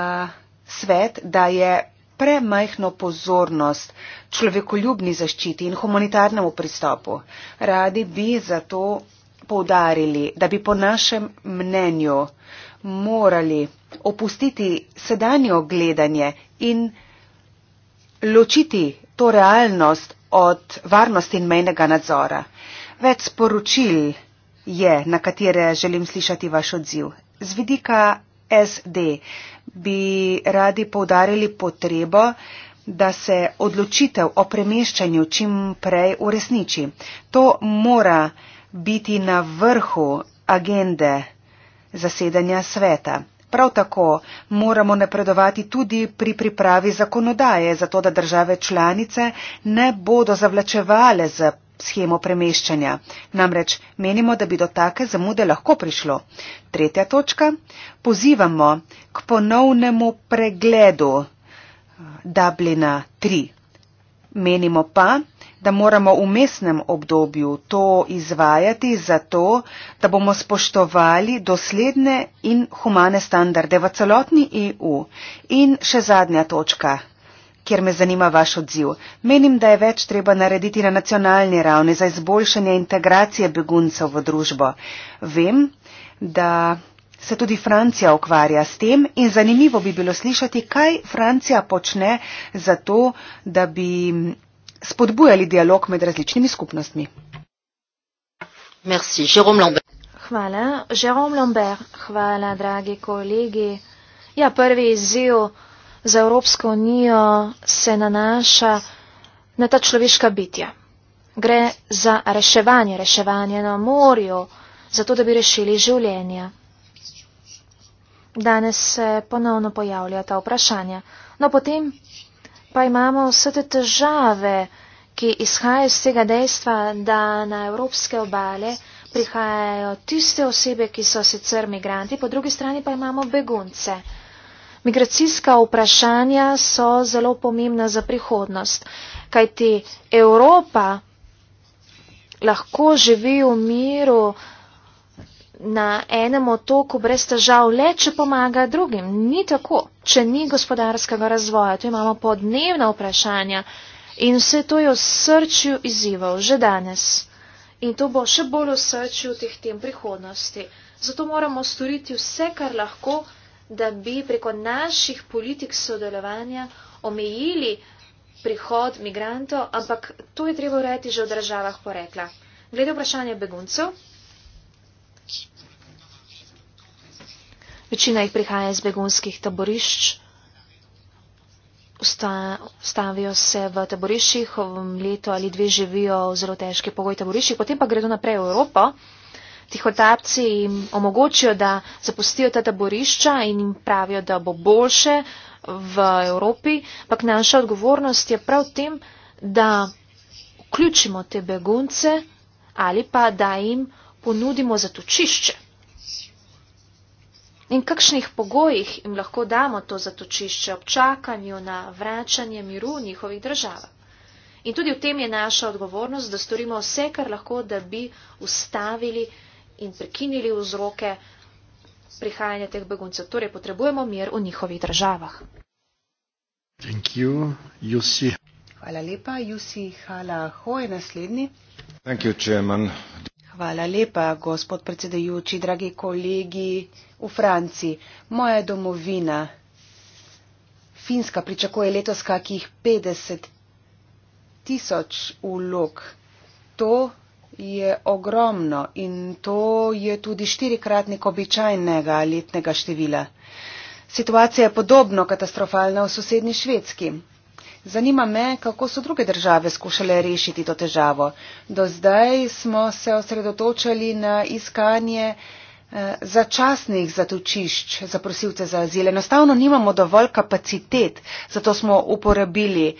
svet, da je premajhno pozornost človekoljubni zaščiti in humanitarnemu pristopu. Radi bi zato poudarili, da bi po našem mnenju morali opustiti sedanje ogledanje in ločiti to realnost od varnosti in mejnega nadzora. Več sporočil je, na katere želim slišati vaš odziv. Z vidika SD, bi radi povdarili potrebo, da se odločitev o premeščanju čim prej uresniči. To mora biti na vrhu agende zasedanja sveta. Prav tako moramo napredovati tudi pri pripravi zakonodaje, zato da države članice ne bodo zavlačevale z schemo premeščanja. Namreč menimo, da bi do take zamude lahko prišlo. Tretja točka. Pozivamo k ponovnemu pregledu eh, Dublina 3. Menimo pa, da moramo v mestnem obdobju to izvajati zato, da bomo spoštovali dosledne in humane standarde v celotni EU. In še zadnja točka kjer me zanima vaš odziv. Menim, da je več treba narediti na nacionalni ravni za izboljšanje integracije beguncev v družbo. Vem, da se tudi Francija ukvarja s tem in zanimivo bi bilo slišati, kaj Francija počne za to, da bi spodbujali dialog med različnimi skupnostmi. Merci, hvala, Jerome Lambert. Hvala, dragi kolegi. Ja, prvi izziv za Evropsko unijo se nanaša na ta človeška bitja. Gre za reševanje, reševanje na morju, zato da bi rešili življenja. Danes se ponovno pojavlja ta vprašanja. No potem pa imamo vse te težave, ki izhajajo iz tega dejstva, da na evropske obale prihajajo tiste osebe, ki so sicer migranti, po drugi strani pa imamo begunce. Migracijska vprašanja so zelo pomembna za prihodnost, kajti Evropa lahko živi v miru na enem otoku brez težav, le če pomaga drugim. Ni tako, če ni gospodarskega razvoja. Tu imamo podnevna vprašanja in vse to je v srčju izzival že danes. In to bo še bolj v srčju teh tem prihodnosti. Zato moramo storiti vse, kar lahko da bi preko naših politik sodelovanja omejili prihod migrantov, ampak to je treba urejati že v državah porekla. Glede vprašanja beguncev. Večina jih prihaja iz begunskih taborišč, ustavijo se v taboriščih, v leto ali dve živijo v zelo težki pogoj taboriščih, potem pa gredo naprej v Evropo tihotapci jim omogočijo, da zapustijo ta taborišča in jim pravijo, da bo boljše v Evropi, ampak naša odgovornost je prav tem, da vključimo te begunce ali pa da jim ponudimo zatočišče. In kakšnih pogojih jim lahko damo to zatočišče ob čakanju na vračanje miru v njihovih državah. In tudi v tem je naša odgovornost, da storimo vse, kar lahko, da bi ustavili in prekinili vzroke prihajanja teh beguncev. Torej potrebujemo mir v njihovih državah. You, Hvala lepa, Jusi Hala Hoj, naslednji. You, Hvala lepa, gospod predsedajoči, dragi kolegi v Franciji. Moja domovina, Finska, pričakuje letos kakih 50 tisoč ulog. To je ogromno in to je tudi štirikratnik običajnega letnega števila. Situacija je podobno katastrofalna v sosednji Švedski. Zanima me, kako so druge države skušale rešiti to težavo. Do zdaj smo se osredotočali na iskanje eh, začasnih zatočišč za prosilce za azil. Enostavno nimamo dovolj kapacitet, zato smo uporabili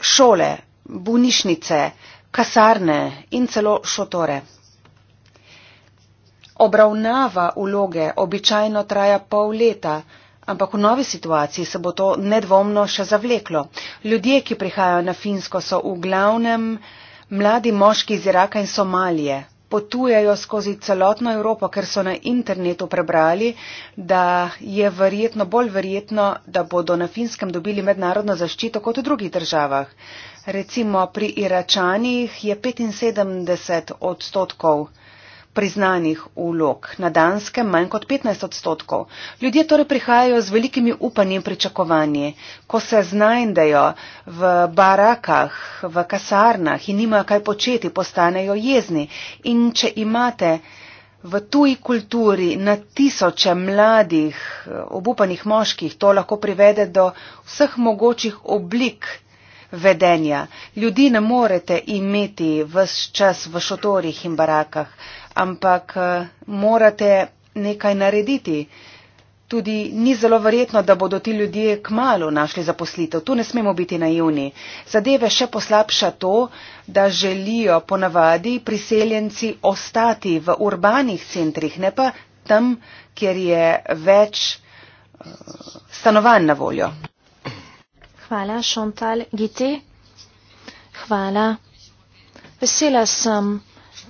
šole, bunišnice, kasarne in celo šotore. Obravnava vloge običajno traja pol leta, ampak v novi situaciji se bo to nedvomno še zavleklo. Ljudje, ki prihajajo na Finsko, so v glavnem mladi moški iz Iraka in Somalije. Potujejo skozi celotno Evropo, ker so na internetu prebrali, da je verjetno, bolj verjetno, da bodo na Finskem dobili mednarodno zaščito kot v drugih državah. Recimo pri Iračanih je 75 odstotkov priznanih ulog, na Danskem manj kot 15 odstotkov. Ljudje torej prihajajo z velikimi upanjem pričakovanji. Ko se znajdejo v barakah, v kasarnah in nima kaj početi, postanejo jezni. In če imate v tuji kulturi na tisoče mladih obupanih moških, to lahko privede do vseh mogočih oblik vedenja. Ljudi ne morete imeti vse čas v šotorih in barakah, ampak eh, morate nekaj narediti. Tudi ni zelo verjetno, da bodo ti ljudje kmalo našli zaposlitev. Tu ne smemo biti naivni. Zadeve še poslabša to, da želijo ponavadi priseljenci ostati v urbanih centrih, ne pa tam, kjer je več eh, stanovanj na voljo. Hvala, Šontal Giti. Hvala. Vesela sem,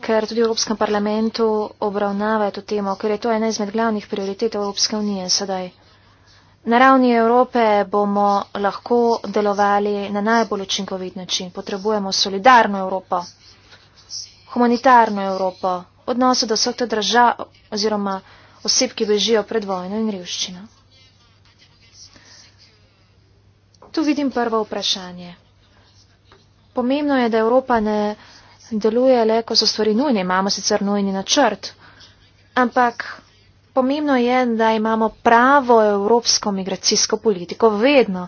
ker tudi v Evropskem parlamentu obravnavajo to temo, ker je to ena izmed glavnih prioritet Evropske unije sedaj. Na ravni Evrope bomo lahko delovali na najbolj učinkovit način. Potrebujemo solidarno Evropo, humanitarno Evropo, odnose do vseh držav oziroma oseb, ki bežijo pred vojno in revščino. Tu vidim prvo vprašanje. Pomembno je, da Evropa ne deluje le, ko so stvari nujne. Imamo sicer nujni načrt, ampak pomembno je, da imamo pravo evropsko migracijsko politiko vedno,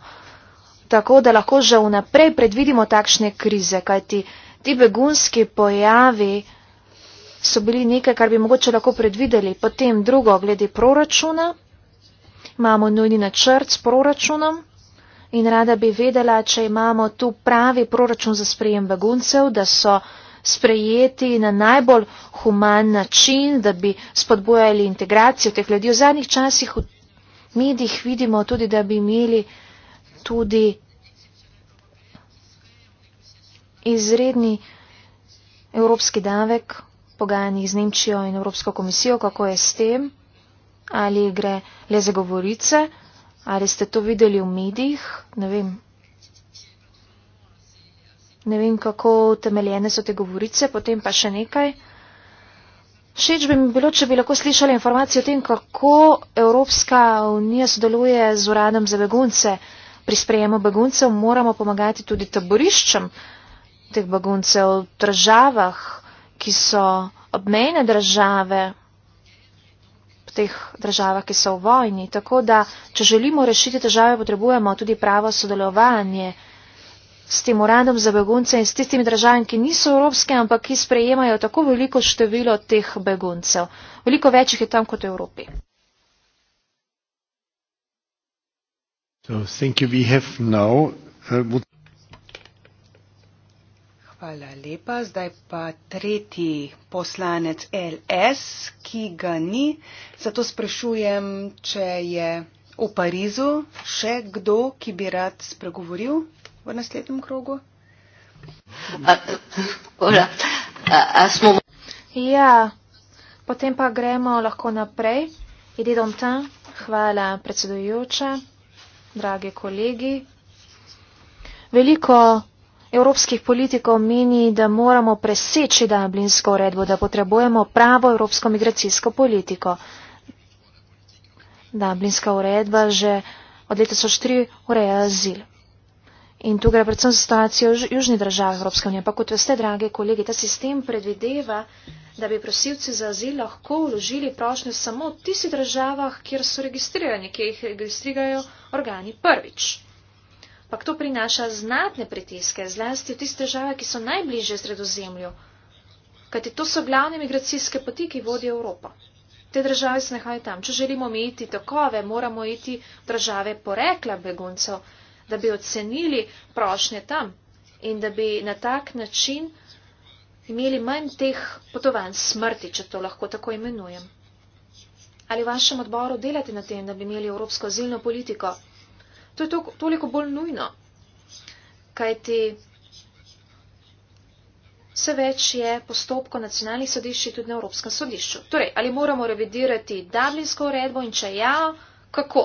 tako da lahko že vnaprej predvidimo takšne krize, kajti ti begunski pojavi so bili nekaj, kar bi mogoče lahko predvideli. Potem drugo, glede proračuna. Imamo nujni načrt s proračunom in rada bi vedela, če imamo tu pravi proračun za sprejem beguncev, da so sprejeti na najbolj human način, da bi spodbojali integracijo teh ljudi. V zadnjih časih v medijih vidimo tudi, da bi imeli tudi izredni evropski davek pogajanjih z Nemčijo in Evropsko komisijo, kako je s tem, ali gre le za govorice. Ali ste to videli v medijih? Ne vem. Ne vem, kako temeljene so te govorice, potem pa še nekaj. Všeč bi mi bilo, če bi lahko slišali informacije o tem, kako Evropska unija sodeluje z uradom za begunce. Pri sprejemu beguncev moramo pomagati tudi taboriščem teh beguncev v državah, ki so obmejne države v teh državah, ki so v vojni. Tako da, če želimo rešiti težave, potrebujemo tudi pravo sodelovanje s tem uradom za begunce in s tistimi državami, ki niso evropske, ampak ki sprejemajo tako veliko število teh beguncev. Veliko večjih je tam kot v Evropi. So, Hvala lepa. Zdaj pa tretji poslanec LS, ki ga ni. Zato sprašujem, če je v Parizu še kdo, ki bi rad spregovoril v naslednjem krogu. A, a, a smo... Ja, potem pa gremo lahko naprej. Hvala predsedujoča, dragi kolegi. Veliko evropskih politikov meni, da moramo preseči dublinsko uredbo, da potrebujemo pravo evropsko migracijsko politiko. Dublinska uredba že od leta 2003 ureja azil. In tu gre predvsem za situacijo v južni državi Evropske unije. Pa kot veste, drage kolegi, ta sistem predvideva, da bi prosilci za azil lahko vložili prošnje samo v tisti državah, kjer so registrirani, kjer jih registrirajo organi prvič ampak to prinaša znatne pritiske, zlasti v tiste države, ki so najbližje sredozemlju. Kajti to so glavne migracijske poti, ki vodijo Evropo. Te države se nahajajo tam. Če želimo imeti takove, moramo iti v države porekla beguncev, da bi ocenili prošnje tam in da bi na tak način imeli manj teh potovanj smrti, če to lahko tako imenujem. Ali v vašem odboru delate na tem, da bi imeli evropsko zilno politiko to je toliko bolj nujno, kajti vse več je postopkov nacionalnih sodišč in tudi na Evropskem sodišču. Torej, ali moramo revidirati Dublinsko uredbo in če ja, kako?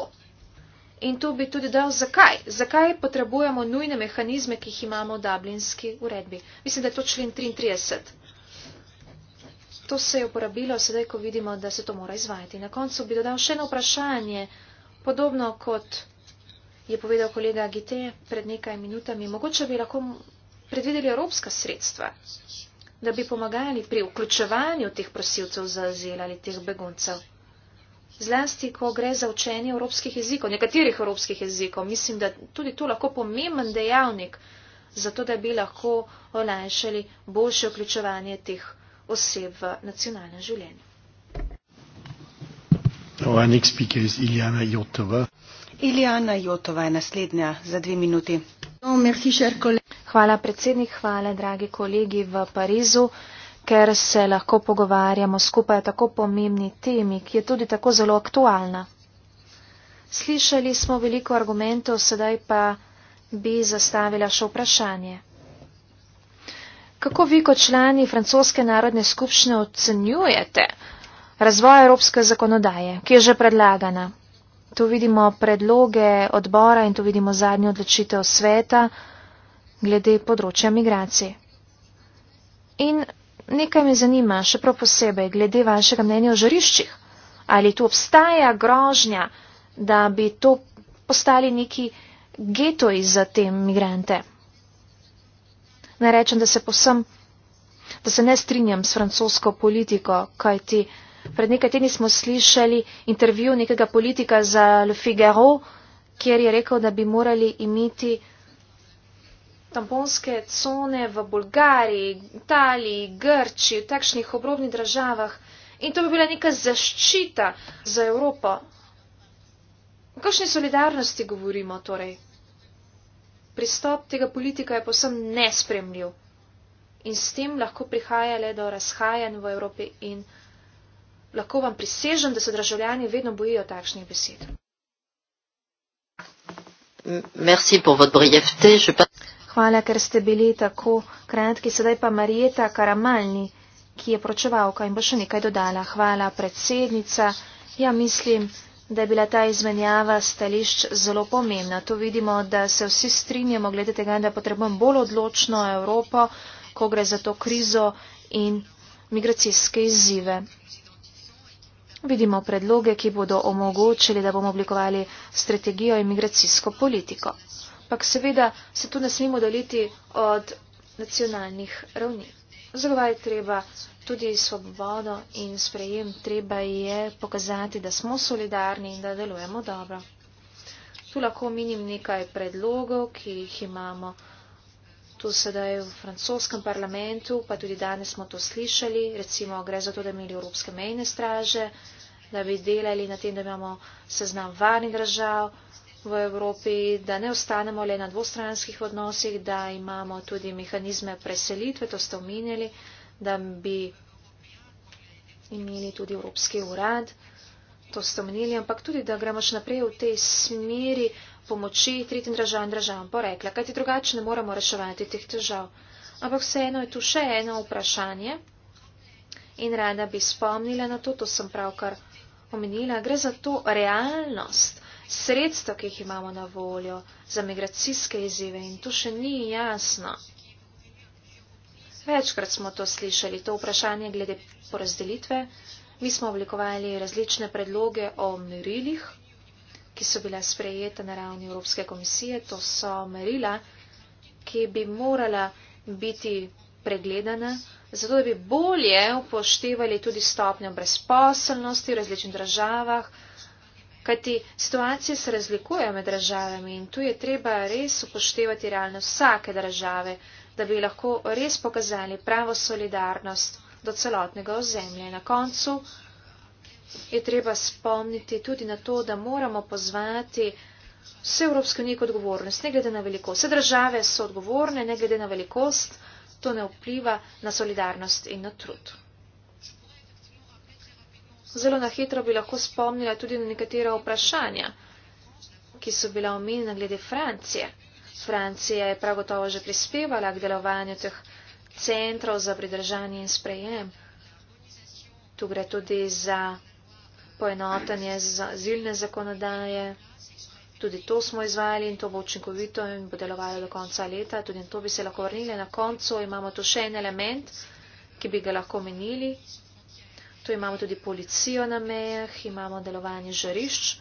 In tu bi tudi dal, zakaj? Zakaj potrebujemo nujne mehanizme, ki jih imamo v Dublinski uredbi? Mislim, da je to člen 33. To se je uporabilo sedaj, ko vidimo, da se to mora izvajati. Na koncu bi dodal še eno vprašanje, podobno kot je povedal kolega Gite pred nekaj minutami, mogoče bi lahko predvideli evropska sredstva, da bi pomagali pri vključevanju teh prosilcev za azil ali teh beguncev. Zlasti, ko gre za učenje evropskih jezikov, nekaterih evropskih jezikov, mislim, da tudi to lahko pomemben dejavnik za to, da bi lahko olajšali boljše vključevanje teh oseb v nacionalno življenje. Oh, ilijana jotova je naslednja za dve minuti no, hvala predsednik hvala dragi kolegi v parizu ker se lahko pogovarjamo skupaj o tako pomembni temi ki je tudi tako zelo aktualna slišali smo veliko argumentov sedaj pa bi zastavila še vprašanje kako vi kot člani francoske narodne skupščine ocenjujete razvoj evropske zakonodaje ki je že predlagana Tu vidimo predloge odbora in tu vidimo zadnjo odločitev sveta glede področja migracij. In nekaj me zanima, še prav posebej, glede vašega mnenja o žariščih. Ali tu obstaja grožnja, da bi to postali neki getoji za te migrante? Ne rečem, da se, posem, da se ne strinjam s francosko politiko, kajti. Pred nekaj tedni smo slišali intervju nekega politika za Le Figaro, kjer je rekel, da bi morali imeti tamponske cone v Bolgariji, Italiji, Grči, v takšnih obrobnih državah. In to bi bila neka zaščita za Evropo. O kakšni solidarnosti govorimo torej? Pristop tega politika je posem nespremljiv. In s tem lahko prihaja le do razhajanj v Evropi in Evropi lahko vam prisežem, da se državljani vedno bojijo takšnih besed. Hvala, ker ste bili tako kratki. Sedaj pa Marijeta Karamalni, ki je pročevalka in bo še nekaj dodala. Hvala, predsednica. Ja, mislim, da je bila ta izmenjava stališč zelo pomembna. To vidimo, da se vsi strinjamo glede tega, da potrebujemo bolj odločno Evropo, ko gre za to krizo in migracijske izzive. Vidimo predloge, ki bodo omogočili, da bomo oblikovali strategijo in migracijsko politiko. Pak seveda se tu ne smemo daliti od nacionalnih ravni. Zagovarjati treba tudi svobodo in sprejem, treba je pokazati, da smo solidarni in da delujemo dobro. Tu lahko minim nekaj predlogov, ki jih imamo tu sedaj v francoskem parlamentu, pa tudi danes smo to slišali, recimo gre za to, da imeli evropske mejne straže, da bi delali na tem, da imamo seznam varnih držav v Evropi, da ne ostanemo le na dvostranskih odnosih, da imamo tudi mehanizme preselitve, to ste omenjali, da bi imeli tudi Evropski urad, to ste omenili, ampak tudi, da gremo še naprej v tej smeri pomoči tretjim državam, državam porekla, kajti drugače ne moremo reševati teh težav. Ampak vseeno je tu še eno vprašanje in rada bi spomnila na to, to sem pravkar omenila, gre za to realnost, sredstvo, ki jih imamo na voljo za migracijske izzive in to še ni jasno. Večkrat smo to slišali, to vprašanje glede porazdelitve. Mi smo oblikovali različne predloge o merilih, ki so bila sprejeta na ravni Evropske komisije. To so merila, ki bi morala biti pregledana zato da bi bolje upoštevali tudi stopnjo brezposelnosti v različnih državah, kajti situacije se razlikujejo med državami in tu je treba res upoštevati realno vsake države, da bi lahko res pokazali pravo solidarnost do celotnega ozemlja. Na koncu je treba spomniti tudi na to, da moramo pozvati vse Evropske unije kot odgovornost, ne glede na velikost. Vse države so odgovorne, ne glede na velikost to ne vpliva na solidarnost in na trud. Zelo na hitro bi lahko spomnila tudi na nekatera vprašanja, ki so bila omenjena glede Francije. Francija je prav gotovo že prispevala k delovanju teh centrov za pridržanje in sprejem. Tu gre tudi za poenotanje zilne zakonodaje, Tudi to smo izvajali in to bo učinkovito in bo delovalo do konca leta. Tudi to bi se lahko vrnili. Na koncu imamo tu še en element, ki bi ga lahko menili. Tu imamo tudi policijo na mejah, imamo delovanje žarišč.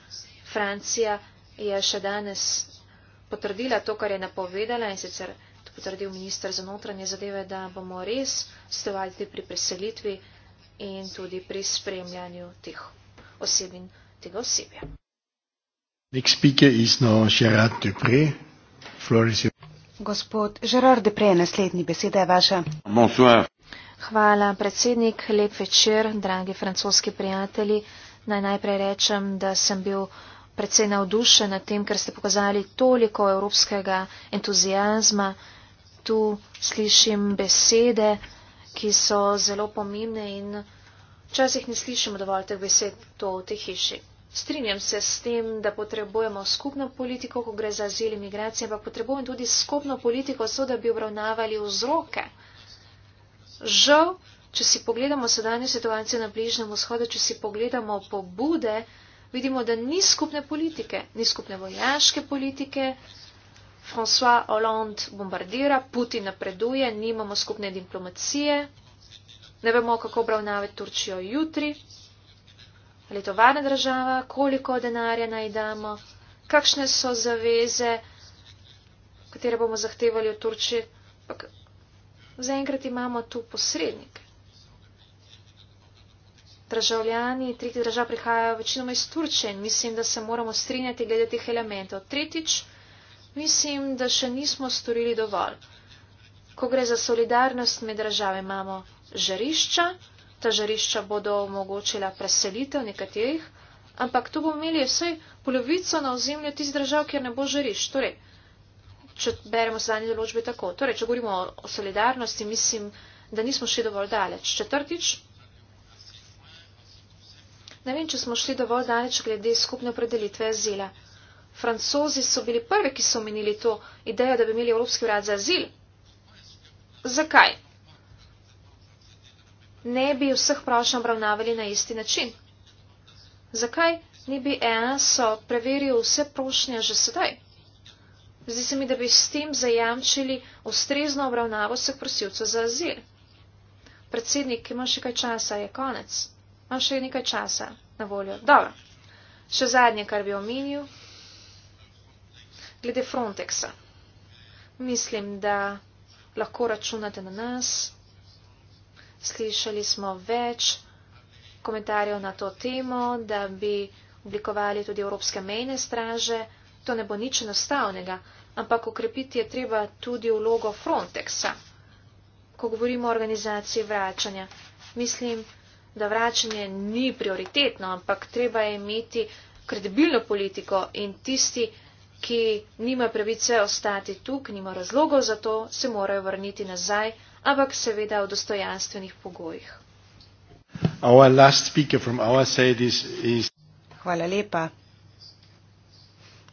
Francija je še danes potrdila to, kar je napovedala in sicer to potrdil ministr za notranje zadeve, da bomo res stovali pri preselitvi in tudi pri spremljanju teh osebin tega osebja. Next speaker is now Gerard Dupré. Floor is yours. Gospod Gerard Dupré, naslednji beseda je vaša. Bonsoir. Hvala, predsednik. Lep večer, dragi francoski prijatelji. Naj najprej rečem, da sem bil predvsej navdušen nad tem, ker ste pokazali toliko evropskega entuzijazma. Tu slišim besede, ki so zelo pomembne in včasih ne slišimo dovolj teh besed to v tej hiši. Strinjam se s tem, da potrebujemo skupno politiko, ko gre za zil imigracije, ampak potrebujemo tudi skupno politiko, so da bi obravnavali vzroke. Žal, če si pogledamo sedanje situacije na Bližnjem vzhodu, če si pogledamo pobude, vidimo, da ni skupne politike, ni skupne vojaške politike. François Hollande bombardira, Putin napreduje, nimamo skupne diplomacije, ne vemo, kako obravnavati Turčijo jutri ali to varna država, koliko denarja naj damo, kakšne so zaveze, katere bomo zahtevali od Turčije. Zaenkrat imamo tu posrednik. Državljani tretji držav prihajajo večinoma iz Turčije in mislim, da se moramo strinjati glede teh elementov. Tretjič, mislim, da še nismo storili dovolj. Ko gre za solidarnost med državami, imamo žarišča, težarišča bodo omogočila preselitev nekaterih, ampak tu bomo imeli vsaj polovico na ozemlju tistih držav, kjer ne bo žarišč. Torej, če beremo zadnje določbe tako. Torej, če govorimo o solidarnosti, mislim, da nismo šli dovolj daleč. Četrtič. Ne vem, če smo šli dovolj daleč glede skupne opredelitve azila. Francozi so bili prvi, ki so omenili to idejo, da bi imeli Evropski urad za azil. Zakaj? ne bi vseh prošenj obravnavali na isti način? Zakaj ne bi ENSO preveril vse prošnje že sedaj? Zdi se mi, da bi s tem zajamčili ustrezno obravnavo vseh prosilcev za azil. Predsednik, ima še kaj časa, je konec. Imam še nekaj časa na voljo. Dobro. Še zadnje, kar bi omenil, glede Frontexa. Mislim, da lahko računate na nas. Slišali smo več komentarjev na to temo, da bi oblikovali tudi evropske mejne straže. To ne bo nič enostavnega, ampak okrepiti je treba tudi vlogo Frontexa. Ko govorimo o organizaciji vračanja, mislim, da vračanje ni prioritetno, ampak treba je imeti kredibilno politiko in tisti, ki nima pravice ostati tu, ki nima razlogov za to, se morajo vrniti nazaj ampak seveda v dostojanstvenih pogojih. Hvala lepa.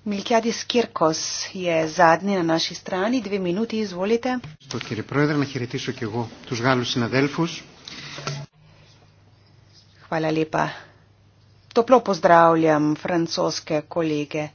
Milkjadis Kirkos je zadnji na naši strani, dve minuti izvolite. Hvala lepa. Toplo pozdravljam francoske kolege.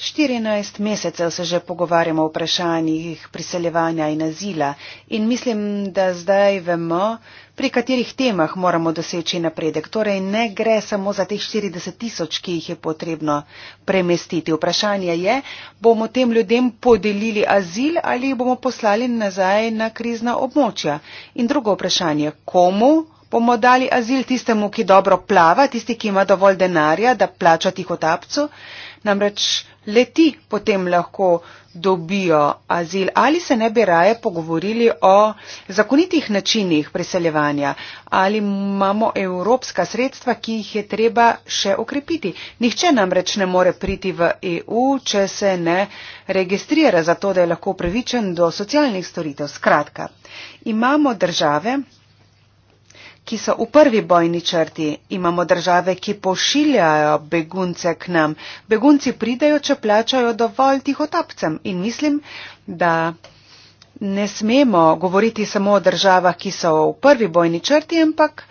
14 mesecev se že pogovarjamo o vprašanjih priseljevanja in azila in mislim, da zdaj vemo, pri katerih temah moramo doseči napredek. Torej ne gre samo za teh 40 tisoč, ki jih je potrebno premestiti. Vprašanje je, bomo tem ljudem podelili azil ali bomo poslali nazaj na krizna območja. In drugo vprašanje, komu? Bomo dali azil tistemu, ki dobro plava, tisti, ki ima dovolj denarja, da plača tihotapcu? namreč leti potem lahko dobijo azil ali se ne bi raje pogovorili o zakonitih načinih priseljevanja ali imamo evropska sredstva, ki jih je treba še okrepiti. Nihče namreč ne more priti v EU, če se ne registrira za to, da je lahko upravičen do socialnih storitev. Skratka, imamo države, ki so v prvi bojni črti. Imamo države, ki pošiljajo begunce k nam. Begunci pridejo, če plačajo dovolj tihotapcem. In mislim, da ne smemo govoriti samo o državah, ki so v prvi bojni črti, ampak.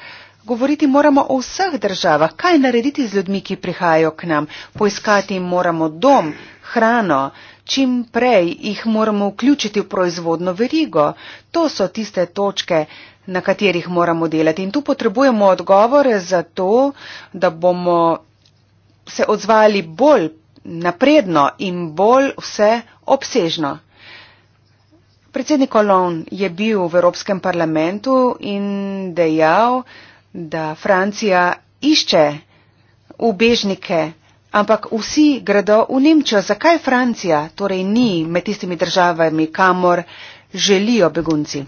Govoriti moramo o vseh državah, kaj narediti z ljudmi, ki prihajajo k nam. Poiskati jim moramo dom, hrano, čim prej jih moramo vključiti v proizvodno verigo. To so tiste točke, na katerih moramo delati. In tu potrebujemo odgovore za to, da bomo se odzvali bolj napredno in bolj vse obsežno. Predsednik Olon je bil v Evropskem parlamentu in dejal, da Francija išče ubežnike, ampak vsi gredo v Nemčijo. Zakaj Francija torej ni med tistimi državami, kamor želijo begunci?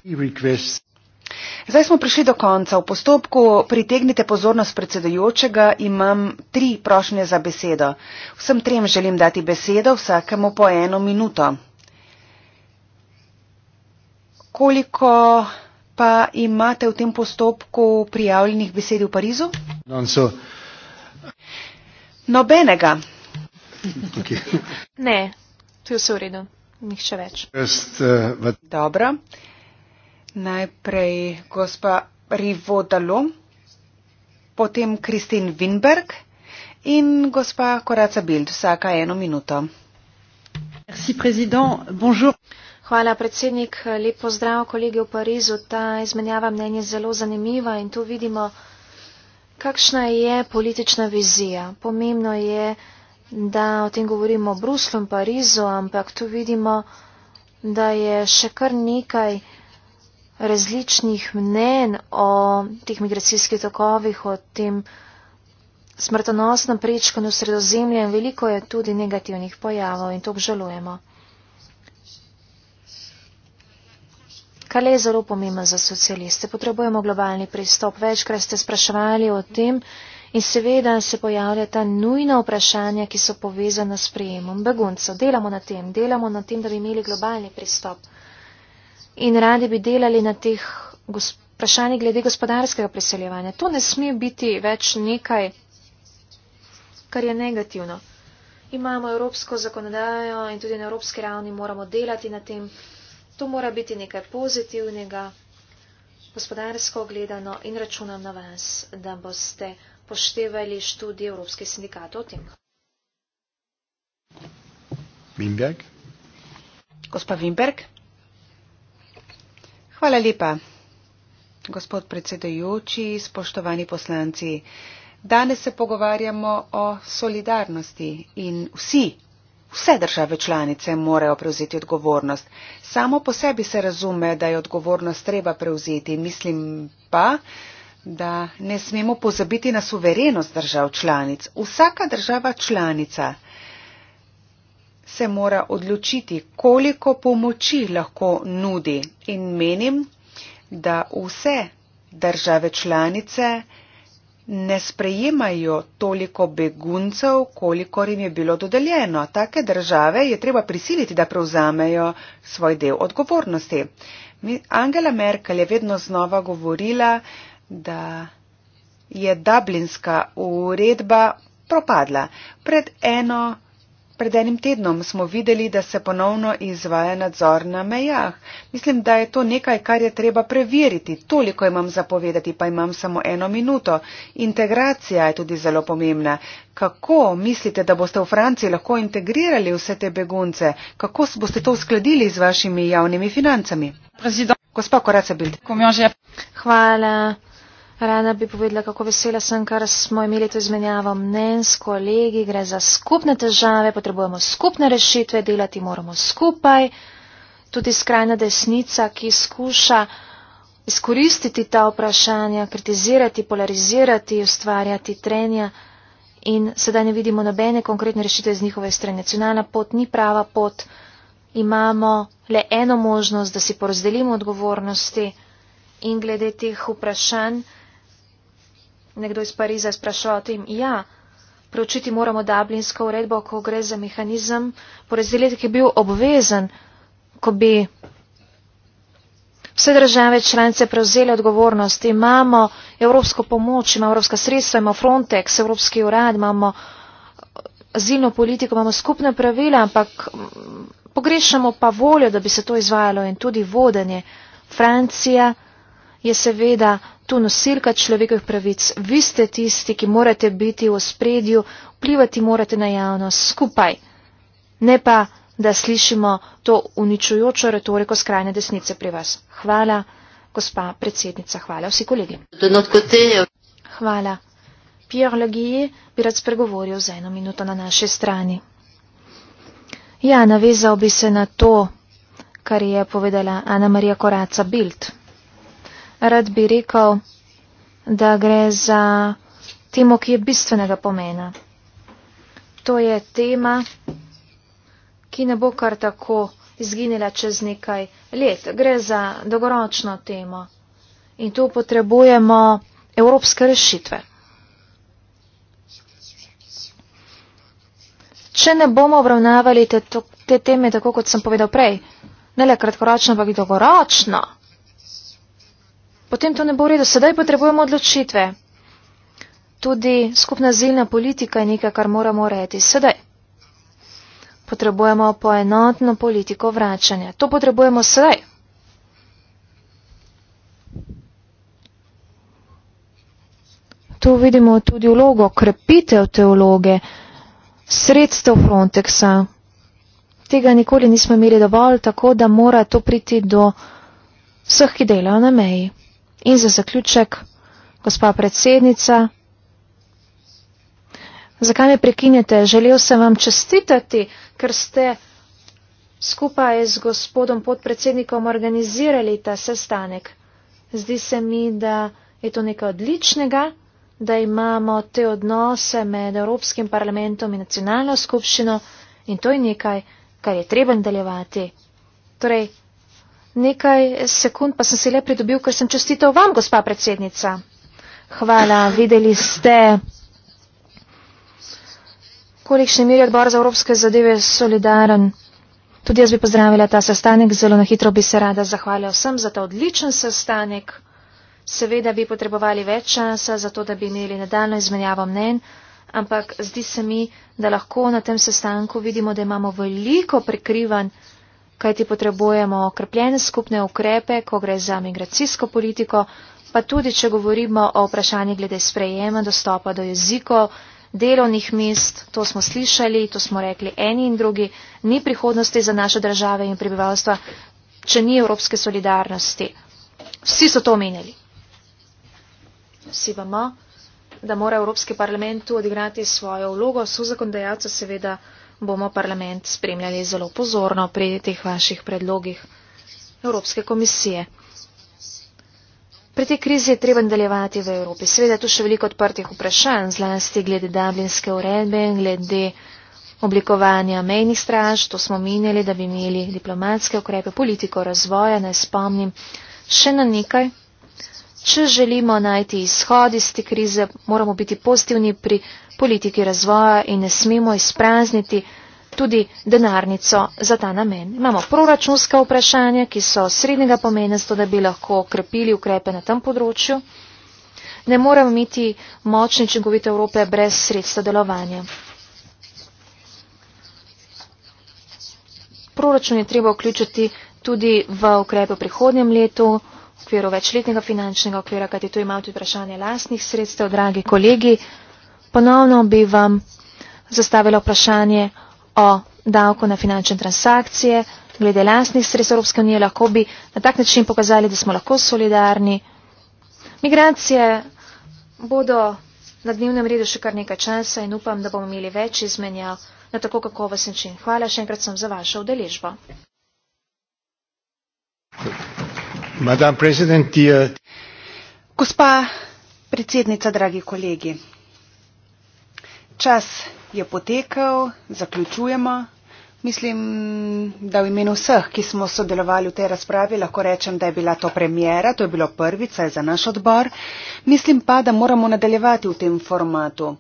Zdaj smo prišli do konca. V postopku pritegnite pozornost predsedujočega. Imam tri prošnje za besedo. Vsem trem želim dati besedo, vsakemu po eno minuto. Koliko pa imate v tem postopku prijavljenih besed v Parizu? Non so. Nobenega. Okay. ne, tu je vse v redu. Nihče več. Just, uh, but... Dobro. Najprej gospa Rivo Dalo, potem Kristin Winberg in gospa Koraca Bild, vsaka eno minuto. Hvala, predsednik. Lep pozdrav, kolegi v Parizu. Ta izmenjava mnenja je zelo zanimiva in tu vidimo, kakšna je politična vizija. Pomembno je, da o tem govorimo o Bruslu in Parizu, ampak tu vidimo, da je še kar nekaj različnih mnen o teh migracijskih tokovih, o tem smrtonosnem prečkanju sredozemlja in veliko je tudi negativnih pojavov in to obžalujemo. Kaj je zelo pomembno za socialiste? Potrebujemo globalni pristop. Večkrat ste spraševali o tem in seveda se pojavlja ta nujna vprašanja, ki so povezana s prejemom beguncev. Delamo na tem, delamo na tem, da bi imeli globalni pristop in radi bi delali na teh vprašanjih glede gospodarskega priseljevanja. To ne sme biti več nekaj, kar je negativno. Imamo evropsko zakonodajo in tudi na evropski ravni moramo delati na tem. To mora biti nekaj pozitivnega, gospodarsko gledano in računam na vas, da boste poštevali študij Evropske sindikate o tem. Gospa Wimberg. Hvala lepa. Gospod predsedujoči, spoštovani poslanci, danes se pogovarjamo o solidarnosti in vsi, vse države članice morajo prevzeti odgovornost. Samo po sebi se razume, da je odgovornost treba prevzeti, mislim pa, da ne smemo pozabiti na suverenost držav članic. Vsaka država članica se mora odločiti, koliko pomoči lahko nudi. In menim, da vse države članice ne sprejemajo toliko beguncev, koliko jim je bilo dodeljeno. Take države je treba prisiliti, da prevzamejo svoj del odgovornosti. Angela Merkel je vedno znova govorila, da je Dublinska uredba propadla. Pred eno Pred enim tednom smo videli, da se ponovno izvaja nadzor na mejah. Mislim, da je to nekaj, kar je treba preveriti. Toliko imam zapovedati, pa imam samo eno minuto. Integracija je tudi zelo pomembna. Kako mislite, da boste v Franciji lahko integrirali vse te begunce? Kako boste to uskladili z vašimi javnimi financami? Gospa Koracabild. Hvala. Rada bi povedala, kako vesela sem, ker smo imeli to izmenjavo mnen s kolegi. Gre za skupne težave, potrebujemo skupne rešitve, delati moramo skupaj. Tudi skrajna desnica, ki skuša izkoristiti ta vprašanja, kritizirati, polarizirati, ustvarjati trenja in sedaj ne vidimo nobene konkretne rešitve z njihove strani. Nacionalna pot ni prava pot. Imamo le eno možnost, da si porazdelimo odgovornosti in glede teh vprašanj nekdo iz Pariza sprašal o tem. Ja, preučiti moramo dublinsko uredbo, ko gre za mehanizem porazdeliti, ki je bil obvezen, ko bi vse države članice prevzeli odgovornost. Imamo evropsko pomoč, imamo evropska sredstva, imamo Frontex, evropski urad, imamo eh, azilno politiko, imamo skupne pravila, ampak mm, pogrešamo pa voljo, da bi se to izvajalo in tudi vodenje. Francija je seveda tu nosilka človekovih pravic, vi ste tisti, ki morate biti v spredju, vplivati morate na javnost skupaj, ne pa, da slišimo to uničujočo retoriko skrajne desnice pri vas. Hvala, gospa predsednica, hvala vsi kolegi. Hvala. Pierre Legui bi rad spregovoril za eno minuto na naši strani. Ja, navezal bi se na to, kar je povedala Ana Marija Koraca Bild rad bi rekel, da gre za temo, ki je bistvenega pomena. To je tema, ki ne bo kar tako izginila čez nekaj let. Gre za dolgoročno temo in tu potrebujemo evropske rešitve. Če ne bomo obravnavali te, te teme tako, kot sem povedal prej, ne le kratkoročno, ampak dolgoročno potem to ne bo redo. Sedaj potrebujemo odločitve. Tudi skupna zilna politika je nekaj, kar moramo reči. Sedaj potrebujemo poenotno politiko vračanja. To potrebujemo sedaj. Tu vidimo tudi vlogo krepitev teologe, sredstev Frontexa. Tega nikoli nismo imeli dovolj, tako da mora to priti do vseh, ki delajo na meji. In za zaključek, gospa predsednica, zakaj me prekinjate? Želel sem vam čestitati, ker ste skupaj z gospodom podpredsednikom organizirali ta sestanek. Zdi se mi, da je to nekaj odličnega, da imamo te odnose med Evropskim parlamentom in nacionalno skupščino in to je nekaj, kar je treba nadaljevati. Torej, Nekaj sekund pa sem se le pridobil, ker sem čestitev vam, gospa predsednica. Hvala, videli ste, kolikšen mir je odbor za evropske zadeve solidaren. Tudi jaz bi pozdravila ta sestanek, zelo na hitro bi se rada zahvalila vsem za ta odličen sestanek. Seveda bi potrebovali več časa za to, da bi imeli nadaljno izmenjavo mnen, ampak zdi se mi, da lahko na tem sestanku vidimo, da imamo veliko prekrivanj kajti potrebujemo okrepljene skupne ukrepe, ko gre za migracijsko politiko, pa tudi, če govorimo o vprašanju glede sprejema, dostopa do jezikov, delovnih mest, to smo slišali, to smo rekli eni in drugi, ni prihodnosti za naše države in prebivalstva, če ni evropske solidarnosti. Vsi so to omenjali. Vsi vemo, da mora Evropski parlament tu odigrati svojo vlogo, so zakondajalce seveda bomo parlament spremljali zelo pozorno pri teh vaših predlogih Evropske komisije. Pri tej krizi je treba nadaljevati v Evropi. Seveda je tu še veliko odprtih vprašanj, zlasti glede dublinske uredbe, glede oblikovanja mejnih straž. To smo menili, da bi imeli diplomatske ukrepe, politiko razvoja. Naj spomnim še na nekaj. Če želimo najti izhod iz te krize, moramo biti pozitivni pri politiki razvoja in ne smemo izprazniti tudi denarnico za ta namen. Imamo proračunska vprašanja, ki so srednjega pomena, zato da bi lahko okrepili ukrepe na tem področju. Ne moremo imeti močne in čengovite Evrope brez sredstva delovanja. Proračun je treba vključiti tudi v ukrepe v prihodnjem letu, v okviru večletnega finančnega okvira, kajti tu imamo tudi vprašanje lastnih sredstev, dragi kolegi. Ponovno bi vam zastavila vprašanje o davku na finančne transakcije, glede lastnih sredstev Evropske unije, lahko bi na tak način pokazali, da smo lahko solidarni. Migracije bodo na dnevnem redu še kar nekaj časa in upam, da bomo imeli več izmenjav na tako kakovosten način. Hvala še enkrat sem za vašo udeležbo. Gospa predsednica, dragi kolegi čas je potekal, zaključujemo. Mislim, da v imenu vseh, ki smo sodelovali v tej razpravi, lahko rečem, da je bila to premjera, to je bilo prvica za naš odbor. Mislim pa, da moramo nadaljevati v tem formatu.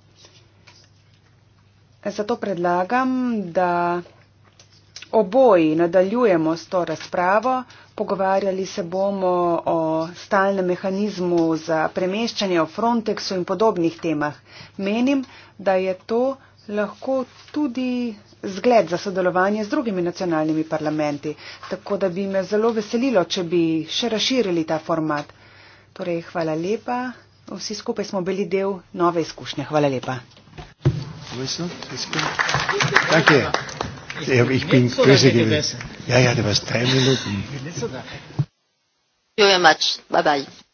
Zato predlagam, da oboji nadaljujemo s to razpravo. Pogovarjali se bomo o stalnem mehanizmu za premeščanje, o Frontexu in podobnih temah. Menim, da je to lahko tudi zgled za sodelovanje z drugimi nacionalnimi parlamenti. Tako da bi me zelo veselilo, če bi še razširili ta format. Torej, hvala lepa. Vsi skupaj smo bili del nove izkušnje. Hvala lepa. Thank you very much. Bye bye.